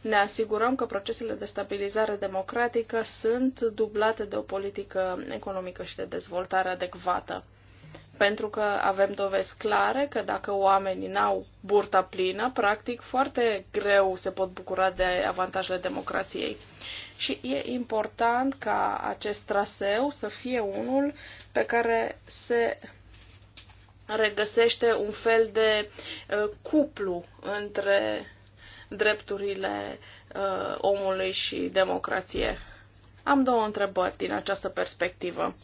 ne asigurăm că procesele de stabilizare democratică sunt dublate de o politică economică și de dezvoltare adecvată pentru că avem dovezi clare că dacă oamenii n-au burta plină, practic foarte greu se pot bucura de avantajele democrației. Și e important ca acest traseu să fie unul pe care se regăsește un fel de uh, cuplu între drepturile uh, omului și democrație. Am două întrebări din această perspectivă.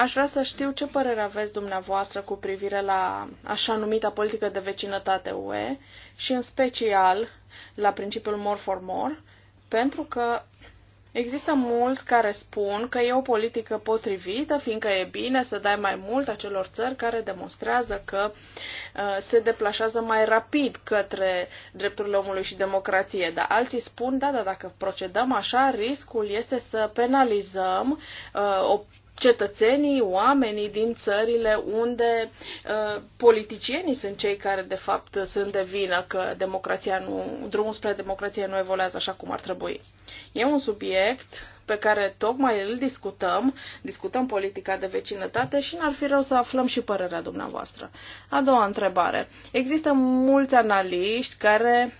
Aș vrea să știu ce părere aveți dumneavoastră cu privire la așa numita politică de vecinătate UE și în special la principiul more for more, pentru că există mulți care spun că e o politică potrivită, fiindcă e bine să dai mai mult acelor țări care demonstrează că uh, se deplașează mai rapid către drepturile omului și democrație. Dar alții spun, da, da, dacă procedăm așa, riscul este să penalizăm uh, o cetățenii, oamenii din țările unde uh, politicienii sunt cei care de fapt sunt de vină că democrația nu, drumul spre democrație nu evoluează așa cum ar trebui. E un subiect pe care tocmai îl discutăm, discutăm politica de vecinătate și n-ar fi rău să aflăm și părerea dumneavoastră. A doua întrebare. Există mulți analiști care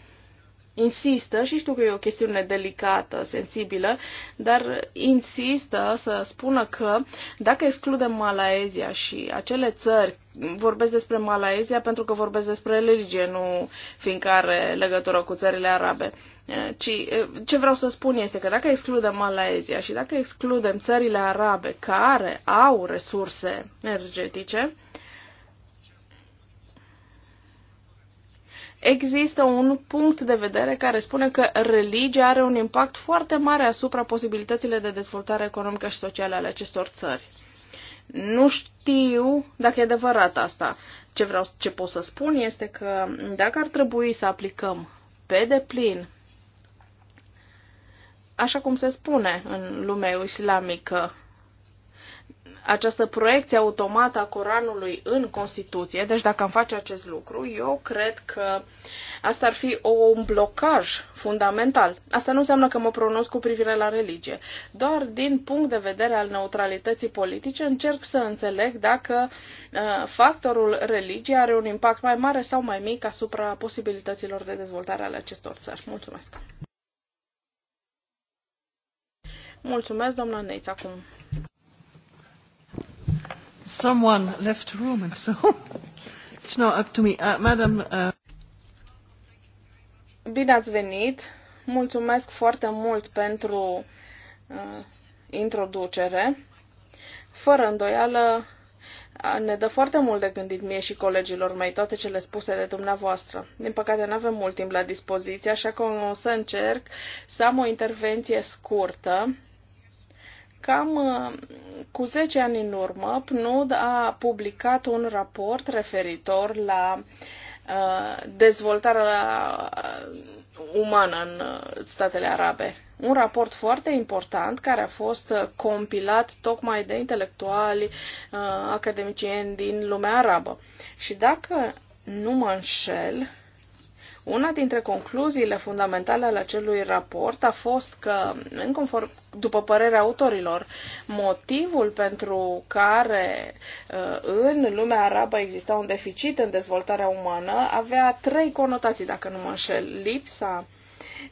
insistă, și știu că e o chestiune delicată, sensibilă, dar insistă să spună că dacă excludem Malaezia și acele țări, vorbesc despre Malaezia pentru că vorbesc despre religie, nu fiindcă are legătură cu țările arabe, ci ce vreau să spun este că dacă excludem Malaezia și dacă excludem țările arabe care au resurse energetice, există un punct de vedere care spune că religia are un impact foarte mare asupra posibilităților de dezvoltare economică și socială ale acestor țări. Nu știu dacă e adevărat asta. Ce, vreau, ce pot să spun este că dacă ar trebui să aplicăm pe deplin, așa cum se spune în lumea islamică, această proiecție automată a Coranului în Constituție, deci dacă am face acest lucru, eu cred că asta ar fi un blocaj fundamental. Asta nu înseamnă că mă pronunț cu privire la religie. Doar din punct de vedere al neutralității politice încerc să înțeleg dacă uh, factorul religie are un impact mai mare sau mai mic asupra posibilităților de dezvoltare ale acestor țări. Mulțumesc! Mulțumesc, doamna Neiț, acum someone left room and so it's not up to me. Uh, madam, uh... Bine ați venit. Mulțumesc foarte mult pentru uh, introducere. Fără îndoială, uh, ne dă foarte mult de gândit mie și colegilor mei toate cele spuse de dumneavoastră. Din păcate, nu avem mult timp la dispoziție, așa că o să încerc să am o intervenție scurtă Cam uh, cu 10 ani în urmă, PNUD a publicat un raport referitor la uh, dezvoltarea uh, umană în statele arabe. Un raport foarte important care a fost compilat tocmai de intelectuali, academicieni din lumea arabă. Și dacă nu mă înșel, una dintre concluziile fundamentale ale acelui raport a fost că, în conform, după părerea autorilor, motivul pentru care uh, în lumea arabă exista un deficit în dezvoltarea umană avea trei conotații, dacă nu mă înșel. Lipsa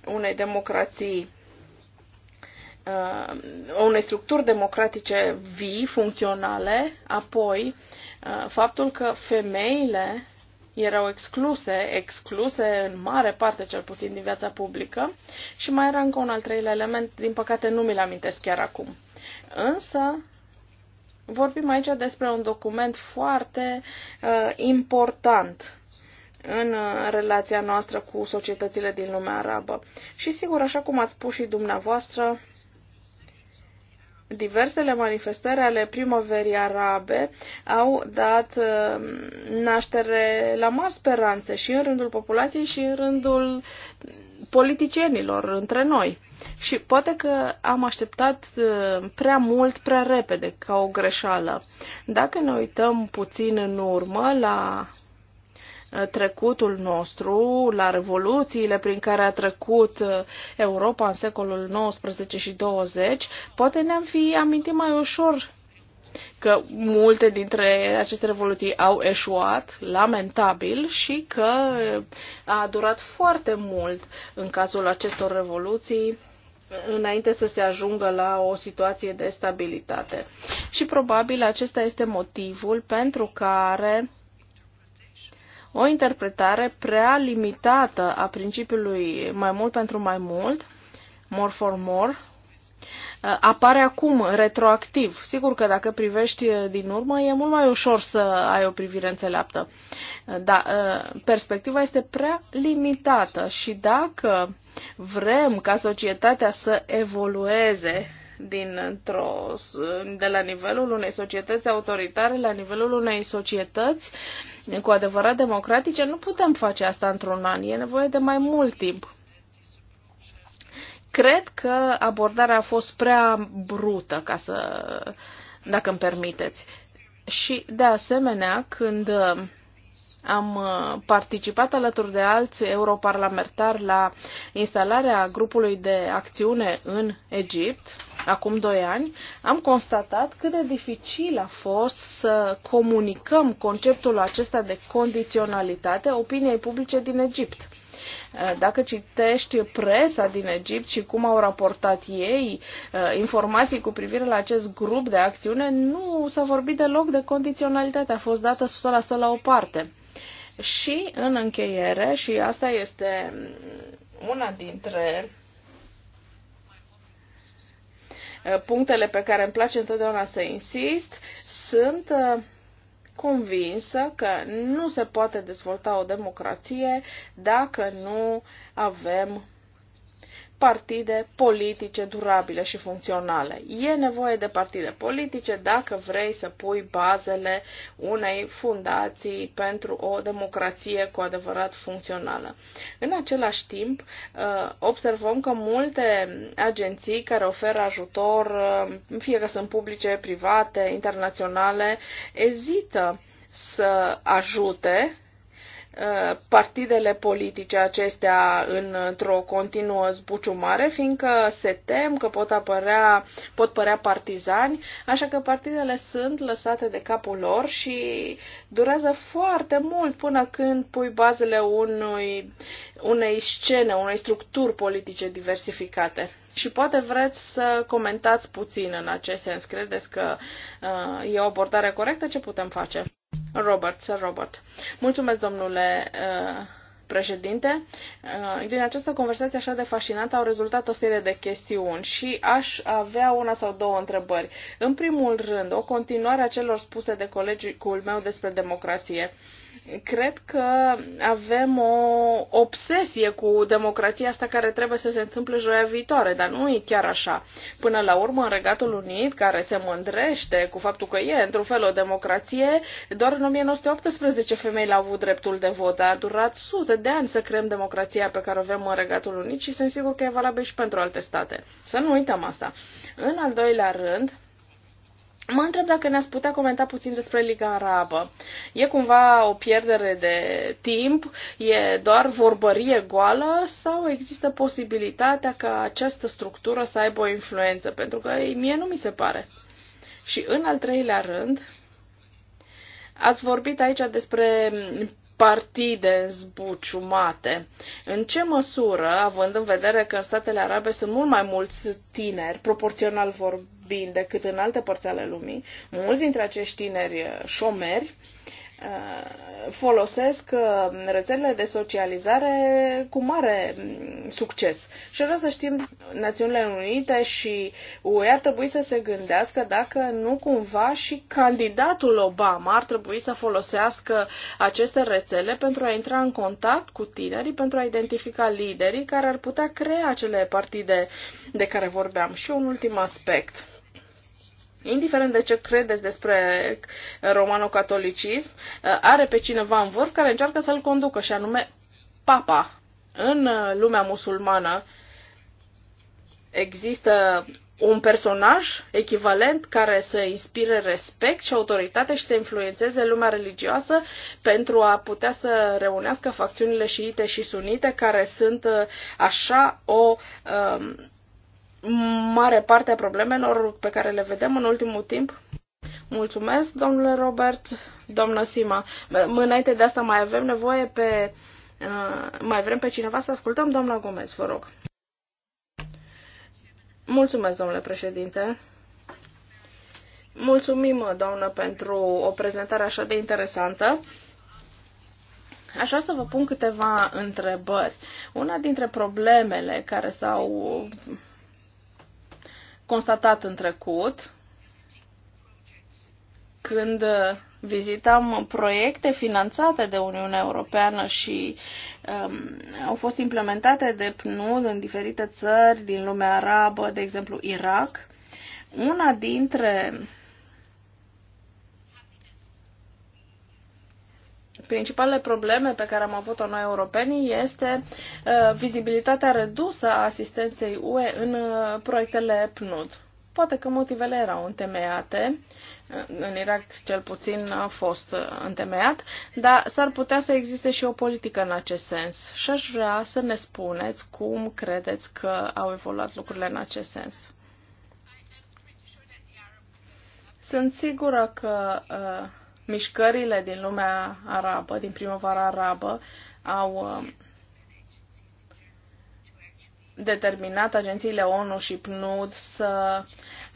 unei democrații uh, unei structuri democratice vii, funcționale, apoi uh, faptul că femeile erau excluse, excluse în mare parte cel puțin din viața publică și mai era încă un al treilea element, din păcate nu mi-l amintesc chiar acum. Însă, vorbim aici despre un document foarte uh, important în uh, relația noastră cu societățile din lumea arabă. Și sigur, așa cum ați spus și dumneavoastră, diversele manifestări ale primăverii arabe au dat uh, naștere la mari speranțe și în rândul populației și în rândul politicienilor între noi. Și poate că am așteptat uh, prea mult, prea repede, ca o greșeală. Dacă ne uităm puțin în urmă la trecutul nostru, la revoluțiile prin care a trecut uh, Europa în secolul XIX și 20, poate ne-am fi amintit mai ușor că multe dintre aceste revoluții au eșuat lamentabil și că uh, a durat foarte mult în cazul acestor revoluții uh, înainte să se ajungă la o situație de stabilitate. Și probabil acesta este motivul pentru care o interpretare prea limitată a principiului mai mult pentru mai mult, more for more, uh, apare acum, retroactiv. Sigur că dacă privești uh, din urmă, e mult mai ușor să ai o privire înțeleaptă. Uh, Dar perspectiva este prea limitată și dacă vrem ca societatea să evolueze într o de la nivelul unei societăți autoritare la nivelul unei societăți cu adevărat democratice, nu putem face asta într-un an. E nevoie de mai mult timp. Cred că abordarea a fost prea brută, ca să, dacă îmi permiteți. Și, de asemenea, când uh, am uh, participat alături de alți europarlamentari la instalarea grupului de acțiune în Egipt acum doi ani, am constatat cât de dificil a fost să comunicăm conceptul acesta de condiționalitate opiniei publice din Egipt. Eh, dacă citești presa din Egipt și cum au raportat ei eh, informații cu privire la acest grup de acțiune, nu s-a vorbit deloc de condiționalitate, a fost dată 100% la o parte. Și în încheiere, și asta este una dintre Eh, punctele pe care îmi place întotdeauna să insist, sunt eh, convinsă că nu se poate dezvolta o democrație dacă nu avem partide politice durabile și funcționale. E nevoie de partide politice dacă vrei să pui bazele unei fundații pentru o democrație cu adevărat funcțională. În același timp, uh, observăm că multe agenții care oferă ajutor, uh, fie că sunt publice, private, internaționale, ezită să ajute Uh, partidele politice acestea în, într-o continuă zbuciumare, fiindcă se tem că pot, apărea, pot părea partizani, așa că partidele sunt lăsate de capul lor și durează foarte mult până când pui bazele unui, unei scene, unei structuri politice diversificate. Și poate vreți să comentați puțin în acest sens. Credeți că uh, e o abordare corectă? Ce putem face? Robert, Sir Robert. Mulțumesc, domnule uh, președinte. Uh, din această conversație așa de fascinantă au rezultat o serie de chestiuni și aș avea una sau două întrebări. În primul rând, o continuare a celor spuse de colegiul meu despre democrație. Cred că avem o obsesie cu democrația asta care trebuie să se întâmple joia viitoare, dar nu e chiar așa. Până la urmă, în Regatul Unit, care se mândrește cu faptul că e într-un fel o democrație, doar în 1918 femeile au avut dreptul de vot. A durat sute de ani să creăm democrația pe care o avem în Regatul Unit și sunt sigur că e valabil și pentru alte state. Să nu uităm asta. În al doilea rând, Mă întreb dacă ne-ați putea comenta puțin despre Liga Arabă. E cumva o pierdere de timp? E doar vorbărie goală? Sau există posibilitatea ca această structură să aibă o influență? Pentru că mie nu mi se pare. Și în al treilea rând, ați vorbit aici despre partide zbuciumate. În ce măsură, având în vedere că în statele arabe sunt mult mai mulți tineri, proporțional vorbind, decât în alte părți ale lumii, mulți dintre acești tineri șomeri, folosesc uh, rețelele de socializare cu mare mm, succes. Și vreau să știm, Națiunile Unite și UE ar trebui să se gândească dacă nu cumva și candidatul Obama ar trebui să folosească aceste rețele pentru a intra în contact cu tinerii, pentru a identifica liderii care ar putea crea acele partide de care vorbeam. Și un ultim aspect indiferent de ce credeți despre romano-catolicism, are pe cineva în vârf care încearcă să-l conducă, și anume papa. În uh, lumea musulmană există un personaj echivalent care să inspire respect și autoritate și să influențeze lumea religioasă pentru a putea să reunească facțiunile șiite și sunite care sunt uh, așa o um, mare parte a problemelor pe care le vedem în ultimul timp. Mulțumesc, domnule Robert, doamnă Sima. Înainte de asta mai avem nevoie pe... Uh, mai vrem pe cineva să ascultăm? Doamna Gomez, vă rog. Mulțumesc, domnule președinte. Mulțumim, doamnă, pentru o prezentare așa de interesantă. Așa să vă pun câteva întrebări. Una dintre problemele care s-au constatat în trecut când vizitam proiecte finanțate de Uniunea Europeană și um, au fost implementate de PNUD în diferite țări din lumea arabă, de exemplu Irak. Una dintre principalele probleme pe care am avut-o noi europenii este uh, vizibilitatea redusă a asistenței UE în uh, proiectele PNUD. Poate că motivele erau întemeiate, uh, în Irak cel puțin a fost uh, întemeiat, dar s-ar putea să existe și o politică în acest sens. Și aș vrea să ne spuneți cum credeți că au evoluat lucrurile în acest sens. Sunt sigură că uh, mișcările din lumea arabă, din primăvara arabă, au um, determinat agențiile ONU și PNUD să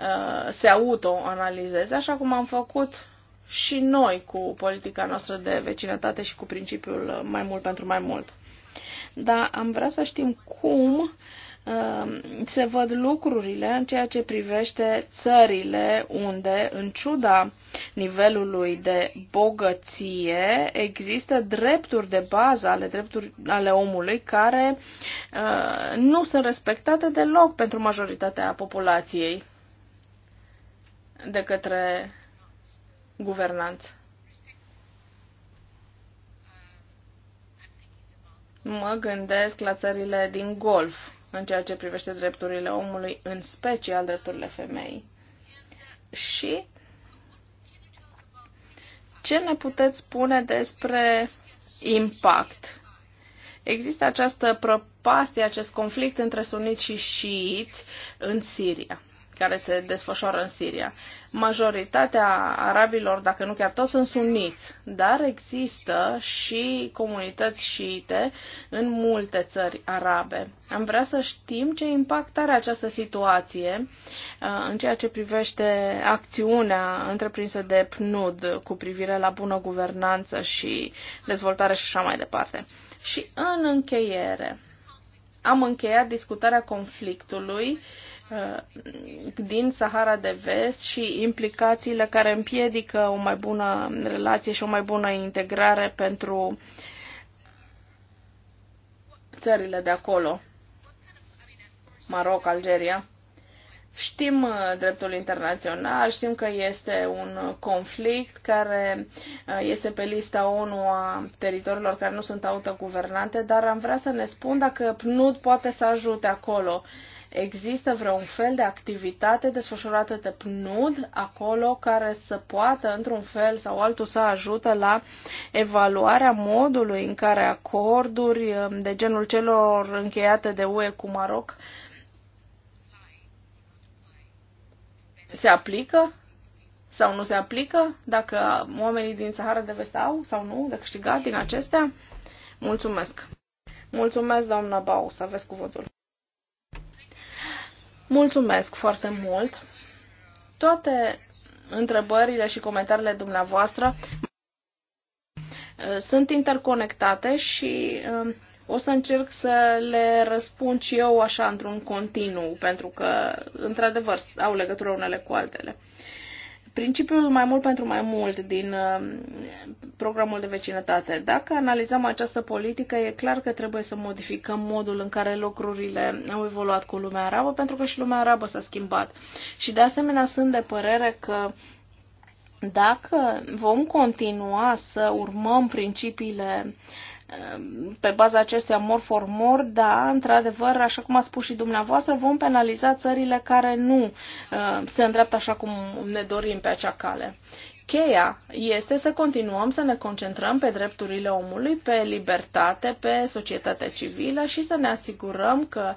uh, se autoanalizeze, așa cum am făcut și noi cu politica noastră de vecinătate și cu principiul uh, mai mult pentru mai mult. Dar am vrea să știm cum Um, se văd lucrurile în ceea ce privește țările unde, în ciuda nivelului de bogăție, există drepturi de bază ale, drepturi, ale omului care uh, nu sunt respectate deloc pentru majoritatea populației de către guvernanți. Mă gândesc la țările din Golf, în ceea ce privește drepturile omului, în special drepturile femeii. Și ce ne puteți spune despre impact? Există această prăpastie, acest conflict între suniți și șiiți în Siria care se desfășoară în Siria. Majoritatea arabilor, dacă nu chiar toți, sunt suniți, dar există și comunități șiite în multe țări arabe. Am vrea să știm ce impact are această situație uh, în ceea ce privește acțiunea întreprinsă de PNUD cu privire la bună guvernanță și dezvoltare și așa mai departe. Și în încheiere, am încheiat discutarea conflictului uh, Uh, din Sahara de Vest și implicațiile care împiedică o mai bună relație și o mai bună integrare pentru țările de acolo, Maroc, Algeria. Știm uh, dreptul internațional, știm că este un conflict care uh, este pe lista ONU a teritoriilor care nu sunt autoguvernante, dar am vrea să ne spun dacă PNUD poate să ajute acolo. Uh, Există vreun fel de activitate desfășurată de PNUD acolo care să poată, într-un fel sau altul, să ajută la evaluarea modului în care acorduri um, de genul celor încheiate de UE cu Maroc se aplică sau nu se aplică, dacă oamenii din Sahara de Vest au sau nu de câștigat din acestea. Mulțumesc! Mulțumesc, doamna Bau, să aveți cuvântul. Mulțumesc foarte mult! Toate întrebările și comentariile dumneavoastră uh, sunt interconectate și uh, o să încerc să le răspund și eu așa într-un continuu, pentru că, într-adevăr, au legătură unele cu altele principiul mai mult pentru mai mult din uh, programul de vecinătate. Dacă analizăm această politică, e clar că trebuie să modificăm modul în care lucrurile au evoluat cu lumea arabă, pentru că și lumea arabă s-a schimbat. Și de asemenea sunt de părere că dacă vom continua să urmăm principiile uh, Ehm, pe baza acestui amor for mor, da, într-adevăr, așa cum a spus și dumneavoastră, vom penaliza țările care nu ehm, se îndreaptă așa cum ne dorim pe acea cale. Cheia este să continuăm să ne concentrăm pe drepturile omului, pe libertate, pe societatea civilă și să ne asigurăm că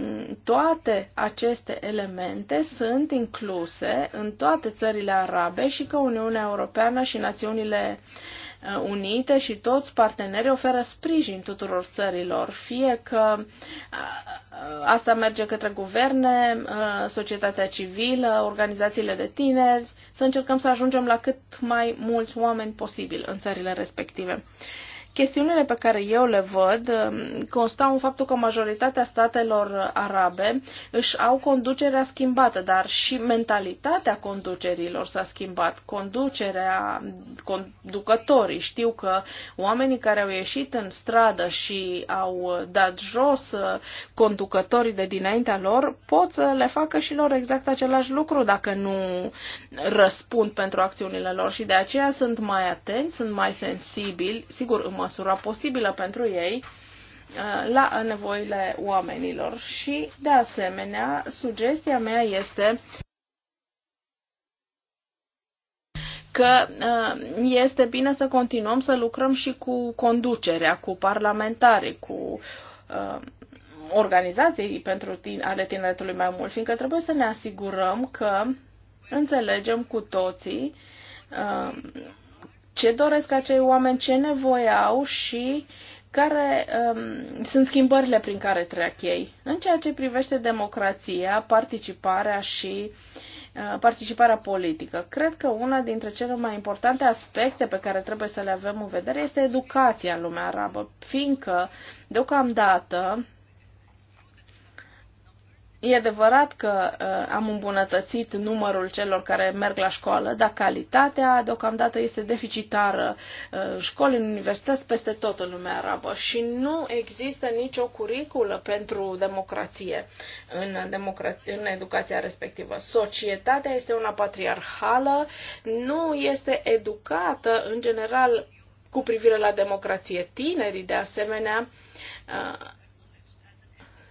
mm, toate aceste elemente sunt incluse în toate țările arabe și că Uniunea Europeană și națiunile uh, Uh, unite și toți partenerii oferă sprijin tuturor țărilor, fie că uh, uh, asta merge către guverne, societatea civilă, organizațiile de tineri, să încercăm să ajungem la cât mai mulți oameni posibil în țările respective. Chestiunile pe care eu le văd um, constau în faptul că majoritatea statelor arabe își au conducerea schimbată, dar și mentalitatea conducerilor s-a schimbat. Conducerea, conducătorii știu că oamenii care au ieșit în stradă și au dat jos uh, conducătorii de dinaintea lor pot să le facă și lor exact același lucru dacă nu răspund pentru acțiunile lor și de aceea sunt mai atenți, sunt mai sensibili, sigur, în măsura posibilă pentru ei uh, la nevoile oamenilor. Și, de asemenea, sugestia mea este că uh, este bine să continuăm să lucrăm și cu conducerea, cu parlamentarii, cu uh, organizații pentru tine, ale tineretului mai mult, fiindcă trebuie să ne asigurăm că înțelegem cu toții ce doresc acei oameni, ce nevoie au și care um, sunt schimbările prin care trec ei. În ceea ce privește democrația, participarea și uh, participarea politică. Cred că una dintre cele mai importante aspecte pe care trebuie să le avem în vedere este educația în lumea arabă, fiindcă deocamdată E adevărat că uh, am îmbunătățit numărul celor care merg la școală, dar calitatea deocamdată este deficitară. Uh, școli în universități peste tot în lumea arabă și nu există nicio curiculă pentru democrație în, democra- în educația respectivă. Societatea este una patriarhală, nu este educată în general cu privire la democrație. Tinerii, de asemenea, uh,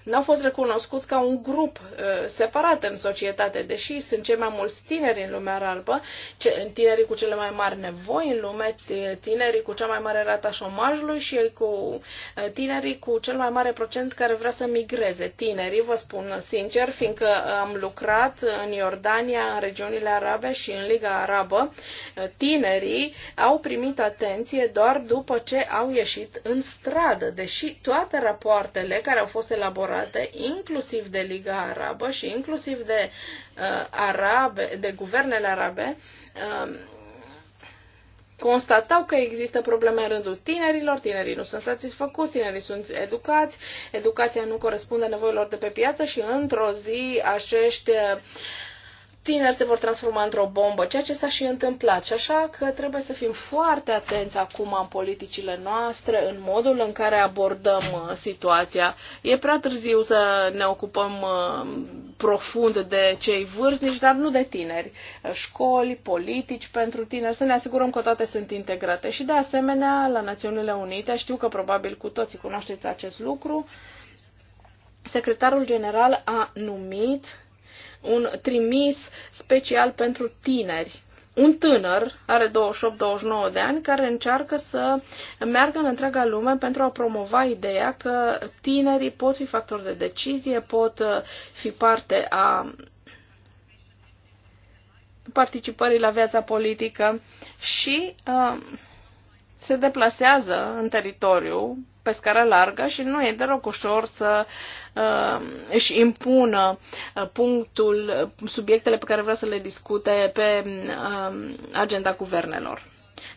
n-au fost recunoscuți ca un grup uh, separat în societate, deși sunt cei mai mulți tineri în lumea arabă, ce, tinerii cu cele mai mari nevoi în lume, tinerii cu cea mai mare rata șomajului și cu uh, tinerii cu cel mai mare procent care vrea să migreze. Tinerii, vă spun sincer, fiindcă am lucrat în Iordania, în regiunile arabe și în Liga Arabă, uh, tinerii au primit atenție doar după ce au ieșit în stradă, deși toate rapoartele care au fost elaborate ignorate, inclusiv de Liga Arabă și inclusiv de uh, arabe, de guvernele arabe, uh, constatau că există probleme în rândul tinerilor, tinerii nu sunt satisfăcuți, tinerii sunt educați, educația nu corespunde nevoilor de pe piață și într-o zi acești uh, tineri se vor transforma într-o bombă, ceea ce s-a și întâmplat. Și așa că trebuie să fim foarte atenți acum în politicile noastre, în modul în care abordăm uh, situația. E prea târziu să ne ocupăm uh, profund de cei vârstnici, dar nu de tineri. Școli, politici pentru tineri, să ne asigurăm că toate sunt integrate. Și de asemenea, la Națiunile Unite, știu că probabil cu toții cunoașteți acest lucru, secretarul general a numit un trimis special pentru tineri. Un tânăr are 28-29 de ani care încearcă să meargă în întreaga lume pentru a promova ideea că tinerii pot fi factori de decizie, pot uh, fi parte a participării la viața politică și uh, se deplasează în teritoriu pe scară largă și nu e deloc ușor să uh, își impună uh, punctul, uh, subiectele pe care vrea să le discute pe uh, agenda guvernelor.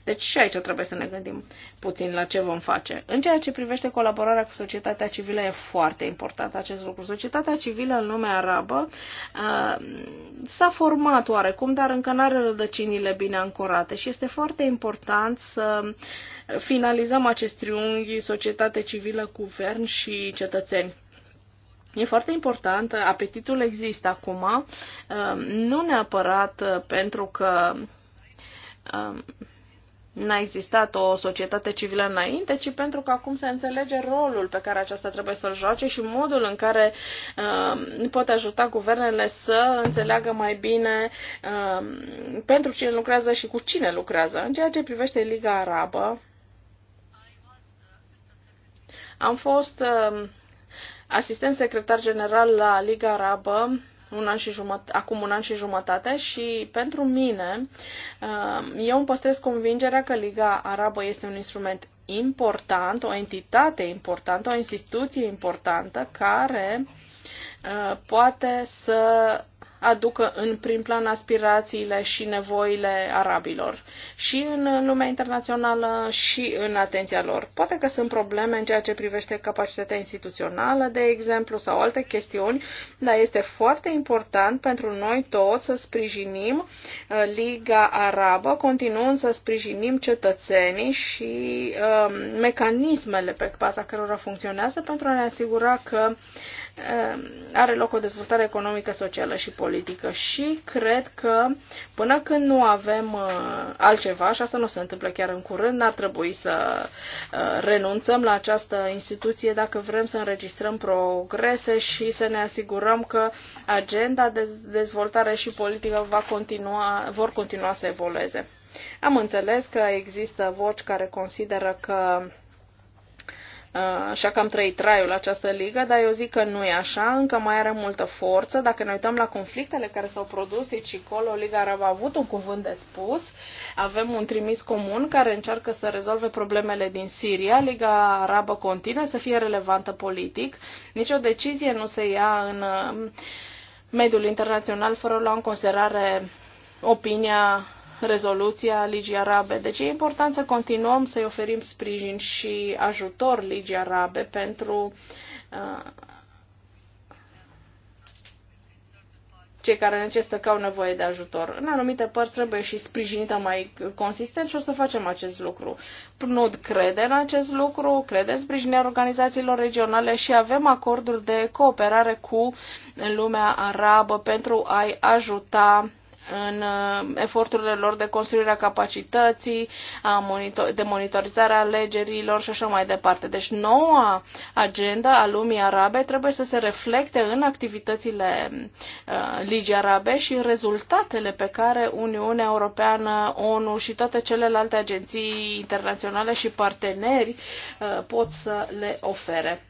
Deci și aici trebuie să ne gândim puțin la ce vom face. În ceea ce privește colaborarea cu societatea civilă e foarte important acest lucru. Societatea civilă în lumea arabă s-a format oarecum, dar încă nu are rădăcinile bine ancorate și este foarte important să finalizăm acest triunghi societate civilă, guvern și cetățeni. E foarte important, apetitul există acum, nu neapărat pentru că n-a existat o societate civilă înainte, ci pentru că acum se înțelege rolul pe care aceasta trebuie să-l joace și modul în care uh, pot ajuta guvernele să înțeleagă mai bine uh, pentru cine lucrează și cu cine lucrează. În ceea ce privește Liga Arabă, am fost uh, asistent secretar general la Liga Arabă un an și jumătate, acum un an și jumătate și pentru mine uh, eu îmi păstrez convingerea că Liga Arabă este un instrument important, o entitate importantă, o instituție importantă care uh, poate să aducă în prim plan aspirațiile și nevoile arabilor și în lumea internațională și în atenția lor. Poate că sunt probleme în ceea ce privește capacitatea instituțională, de exemplu, sau alte chestiuni, dar este foarte important pentru noi toți să sprijinim uh, Liga Arabă, continuând să sprijinim cetățenii și um, mecanismele pe baza cărora funcționează pentru a ne asigura că uh, Um, are loc o dezvoltare economică, socială și politică și cred că până când nu avem uh, altceva, și asta nu se întâmplă chiar în curând, n-ar trebui să uh, renunțăm la această instituție dacă vrem să înregistrăm progrese și să ne asigurăm că agenda de dezvoltare și politică va continua, vor continua să evolueze. Am înțeles că există voci care consideră că Uh, așa că am trăit traiul această ligă, dar eu zic că nu e așa, încă mai are multă forță. Dacă ne uităm la conflictele care s-au produs aici și acolo, Liga Arabă a avut un cuvânt de spus. Avem un trimis comun care încearcă să rezolve problemele din Siria. Liga Arabă continuă să fie relevantă politic. Nici o decizie nu se ia în uh, mediul internațional fără lua în considerare opinia rezoluția Ligii Arabe. Deci e important să continuăm să-i oferim sprijin și ajutor Ligii Arabe pentru uh, cei care necesită că au nevoie de ajutor. În anumite părți trebuie și sprijinită mai consistent și o să facem acest lucru. PNUD crede în acest lucru, crede în sprijinirea organizațiilor regionale și avem acorduri de cooperare cu lumea arabă pentru a-i ajuta în uh, eforturile lor de construire a capacității, a monitor- de monitorizare a alegerilor și așa mai departe. Deci noua agenda a lumii arabe trebuie să se reflecte în activitățile uh, Ligii Arabe și în rezultatele pe care Uniunea Europeană, ONU și toate celelalte agenții internaționale și parteneri uh, pot să le ofere.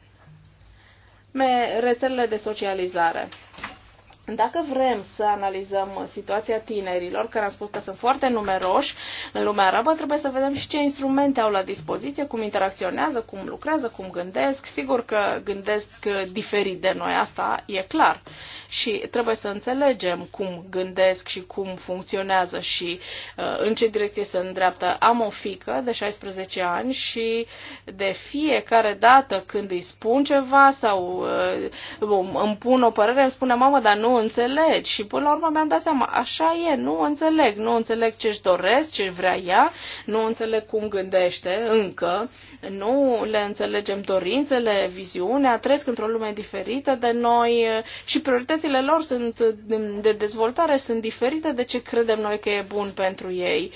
Me, rețelele de socializare. Dacă vrem să analizăm situația tinerilor, care am spus că sunt foarte numeroși în lumea arabă, trebuie să vedem și ce instrumente au la dispoziție, cum interacționează, cum lucrează, cum gândesc. Sigur că gândesc diferit de noi, asta e clar. Și trebuie să înțelegem cum gândesc și cum funcționează și uh, în ce direcție se îndreaptă. Am o fică de 16 ani și de fiecare dată când îi spun ceva sau uh, îmi pun o părere, îmi spune, mamă, dar nu înțelegi. Și până la urmă mi-am dat seama, așa e, nu înțeleg, nu înțeleg ce-și doresc, ce vrea ea, nu înțeleg cum gândește încă, nu le înțelegem dorințele, viziunea, trăiesc într-o lume diferită de noi și prioritățile lor sunt de dezvoltare sunt diferite de ce credem noi că e bun pentru ei.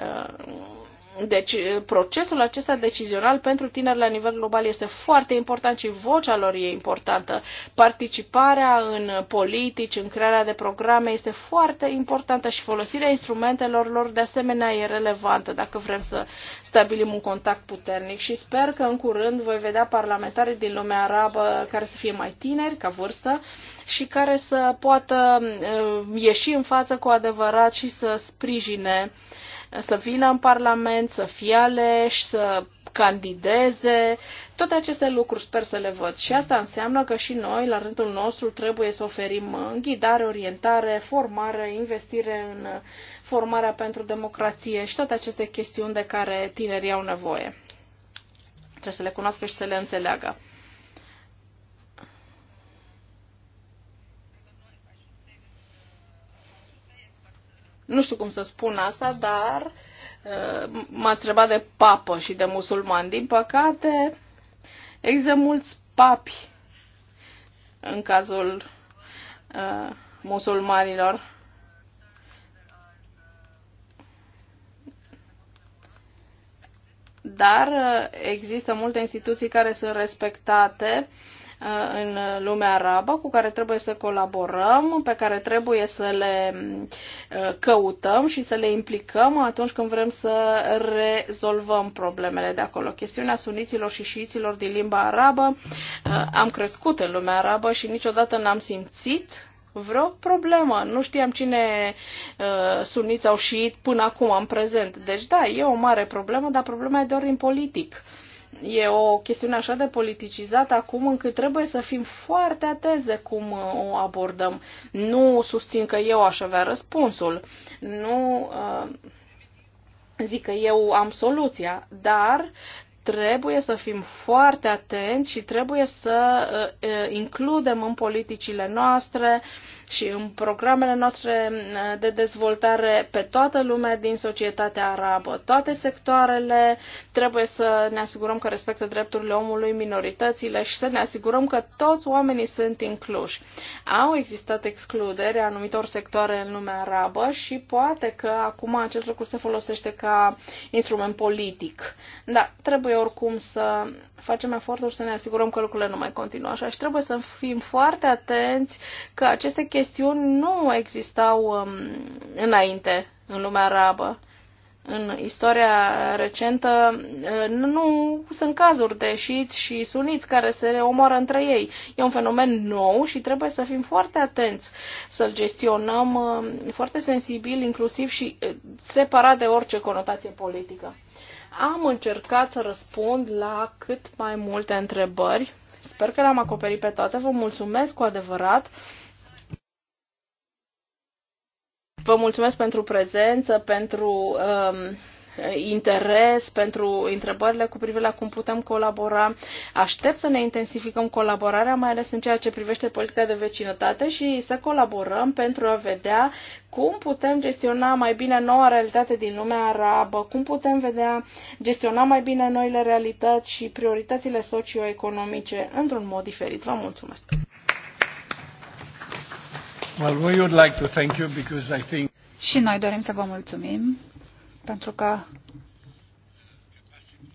Uh, deci eh, procesul acesta decizional pentru tineri la nivel global este foarte important și vocea lor e importantă. Participarea în politici, în crearea de programe este foarte importantă și folosirea instrumentelor lor de asemenea e relevantă dacă vrem să stabilim un contact puternic și sper că în curând voi vedea parlamentari din lumea arabă care să fie mai tineri ca vârstă și care să poată eh, ieși în față cu adevărat și să sprijine uh, să vină în Parlament, să fie aleși, să candideze. Toate aceste lucruri sper să le văd. Și asta înseamnă că și noi, la rândul nostru, trebuie să oferim ghidare, orientare, formare, investire în formarea pentru democrație și toate aceste chestiuni de care tinerii au nevoie. Trebuie să le cunoască și să le înțeleagă. Nu știu cum să spun asta, dar uh, m-a întrebat de papă și de musulman. Din păcate, există mulți papi în cazul uh, musulmanilor. Dar uh, există multe instituții care sunt respectate Uh, în lumea arabă cu care trebuie să colaborăm, pe care trebuie să le uh, căutăm și să le implicăm atunci când vrem să rezolvăm problemele de acolo. Chestiunea suniților și șiiților din limba arabă, uh, am crescut în lumea arabă și niciodată n-am simțit vreo problemă. Nu știam cine uh, suniți au șiit până acum, în prezent. Deci, da, e o mare problemă, dar problema e doar din politic. Uh, e o chestiune așa de politicizată acum încât trebuie să fim foarte ateze cum uh, o abordăm. Nu susțin că eu aș avea răspunsul, nu uh, zic că eu am soluția, dar trebuie să fim foarte atenți și trebuie să uh, includem în politicile noastre uh, și în programele noastre eh, de dezvoltare pe toată lumea din societatea arabă. Toate sectoarele trebuie să ne asigurăm că respectă drepturile omului, minoritățile și să ne asigurăm că toți oamenii sunt incluși. Au existat excludere anumitor sectoare în lumea arabă și poate că acum acest lucru se folosește ca instrument politic. Dar trebuie oricum să facem eforturi să ne asigurăm că lucrurile nu mai continuă așa și trebuie să fim foarte atenți că aceste chestii chestiuni nu existau um, înainte în lumea arabă. În istoria recentă uh, nu sunt cazuri de șiți și suniți care se omoară între ei. E un fenomen nou și trebuie să fim foarte atenți, să-l gestionăm um, foarte sensibil, inclusiv și uh, separat de orice conotație politică. Am încercat să răspund la cât mai multe întrebări. Sper că le-am acoperit pe toate. Vă mulțumesc cu adevărat Vă mulțumesc pentru prezență, pentru um, interes, pentru întrebările cu privire la cum putem colabora. Aștept să ne intensificăm colaborarea, mai ales în ceea ce privește politica de vecinătate și să colaborăm pentru a vedea cum putem gestiona mai bine noua realitate din lumea arabă, cum putem vedea gestiona mai bine noile realități și prioritățile socioeconomice într-un mod diferit. Vă mulțumesc! Well, we would like to thank you because I think... Și noi dorim să vă mulțumim pentru că,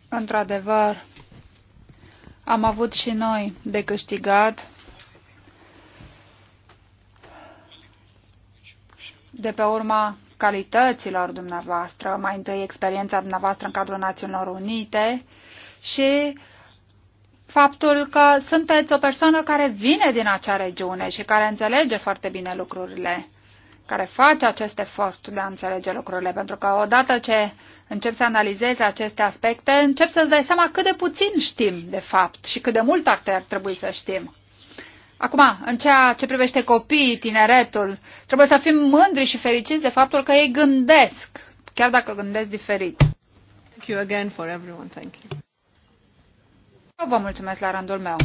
într-adevăr, am avut și noi de câștigat de pe urma calităților dumneavoastră, mai întâi experiența dumneavoastră în cadrul Națiunilor Unite și faptul că sunteți o persoană care vine din acea regiune și care înțelege foarte bine lucrurile, care face acest efort de a înțelege lucrurile, pentru că odată ce începi să analizezi aceste aspecte, începi să-ți dai seama cât de puțin știm, de fapt, și cât de mult ar trebui să știm. Acum, în ceea ce privește copiii, tineretul, trebuie să fim mândri și fericiți de faptul că ei gândesc, chiar dacă gândesc diferit. Thank you again for everyone. Thank you vă mulțumesc la rândul meu.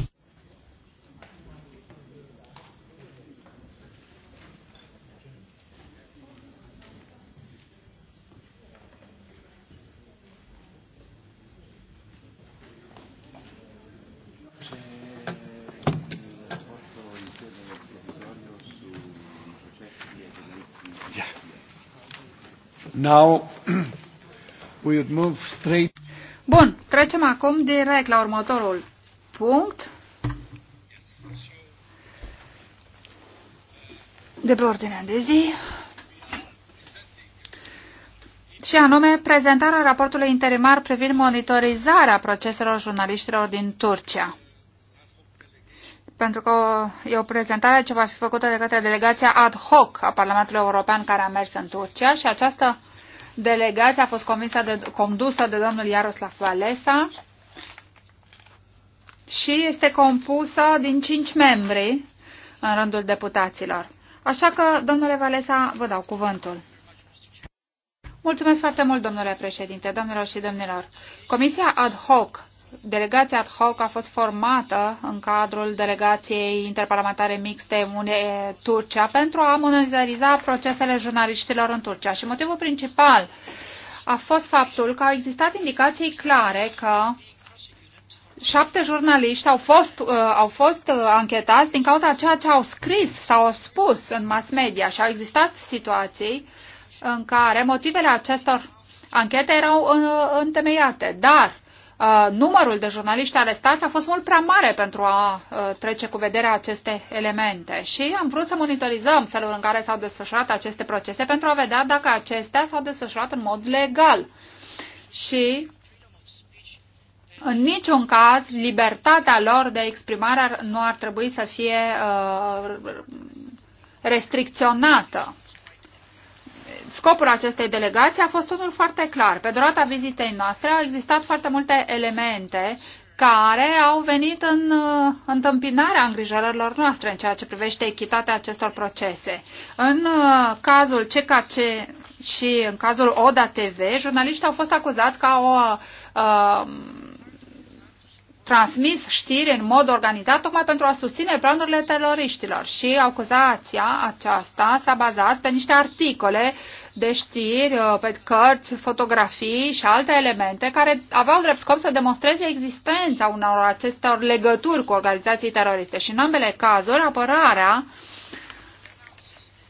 Now we would move straight. Bun, trecem acum direct la următorul punct. De pe ordinea de zi. Și anume, prezentarea raportului interimar privind monitorizarea proceselor jurnaliștilor din Turcia. Pentru că e o prezentare ce va fi făcută de către delegația ad hoc a Parlamentului European care a mers în Turcia și această Delegația a fost comisă de, condusă de domnul Iaroslav Valesa și este compusă din cinci membri în rândul deputaților. Așa că, domnule Valesa, vă dau cuvântul. Mulțumesc foarte mult, domnule președinte, domnilor și domnilor. Comisia ad hoc Delegația ad hoc a fost formată în cadrul delegației interparlamentare mixte UE-Turcia pentru a monitoriza procesele jurnaliștilor în Turcia. Și motivul principal a fost faptul că au existat indicații clare că șapte jurnaliști au fost, uh, au fost uh, anchetați din cauza ceea ce au scris sau au spus în mass media și au existat situații în care motivele acestor anchete erau uh, întemeiate. Dar numărul de jurnaliști arestați a fost mult prea mare pentru a uh, trece cu vederea aceste elemente și am vrut să monitorizăm felul în care s-au desfășurat aceste procese pentru a vedea dacă acestea s-au desfășurat în mod legal. Și în niciun caz, libertatea lor de exprimare nu ar trebui să fie uh, restricționată scopul acestei delegații a fost unul foarte clar. Pe durata vizitei noastre au existat foarte multe elemente care au venit în uh, întâmpinarea îngrijorărilor noastre în ceea ce privește echitatea acestor procese. În uh, cazul CKC și în cazul ODA TV, jurnaliștii au fost acuzați că au uh, transmis știri în mod organizat tocmai pentru a susține planurile teroriștilor și acuzația aceasta s-a bazat pe niște articole de știri, uh, pe cărți, fotografii și alte elemente care aveau drept scop să demonstreze existența unor acestor legături cu organizații teroriste și în ambele cazuri apărarea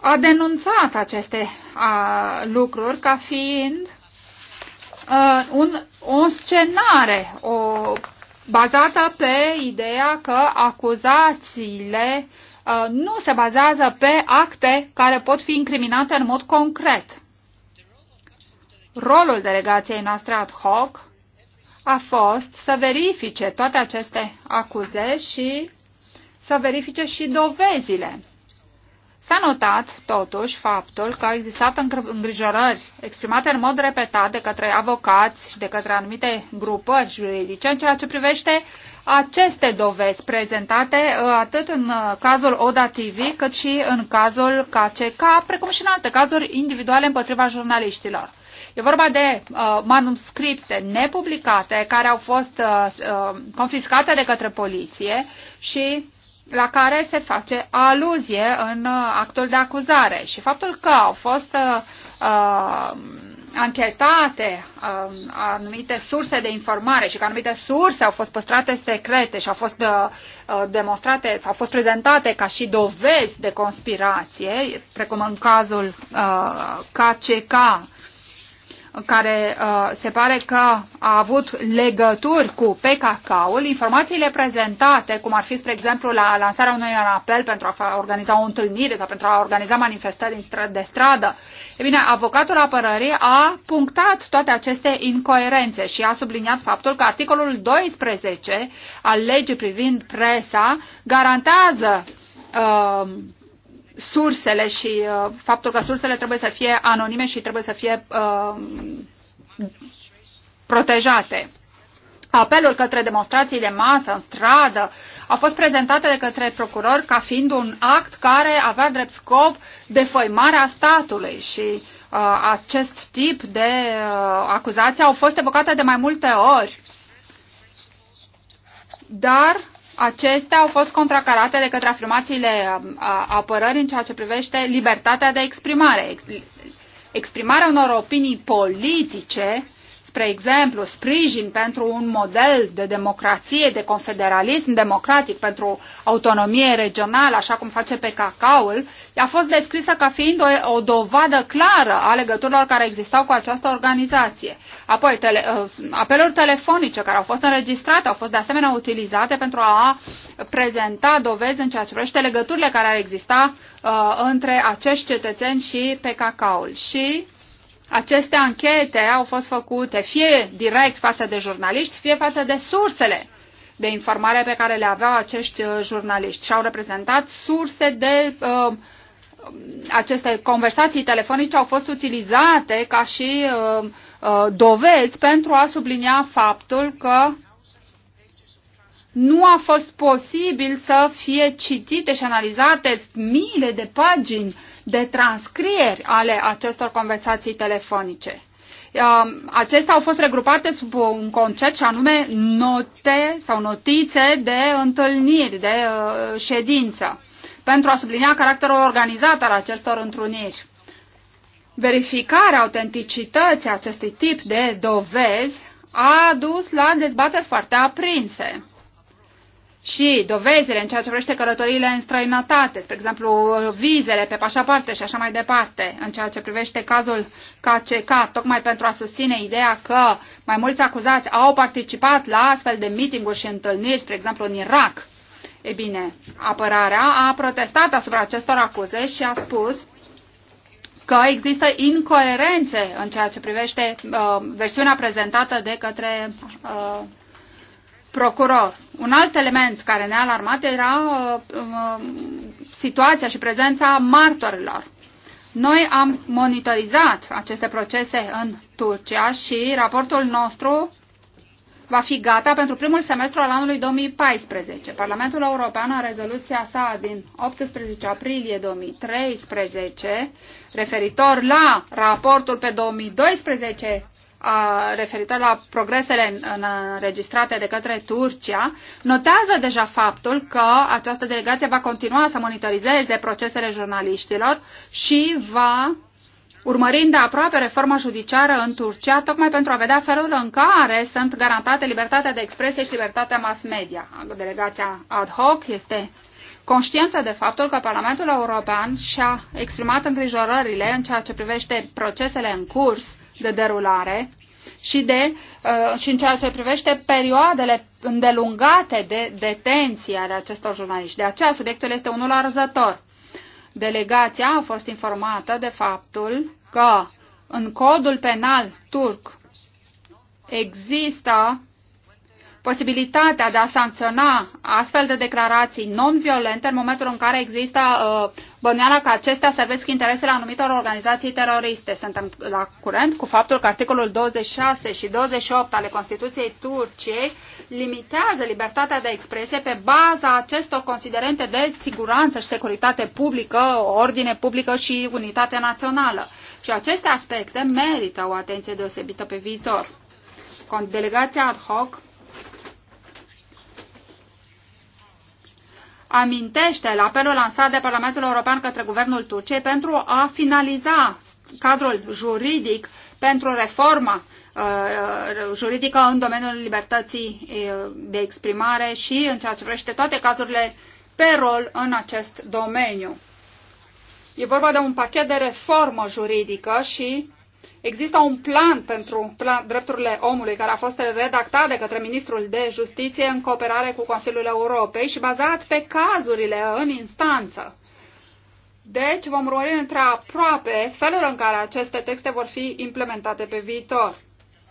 a denunțat aceste a, lucruri ca fiind a, uh, un, o scenare, o bazată pe ideea că acuzațiile uh, nu se bazează pe acte care pot fi incriminate în mod concret. Rolul delegației noastre ad hoc a fost să verifice toate aceste acuze și să verifice și dovezile. S-a notat, totuși, faptul că au existat îngrijorări exprimate în mod repetat de către avocați și de către anumite grupări juridice în ceea ce privește aceste dovezi prezentate ă, atât în ă, cazul ODA TV cât și în cazul KCK, precum și în alte cazuri individuale împotriva jurnaliștilor. E vorba de uh, manuscripte nepublicate care au fost uh, confiscate de către poliție și la care se face aluzie în uh, actul de acuzare și faptul că au fost uh, uh, anchetate uh, anumite surse de informare și că anumite surse au fost păstrate secrete și au fost uh, uh demonstrate, au fost prezentate ca și dovezi de conspirație, precum în cazul uh, KCK care uh, se pare că a avut legături cu PKK-ul, informațiile prezentate, cum ar fi, spre exemplu, la lansarea unui apel pentru a organiza o întâlnire sau pentru a organiza manifestări de stradă, e bine, avocatul apărării a punctat toate aceste incoerențe și a subliniat faptul că articolul 12 al legii privind presa garantează uh, sursele și uh, faptul că sursele trebuie să fie anonime și trebuie să fie uh, protejate. Apelul către demonstrații de masă în stradă a fost prezentate de către procuror ca fiind un act care avea drept scop defăimarea statului și uh, acest tip de uh, acuzații au fost evocate de mai multe ori. Dar acestea au fost contracarate de către afirmațiile um, apărării în ceea ce privește libertatea de exprimare. Exprimarea unor opinii politice spre exemplu, sprijin pentru un model de democrație, de confederalism democratic, pentru autonomie regională, așa cum face pe cacaul, a fost descrisă ca fiind o, o dovadă clară a legăturilor care existau cu această organizație. Apoi, tele, uh, apeluri telefonice care au fost înregistrate au fost de asemenea utilizate pentru a prezenta dovezi în ceea ce privește legăturile care ar exista uh, între acești cetățeni și pe cacaul. Și aceste anchete au fost făcute fie direct față de jurnaliști, fie față de sursele de informare pe care le aveau acești uh, jurnaliști și au reprezentat surse de uh, aceste conversații telefonice au fost utilizate ca și uh, uh, dovezi pentru a sublinia faptul că nu a fost posibil să fie citite și analizate miile de pagini de transcrieri ale acestor conversații telefonice. Um, acestea au fost regrupate sub un concept și anume note sau notițe de întâlniri, de uh, ședință, pentru a sublinia caracterul organizat al acestor întruniri. Verificarea autenticității acestui tip de dovezi a dus la dezbateri foarte aprinse și dovezile în ceea ce privește călătoriile în străinătate, spre exemplu vizele pe pașaparte și așa mai departe, în ceea ce privește cazul KCK, tocmai pentru a susține ideea că mai mulți acuzați au participat la astfel de mitinguri și întâlniri, spre exemplu în Irak. Ei bine, apărarea a protestat asupra acestor acuze și a spus că există incoerențe în ceea ce privește uh, versiunea prezentată de către uh, procuror. Un alt element care ne-a alarmat era uh, um, uh, situația și prezența martorilor. Noi am monitorizat aceste procese în Turcia și raportul nostru va fi gata pentru primul semestru al anului 2014. Parlamentul European, în rezoluția sa din 18 aprilie 2013, referitor la raportul pe 2012 a, referitor la progresele înregistrate de către Turcia, notează deja faptul că această delegație va continua să monitorizeze procesele jurnaliștilor și va urmărind de aproape reforma judiciară în Turcia, tocmai pentru a vedea felul în care sunt garantate libertatea de expresie și libertatea mass media. Delegația ad hoc este conștiență de faptul că Parlamentul European și-a exprimat îngrijorările în ceea ce privește procesele în curs de derulare și, de, uh, și în ceea ce privește perioadele îndelungate de detenție ale acestor jurnaliști. De aceea subiectul este unul arzător. Delegația a fost informată de faptul că în codul penal turc există posibilitatea de a sancționa astfel de declarații non-violente în momentul în care există uh, bănuiala că acestea servesc interesele anumitor organizații teroriste. Suntem la curent cu faptul că articolul 26 și 28 ale Constituției Turciei limitează libertatea de expresie pe baza acestor considerente de siguranță și securitate publică, ordine publică și unitate națională. Și aceste aspecte merită o atenție deosebită pe viitor. Delegația ad hoc amintește la apelul lansat de Parlamentul European către Guvernul Turciei pentru a finaliza cadrul juridic pentru reforma uh, uh, juridică în domeniul libertății uh, de exprimare și în ceea ce vrește toate cazurile pe rol în acest domeniu. E vorba de un pachet de reformă juridică și Există un plan pentru plan, drepturile omului care a fost redactat de către Ministrul de Justiție în cooperare cu Consiliul Europei și bazat pe cazurile în instanță. Deci vom urmări între aproape felul în care aceste texte vor fi implementate pe viitor.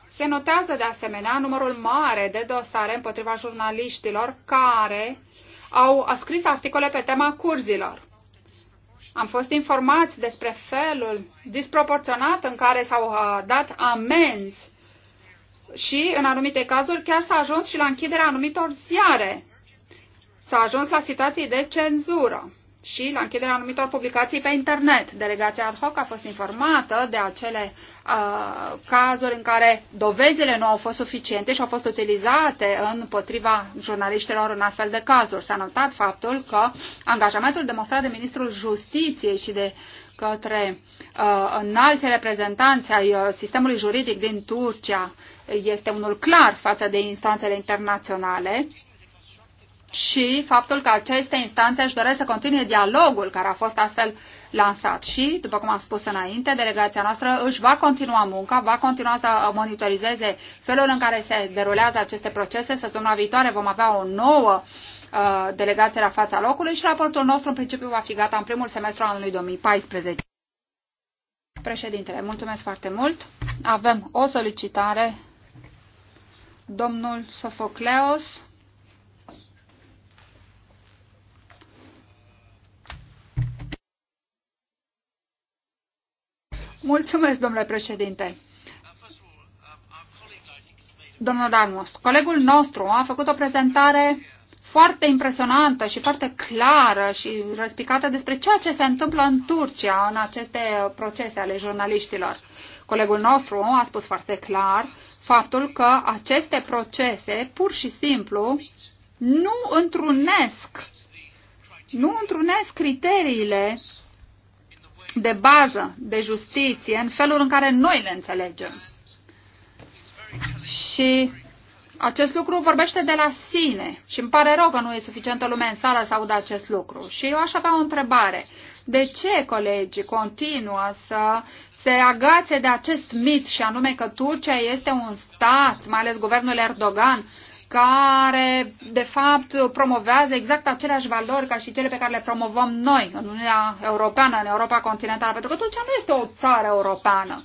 Se notează de asemenea numărul mare de dosare împotriva jurnaliștilor care au scris articole pe tema curzilor. Am fost informați despre felul disproporționat în care s-au uh, dat amenzi și, în anumite cazuri, chiar s-a ajuns și la închiderea anumitor ziare. S-a ajuns la situații de cenzură și la închiderea anumitor publicații pe internet. Delegația ad hoc a fost informată de acele uh, cazuri în care dovezile nu au fost suficiente și au fost utilizate împotriva jurnaliștilor în astfel de cazuri. S-a notat faptul că angajamentul demonstrat de Ministrul Justiției și de către uh, înalți reprezentanți ai uh, sistemului juridic din Turcia este unul clar față de instanțele internaționale și faptul că aceste instanțe își doresc să continue dialogul care a fost astfel lansat. Și, după cum am spus înainte, delegația noastră își va continua munca, va continua să monitorizeze felul în care se derulează aceste procese. Săptămâna viitoare vom avea o nouă uh, delegație la fața locului și raportul nostru în principiu va fi gata în primul semestru anului 2014. Președintele, mulțumesc foarte mult. Avem o solicitare. Domnul Sofocleos Mulțumesc, domnule președinte. Domnul Darmus, colegul nostru a făcut o prezentare foarte impresionantă și foarte clară și răspicată despre ceea ce se întâmplă în Turcia în aceste procese ale jurnaliștilor. Colegul nostru a spus foarte clar faptul că aceste procese pur și simplu nu întrunesc nu întrunesc criteriile de bază de justiție în felul în care noi le înțelegem. Și acest lucru vorbește de la sine și îmi pare rău că nu e suficientă lume în sală să audă acest lucru. Și eu aș avea o întrebare. De ce colegii continuă să se agațe de acest mit și anume că Turcia este un stat, mai ales guvernul Erdogan, care, de fapt, promovează exact aceleași valori ca și cele pe care le promovăm noi în Uniunea Europeană, în Europa continentală, pentru că Turcia nu este o țară europeană.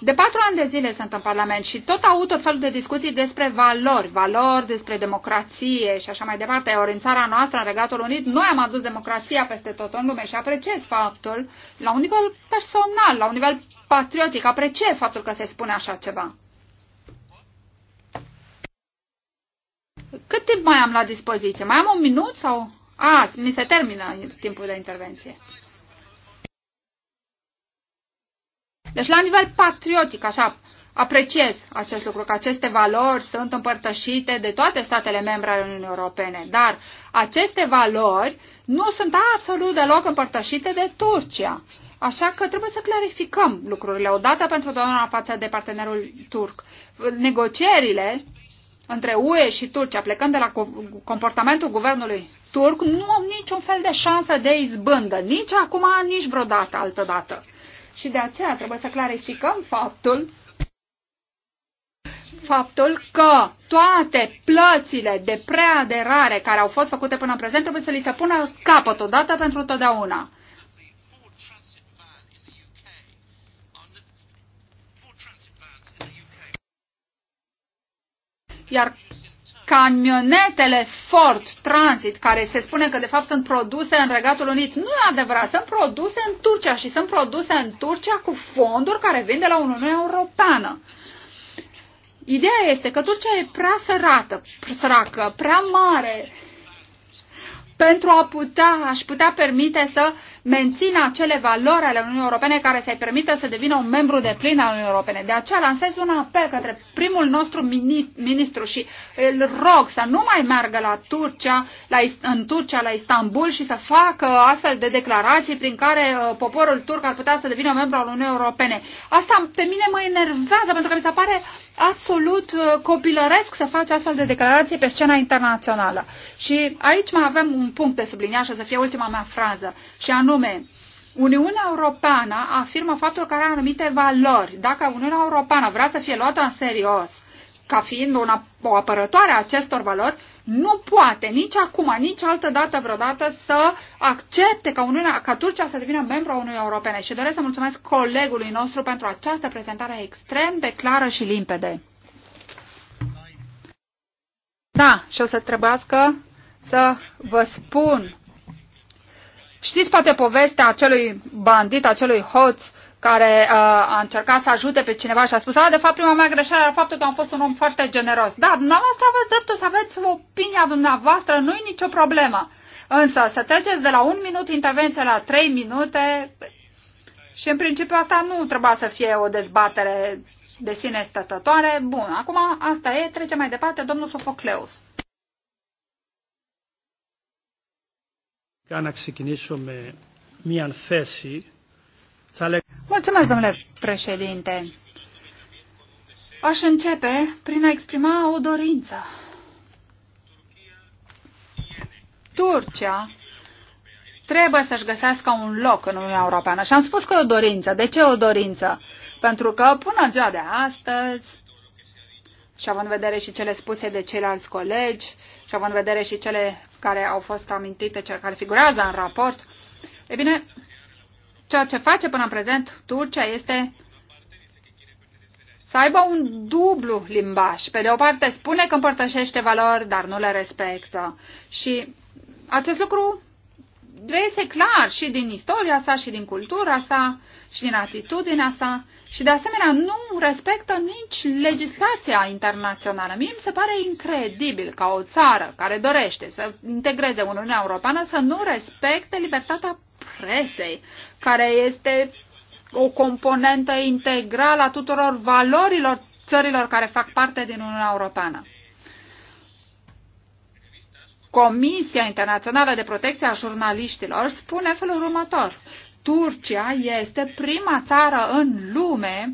De patru ani de zile sunt în Parlament și tot au tot felul de discuții despre valori, valori despre democrație și așa mai departe. Ori în țara noastră, în Regatul Unit, noi am adus democrația peste tot în lume și apreciez faptul, la un nivel personal, la un nivel patriotic, apreciez faptul că se spune așa ceva. Cât timp mai am la dispoziție? Mai am un minut sau... A, mi se termină timpul de intervenție. Deci, la nivel patriotic, așa, apreciez acest lucru, că aceste valori sunt împărtășite de toate statele membre ale Uniunii Europene, dar aceste valori nu sunt absolut deloc împărtășite de Turcia. Așa că trebuie să clarificăm lucrurile odată pentru doamna față de partenerul turc. Negocierile între UE și Turcia, plecând de la comportamentul guvernului turc, nu am niciun fel de șansă de izbândă, nici acum, nici vreodată altădată. Și de aceea trebuie să clarificăm faptul faptul că toate plățile de preaderare care au fost făcute până în prezent trebuie să li se pună capăt odată pentru totdeauna. Iar camionetele Ford Transit, care se spune că de fapt sunt produse în Regatul Unit, nu e adevărat, sunt produse în Turcia și sunt produse în Turcia cu fonduri care vin de la Uniunea Europeană. Ideea este că Turcia e prea sărată, săracă, prea mare pentru a putea, aș putea permite să mențină acele valori ale Uniunii Europene care să-i permită să devină un membru de plin al Uniunii Europene. De aceea lansez un apel către primul nostru mini, ministru și îl rog să nu mai meargă la Turcia, la, în Turcia, la Istanbul și să facă astfel de declarații prin care uh, poporul turc ar putea să devină membru al Uniunii Europene. Asta pe mine mă enervează pentru că mi se pare absolut uh, copilăresc să faci astfel de declarații pe scena internațională. Și aici mai avem un punct de subliniat și o să fie ultima mea frază. Și anume anume, Uniunea Europeană afirmă faptul că are anumite valori. Dacă Uniunea Europeană vrea să fie luată în serios ca fiind una, o apărătoare a acestor valori, nu poate nici acum, nici altă dată vreodată să accepte ca, Uniunea, ca Turcia să devină membru a Uniunii Europene. Și doresc să mulțumesc colegului nostru pentru această prezentare extrem de clară și limpede. Da, și o să trebuiască să vă spun Știți poate povestea acelui bandit, acelui hoț care uh, a încercat să ajute pe cineva și a spus, a, de fapt, prima mea greșeală era faptul că am fost un om foarte generos. Da, dumneavoastră aveți dreptul să aveți opinia dumneavoastră, nu-i nicio problemă. Însă să treceți de la un minut intervenție la trei minute și în principiu asta nu trebuia să fie o dezbatere de sine stătătoare. Bun, acum asta e, trecem mai departe, domnul Sofocleus. να ξεκινήσω με μία θέση. Mulțumesc, domnule președinte. Aș începe prin a exprima o dorință. Turcia trebuie să-și găsească un loc în Uniunea Europeană. Și am spus că e o dorință. De ce o dorință? Pentru că până ziua de astăzi, și având în vedere și cele spuse de ceilalți colegi, și având în vedere și cele care au fost amintite, cele care figurează în raport, e bine, ceea ce face până în prezent Turcia este să aibă un dublu limbaj. Pe de o parte spune că împărtășește valori, dar nu le respectă. Și acest lucru iese clar și din istoria sa, și din cultura sa, și din atitudinea sa, și de asemenea nu respectă nici legislația internațională. Mie mi se pare incredibil ca o țară care dorește să integreze Uniunea Europeană să nu respecte libertatea presei, care este o componentă integrală a tuturor valorilor țărilor care fac parte din Uniunea Europeană. Comisia Internațională de Protecție a Jurnaliștilor spune felul următor. Turcia este prima țară în lume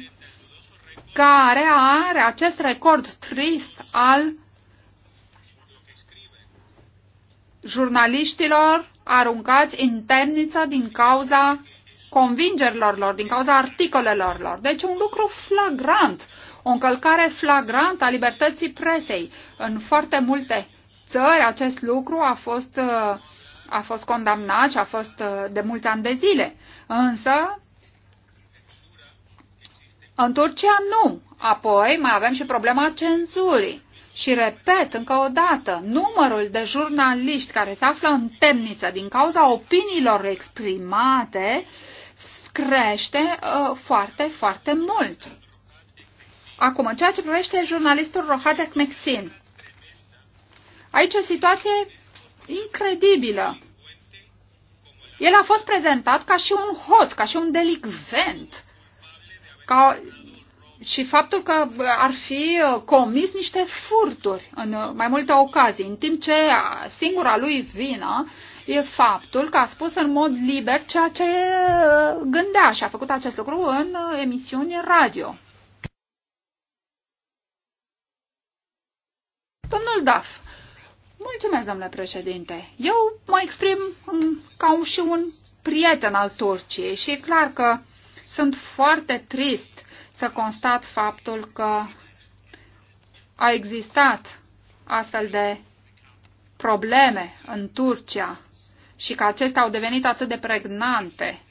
care are acest record trist al jurnaliștilor aruncați în temniță din cauza convingerilor lor, din cauza articolelor lor. Deci un lucru flagrant, o încălcare flagrantă a libertății presei în foarte multe țări acest lucru a fost, uh, a fost condamnat și a fost uh, de mulți ani de zile. Însă, în Turcia nu. Apoi mai avem și problema cenzurii. Și repet încă o dată, numărul de jurnaliști care se află în temniță din cauza opiniilor exprimate crește uh, foarte, foarte mult. Acum, în ceea ce privește jurnalistul Rohadek Mexin, Aici o situație incredibilă. El a fost prezentat ca și un hoț, ca și un delicvent. Ca... Și faptul că ar fi uh, comis niște furturi în uh, mai multe ocazii, în timp ce singura lui vină e faptul că a spus în mod liber ceea ce uh, gândea și a făcut acest lucru în emisiuni radio. Domnul Daf, Mulțumesc, domnule președinte. Eu mă exprim ca un și un prieten al Turciei și e clar că sunt foarte trist să constat faptul că a existat astfel de probleme în Turcia și că acestea au devenit atât de pregnante.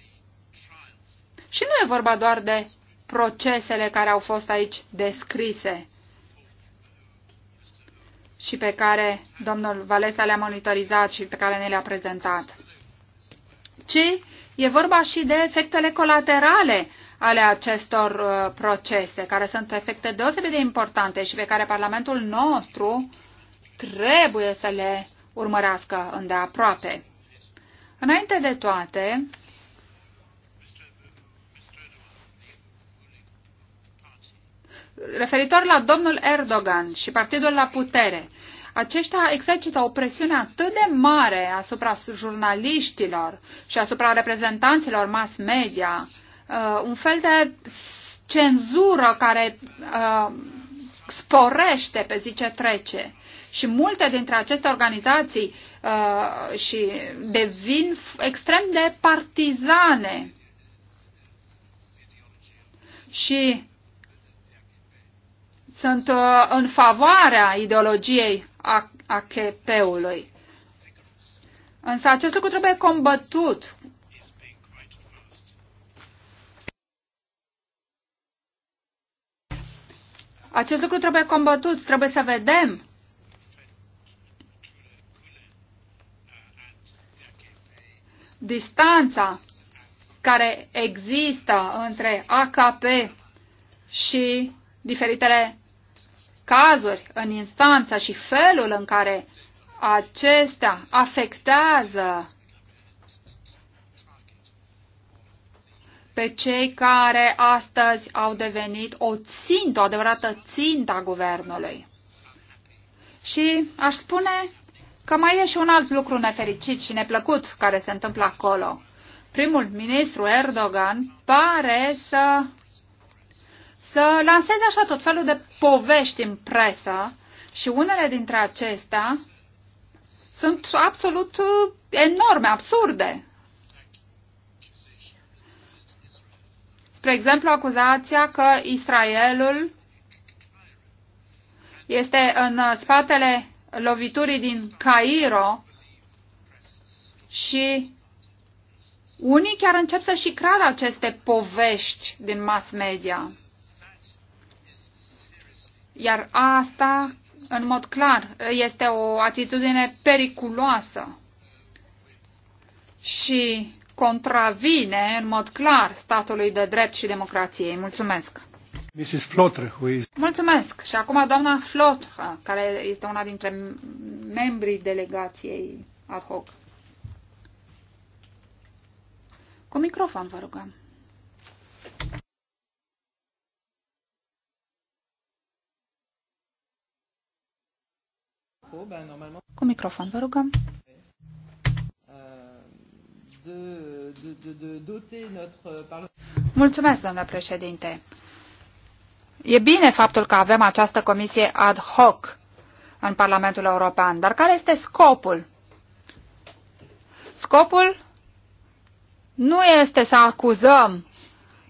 Și nu e vorba doar de procesele care au fost aici descrise, și pe care domnul Valesa le-a monitorizat și pe care ne le-a prezentat, ci e vorba și de efectele colaterale ale acestor uh, procese, care sunt efecte deosebit de importante și pe care Parlamentul nostru trebuie să le urmărească îndeaproape. Înainte de toate, referitor la domnul Erdogan și partidul la putere, aceștia exercită o presiune atât de mare asupra jurnaliștilor și asupra reprezentanților mass media, uh, un fel de cenzură care uh, sporește pe zi ce trece. Și multe dintre aceste organizații uh, și devin extrem de partizane. Și sunt uh, în favoarea ideologiei AKP-ului. Însă acest lucru trebuie combătut Acest lucru trebuie combătut, trebuie să vedem. Distanța care există între AKP și diferitele cazuri în instanța și felul în care acestea afectează pe cei care astăzi au devenit o țintă, o adevărată țintă a guvernului. Și aș spune că mai e și un alt lucru nefericit și neplăcut care se întâmplă acolo. Primul ministru Erdogan pare să să lanseze așa tot felul de povești în presă și unele dintre acestea sunt absolut uh, enorme, absurde. Spre exemplu, acuzația că Israelul este în spatele loviturii din Cairo și unii chiar încep să și creadă aceste povești din mass media. Iar asta, în mod clar, este o atitudine periculoasă și contravine în mod clar statului de drept și democrației. Mulțumesc! Mrs. Flotre, who is... Mulțumesc! Și acum doamna Flotre, care este una dintre membrii delegației ad hoc. Cu microfon vă rugăm. Cu microfon, vă rugăm. Euh, Mulțumesc, domnule președinte. E bine faptul că avem această comisie ad hoc în Parlamentul European, dar care este scopul? Scopul nu este să acuzăm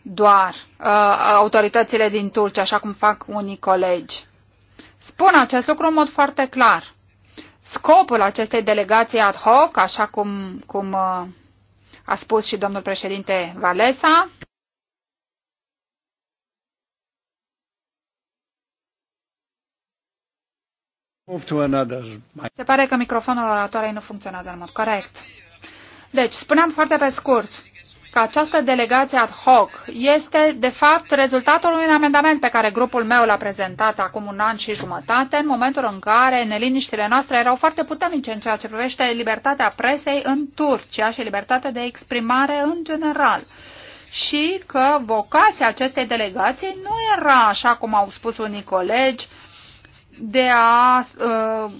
doar uh, autoritățile din Turcia, așa cum fac unii colegi. Spun acest lucru în mod foarte clar. Scopul acestei delegații ad hoc, așa cum, cum uh, a spus și domnul președinte Valesa, Se pare că microfonul oratoarei nu funcționează în mod corect. Deci, spuneam foarte pe scurt, că această delegație ad hoc este, de fapt, rezultatul unui amendament pe care grupul meu l-a prezentat acum un an și jumătate, în momentul în care neliniștile noastre erau foarte puternice în ceea ce privește libertatea presei în Turcia și libertatea de exprimare în general și că vocația acestei delegații nu era, așa cum au spus unii colegi, de a uh,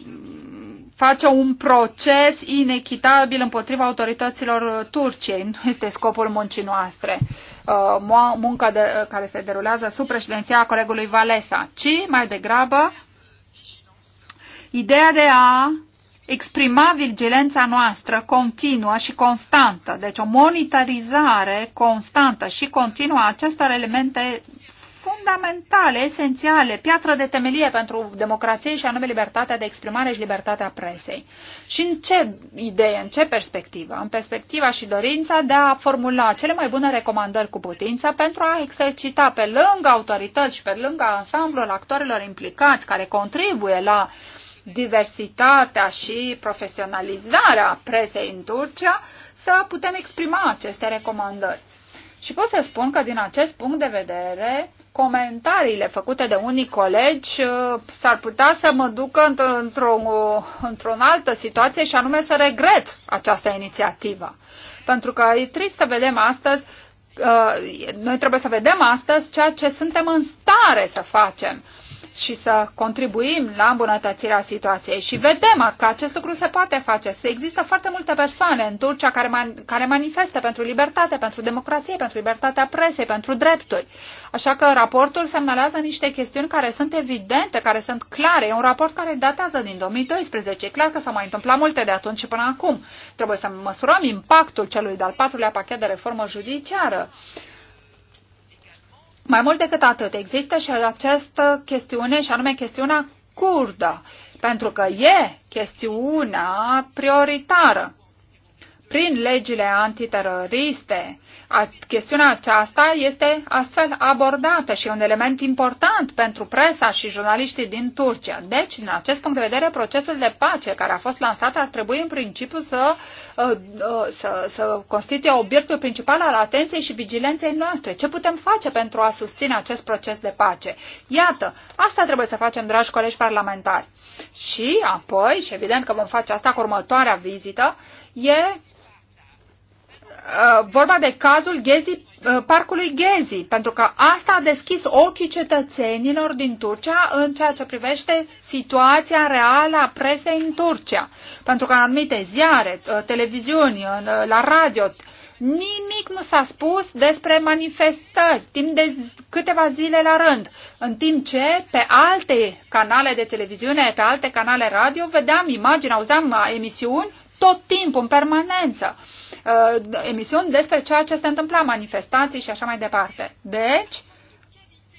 face un proces inechitabil împotriva autorităților Turciei. Nu este scopul muncii noastre, uh, munca de, uh, care se derulează sub președinția colegului Valesa, ci mai degrabă ideea de a exprima vigilența noastră continuă și constantă, deci o monitorizare constantă și continuă a acestor elemente fundamentale, esențiale, piatră de temelie pentru democrație și anume libertatea de exprimare și libertatea presei. Și în ce idee, în ce perspectivă? În perspectiva și dorința de a formula cele mai bune recomandări cu putință pentru a exercita pe lângă autorități și pe lângă ansamblul actorilor implicați care contribuie la diversitatea și profesionalizarea presei în Turcia, să putem exprima aceste recomandări. Și pot să spun că din acest punct de vedere, comentariile făcute de unii colegi uh, s-ar putea să mă ducă într-o, într o într într altă situație și anume să regret această inițiativă. Pentru că e trist să vedem astăzi, uh, noi trebuie să vedem astăzi ceea ce suntem în stare să facem și să contribuim la îmbunătățirea situației. Și vedem că acest lucru se poate face. Se există foarte multe persoane în Turcia care, man- care manifestă pentru libertate, pentru democrație, pentru libertatea presei, pentru drepturi. Așa că raportul semnalează niște chestiuni care sunt evidente, care sunt clare. E un raport care datează din 2012. E clar că s-au mai întâmplat multe de atunci și până acum. Trebuie să măsurăm impactul celui de-al patrulea pachet de reformă judiciară. Mai mult decât atât, există și această chestiune, și anume chestiunea curdă, pentru că e chestiunea prioritară prin legile antiteroriste. A, chestiunea aceasta este astfel abordată și e un element important pentru presa și jurnaliștii din Turcia. Deci, din acest punct de vedere, procesul de pace care a fost lansat ar trebui în principiu să, ă, ă, să, să constituie obiectul principal al atenției și vigilenței noastre. Ce putem face pentru a susține acest proces de pace? Iată, asta trebuie să facem, dragi colegi parlamentari. Și apoi, și evident că vom face asta cu următoarea vizită, e Uh, vorba de cazul Gezi, uh, parcului Gezi, pentru că asta a deschis ochii cetățenilor din Turcia în ceea ce privește situația reală a presei în Turcia. Pentru că în anumite ziare, uh, televiziuni, la radio, nimic nu s-a spus despre manifestări timp de câteva zile la rând, în timp ce pe alte canale de televiziune, pe alte canale radio, vedeam imagini, auzeam emisiuni tot timpul, în permanență. Uh, uh, emisiuni despre ceea ce se întâmpla, manifestații și așa mai departe. Deci,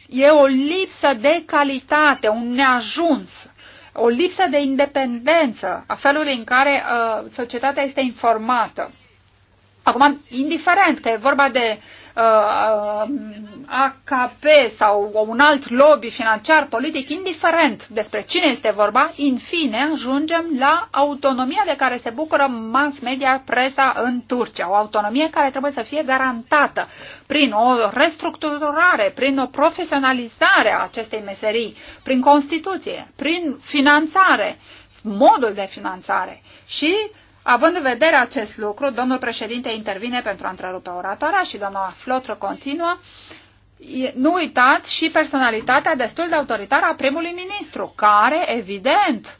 e o lipsă de calitate, un neajuns, o lipsă de independență a felului în care uh, societatea este informată. Acum, indiferent că e vorba de uh, uh AKP sau un alt lobby financiar, politic, indiferent despre cine este vorba, în fine ajungem la autonomia de care se bucură mass media, presa în Turcia. O autonomie care trebuie să fie garantată prin o restructurare, prin o profesionalizare a acestei meserii, prin Constituție, prin finanțare, modul de finanțare și Având în vedere acest lucru, domnul președinte intervine pentru a întrerupe oratoarea și doamna Flotră continuă nu uitați și personalitatea destul de autoritară a primului ministru, care, evident,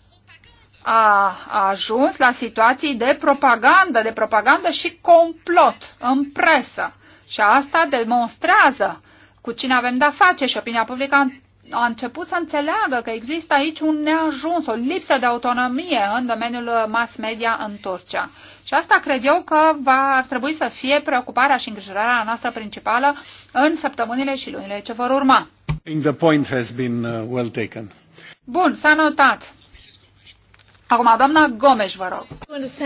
a, ajuns la situații de propagandă, de propagandă și complot în presă. Și asta demonstrează cu cine avem de-a face și opinia publică a început să înțeleagă că există aici un neajuns, o lipsă de autonomie în domeniul mass media în Turcia. Și asta cred eu că va, ar trebui să fie preocuparea și îngrijorarea noastră principală în săptămânile și lunile ce vor urma. Uh, Bun, s-a notat. Acum, doamna Gomes, vă rog. Uh,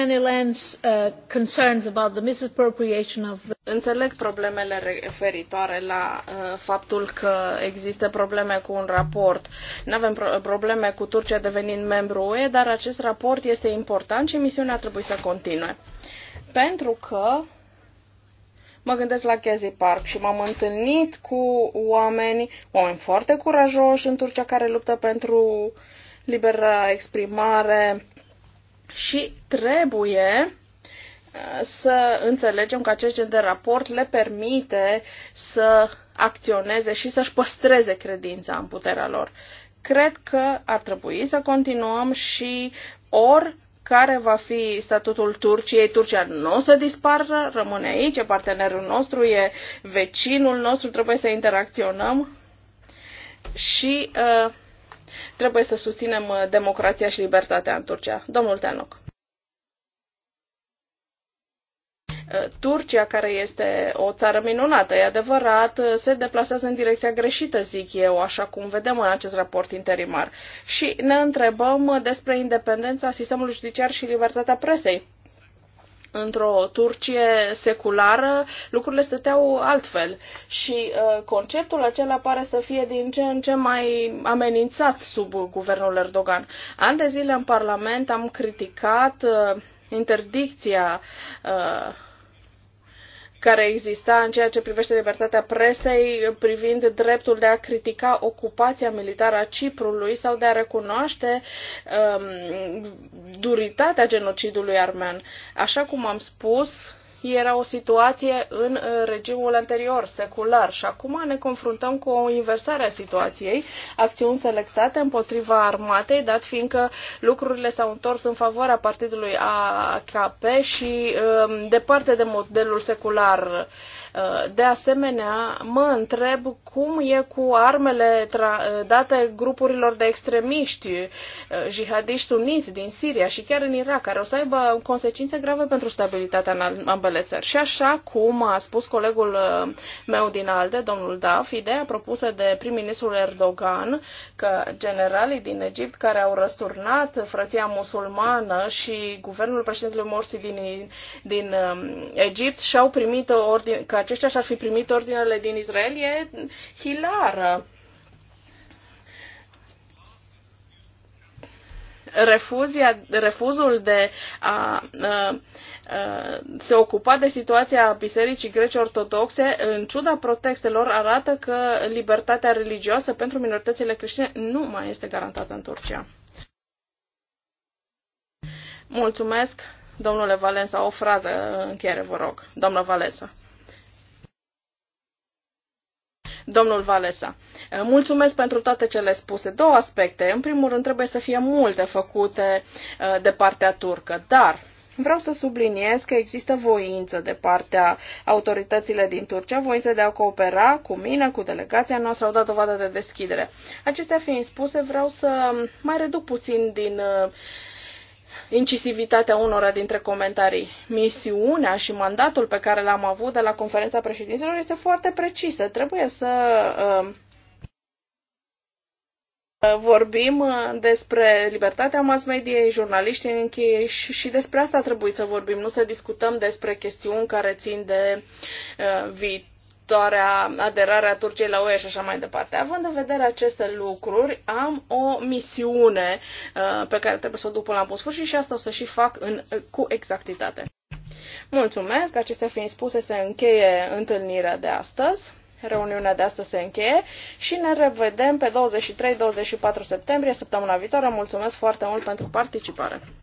Înțeleg problemele referitoare la uh, faptul că există probleme cu un raport. Nu avem pro- probleme cu Turcia devenind membru UE, dar acest raport este important și misiunea trebuie să continue. Pentru că mă gândesc la Gezi Park și m-am întâlnit cu oameni, oameni foarte curajoși în Turcia care luptă pentru uh, liberă exprimare și trebuie uh, să înțelegem că acest gen de raport le permite să acționeze și să-și păstreze credința în puterea lor. Cred că ar trebui să continuăm și ori care va fi statutul Turciei. Turcia nu o să dispară, rămâne aici, e partenerul nostru, e vecinul nostru, trebuie să interacționăm și uh, Trebuie să susținem uh, democrația și libertatea în Turcia. Domnul Tenoc. Uh, Turcia, care este o țară minunată, e adevărat, uh, se deplasează în direcția greșită, zic eu, așa cum vedem în acest raport interimar. Și ne întrebăm despre independența sistemului judiciar și libertatea presei într-o Turcie seculară, lucrurile stăteau altfel. Și uh, conceptul acela pare să fie din ce în ce mai amenințat sub guvernul Erdogan. An de zile în Parlament am criticat uh, interdicția uh, care exista în ceea ce privește libertatea presei, privind dreptul de a critica ocupația militară a Ciprului sau de a recunoaște um, duritatea genocidului armean. Așa cum am spus, era o situație în uh, regimul anterior, secular, și acum ne confruntăm cu o inversare a situației, acțiuni selectate împotriva armatei, dat fiindcă lucrurile s-au întors în favoarea partidului AKP și um, departe de modelul secular Uh, de asemenea, mă întreb cum e cu armele uh, date grupurilor de extremiști, uh, jihadiști uniți din Siria și chiar în Irak, care o să aibă consecințe grave pentru stabilitatea în ambele țări. Și așa cum a spus colegul meu din ALDE, domnul Daf, ideea propusă de prim-ministrul Erdogan că generalii din Egipt care au răsturnat frăția musulmană și guvernul președintelui Morsi din, din um, Egipt și-au primit ordine, ca aceștia și-ar fi primit ordinele din Israel e hilară. refuzia, refuzul de a, a, a se ocupa de situația Bisericii Grece Ortodoxe, în ciuda protestelor, arată că libertatea religioasă pentru minoritățile creștine nu mai este garantată în Turcia. Mulțumesc, domnule Valensa. O frază în încheiere, vă rog. Doamna Valensa. Domnul Valesa, eh, mulțumesc pentru toate cele spuse. Două aspecte. În primul rând, trebuie să fie multe făcute eh, de partea turcă, dar Vreau să subliniez că există voință de partea autorităților din Turcia, voință de a coopera cu mine, cu delegația noastră, au dat dovadă de deschidere. Acestea fiind spuse, vreau să mai reduc puțin din uh, incisivitatea unora dintre comentarii. Misiunea și mandatul pe care l-am avut de la conferința președinților este foarte precisă. Trebuie să uh, vorbim uh, despre libertatea mass media, jurnaliștii în încheie și, și despre asta trebuie să vorbim, nu să discutăm despre chestiuni care țin de uh, viitor viitoarea aderare a Turciei la UE și așa mai departe. Având în vedere aceste lucruri, am o misiune uh, pe care trebuie să o duc până la bun sfârșit și asta o să și fac în, cu exactitate. Mulțumesc, acestea fiind spuse, se încheie întâlnirea de astăzi. Reuniunea de astăzi se încheie și ne revedem pe 23-24 septembrie, săptămâna viitoare. Mulțumesc foarte mult pentru participare!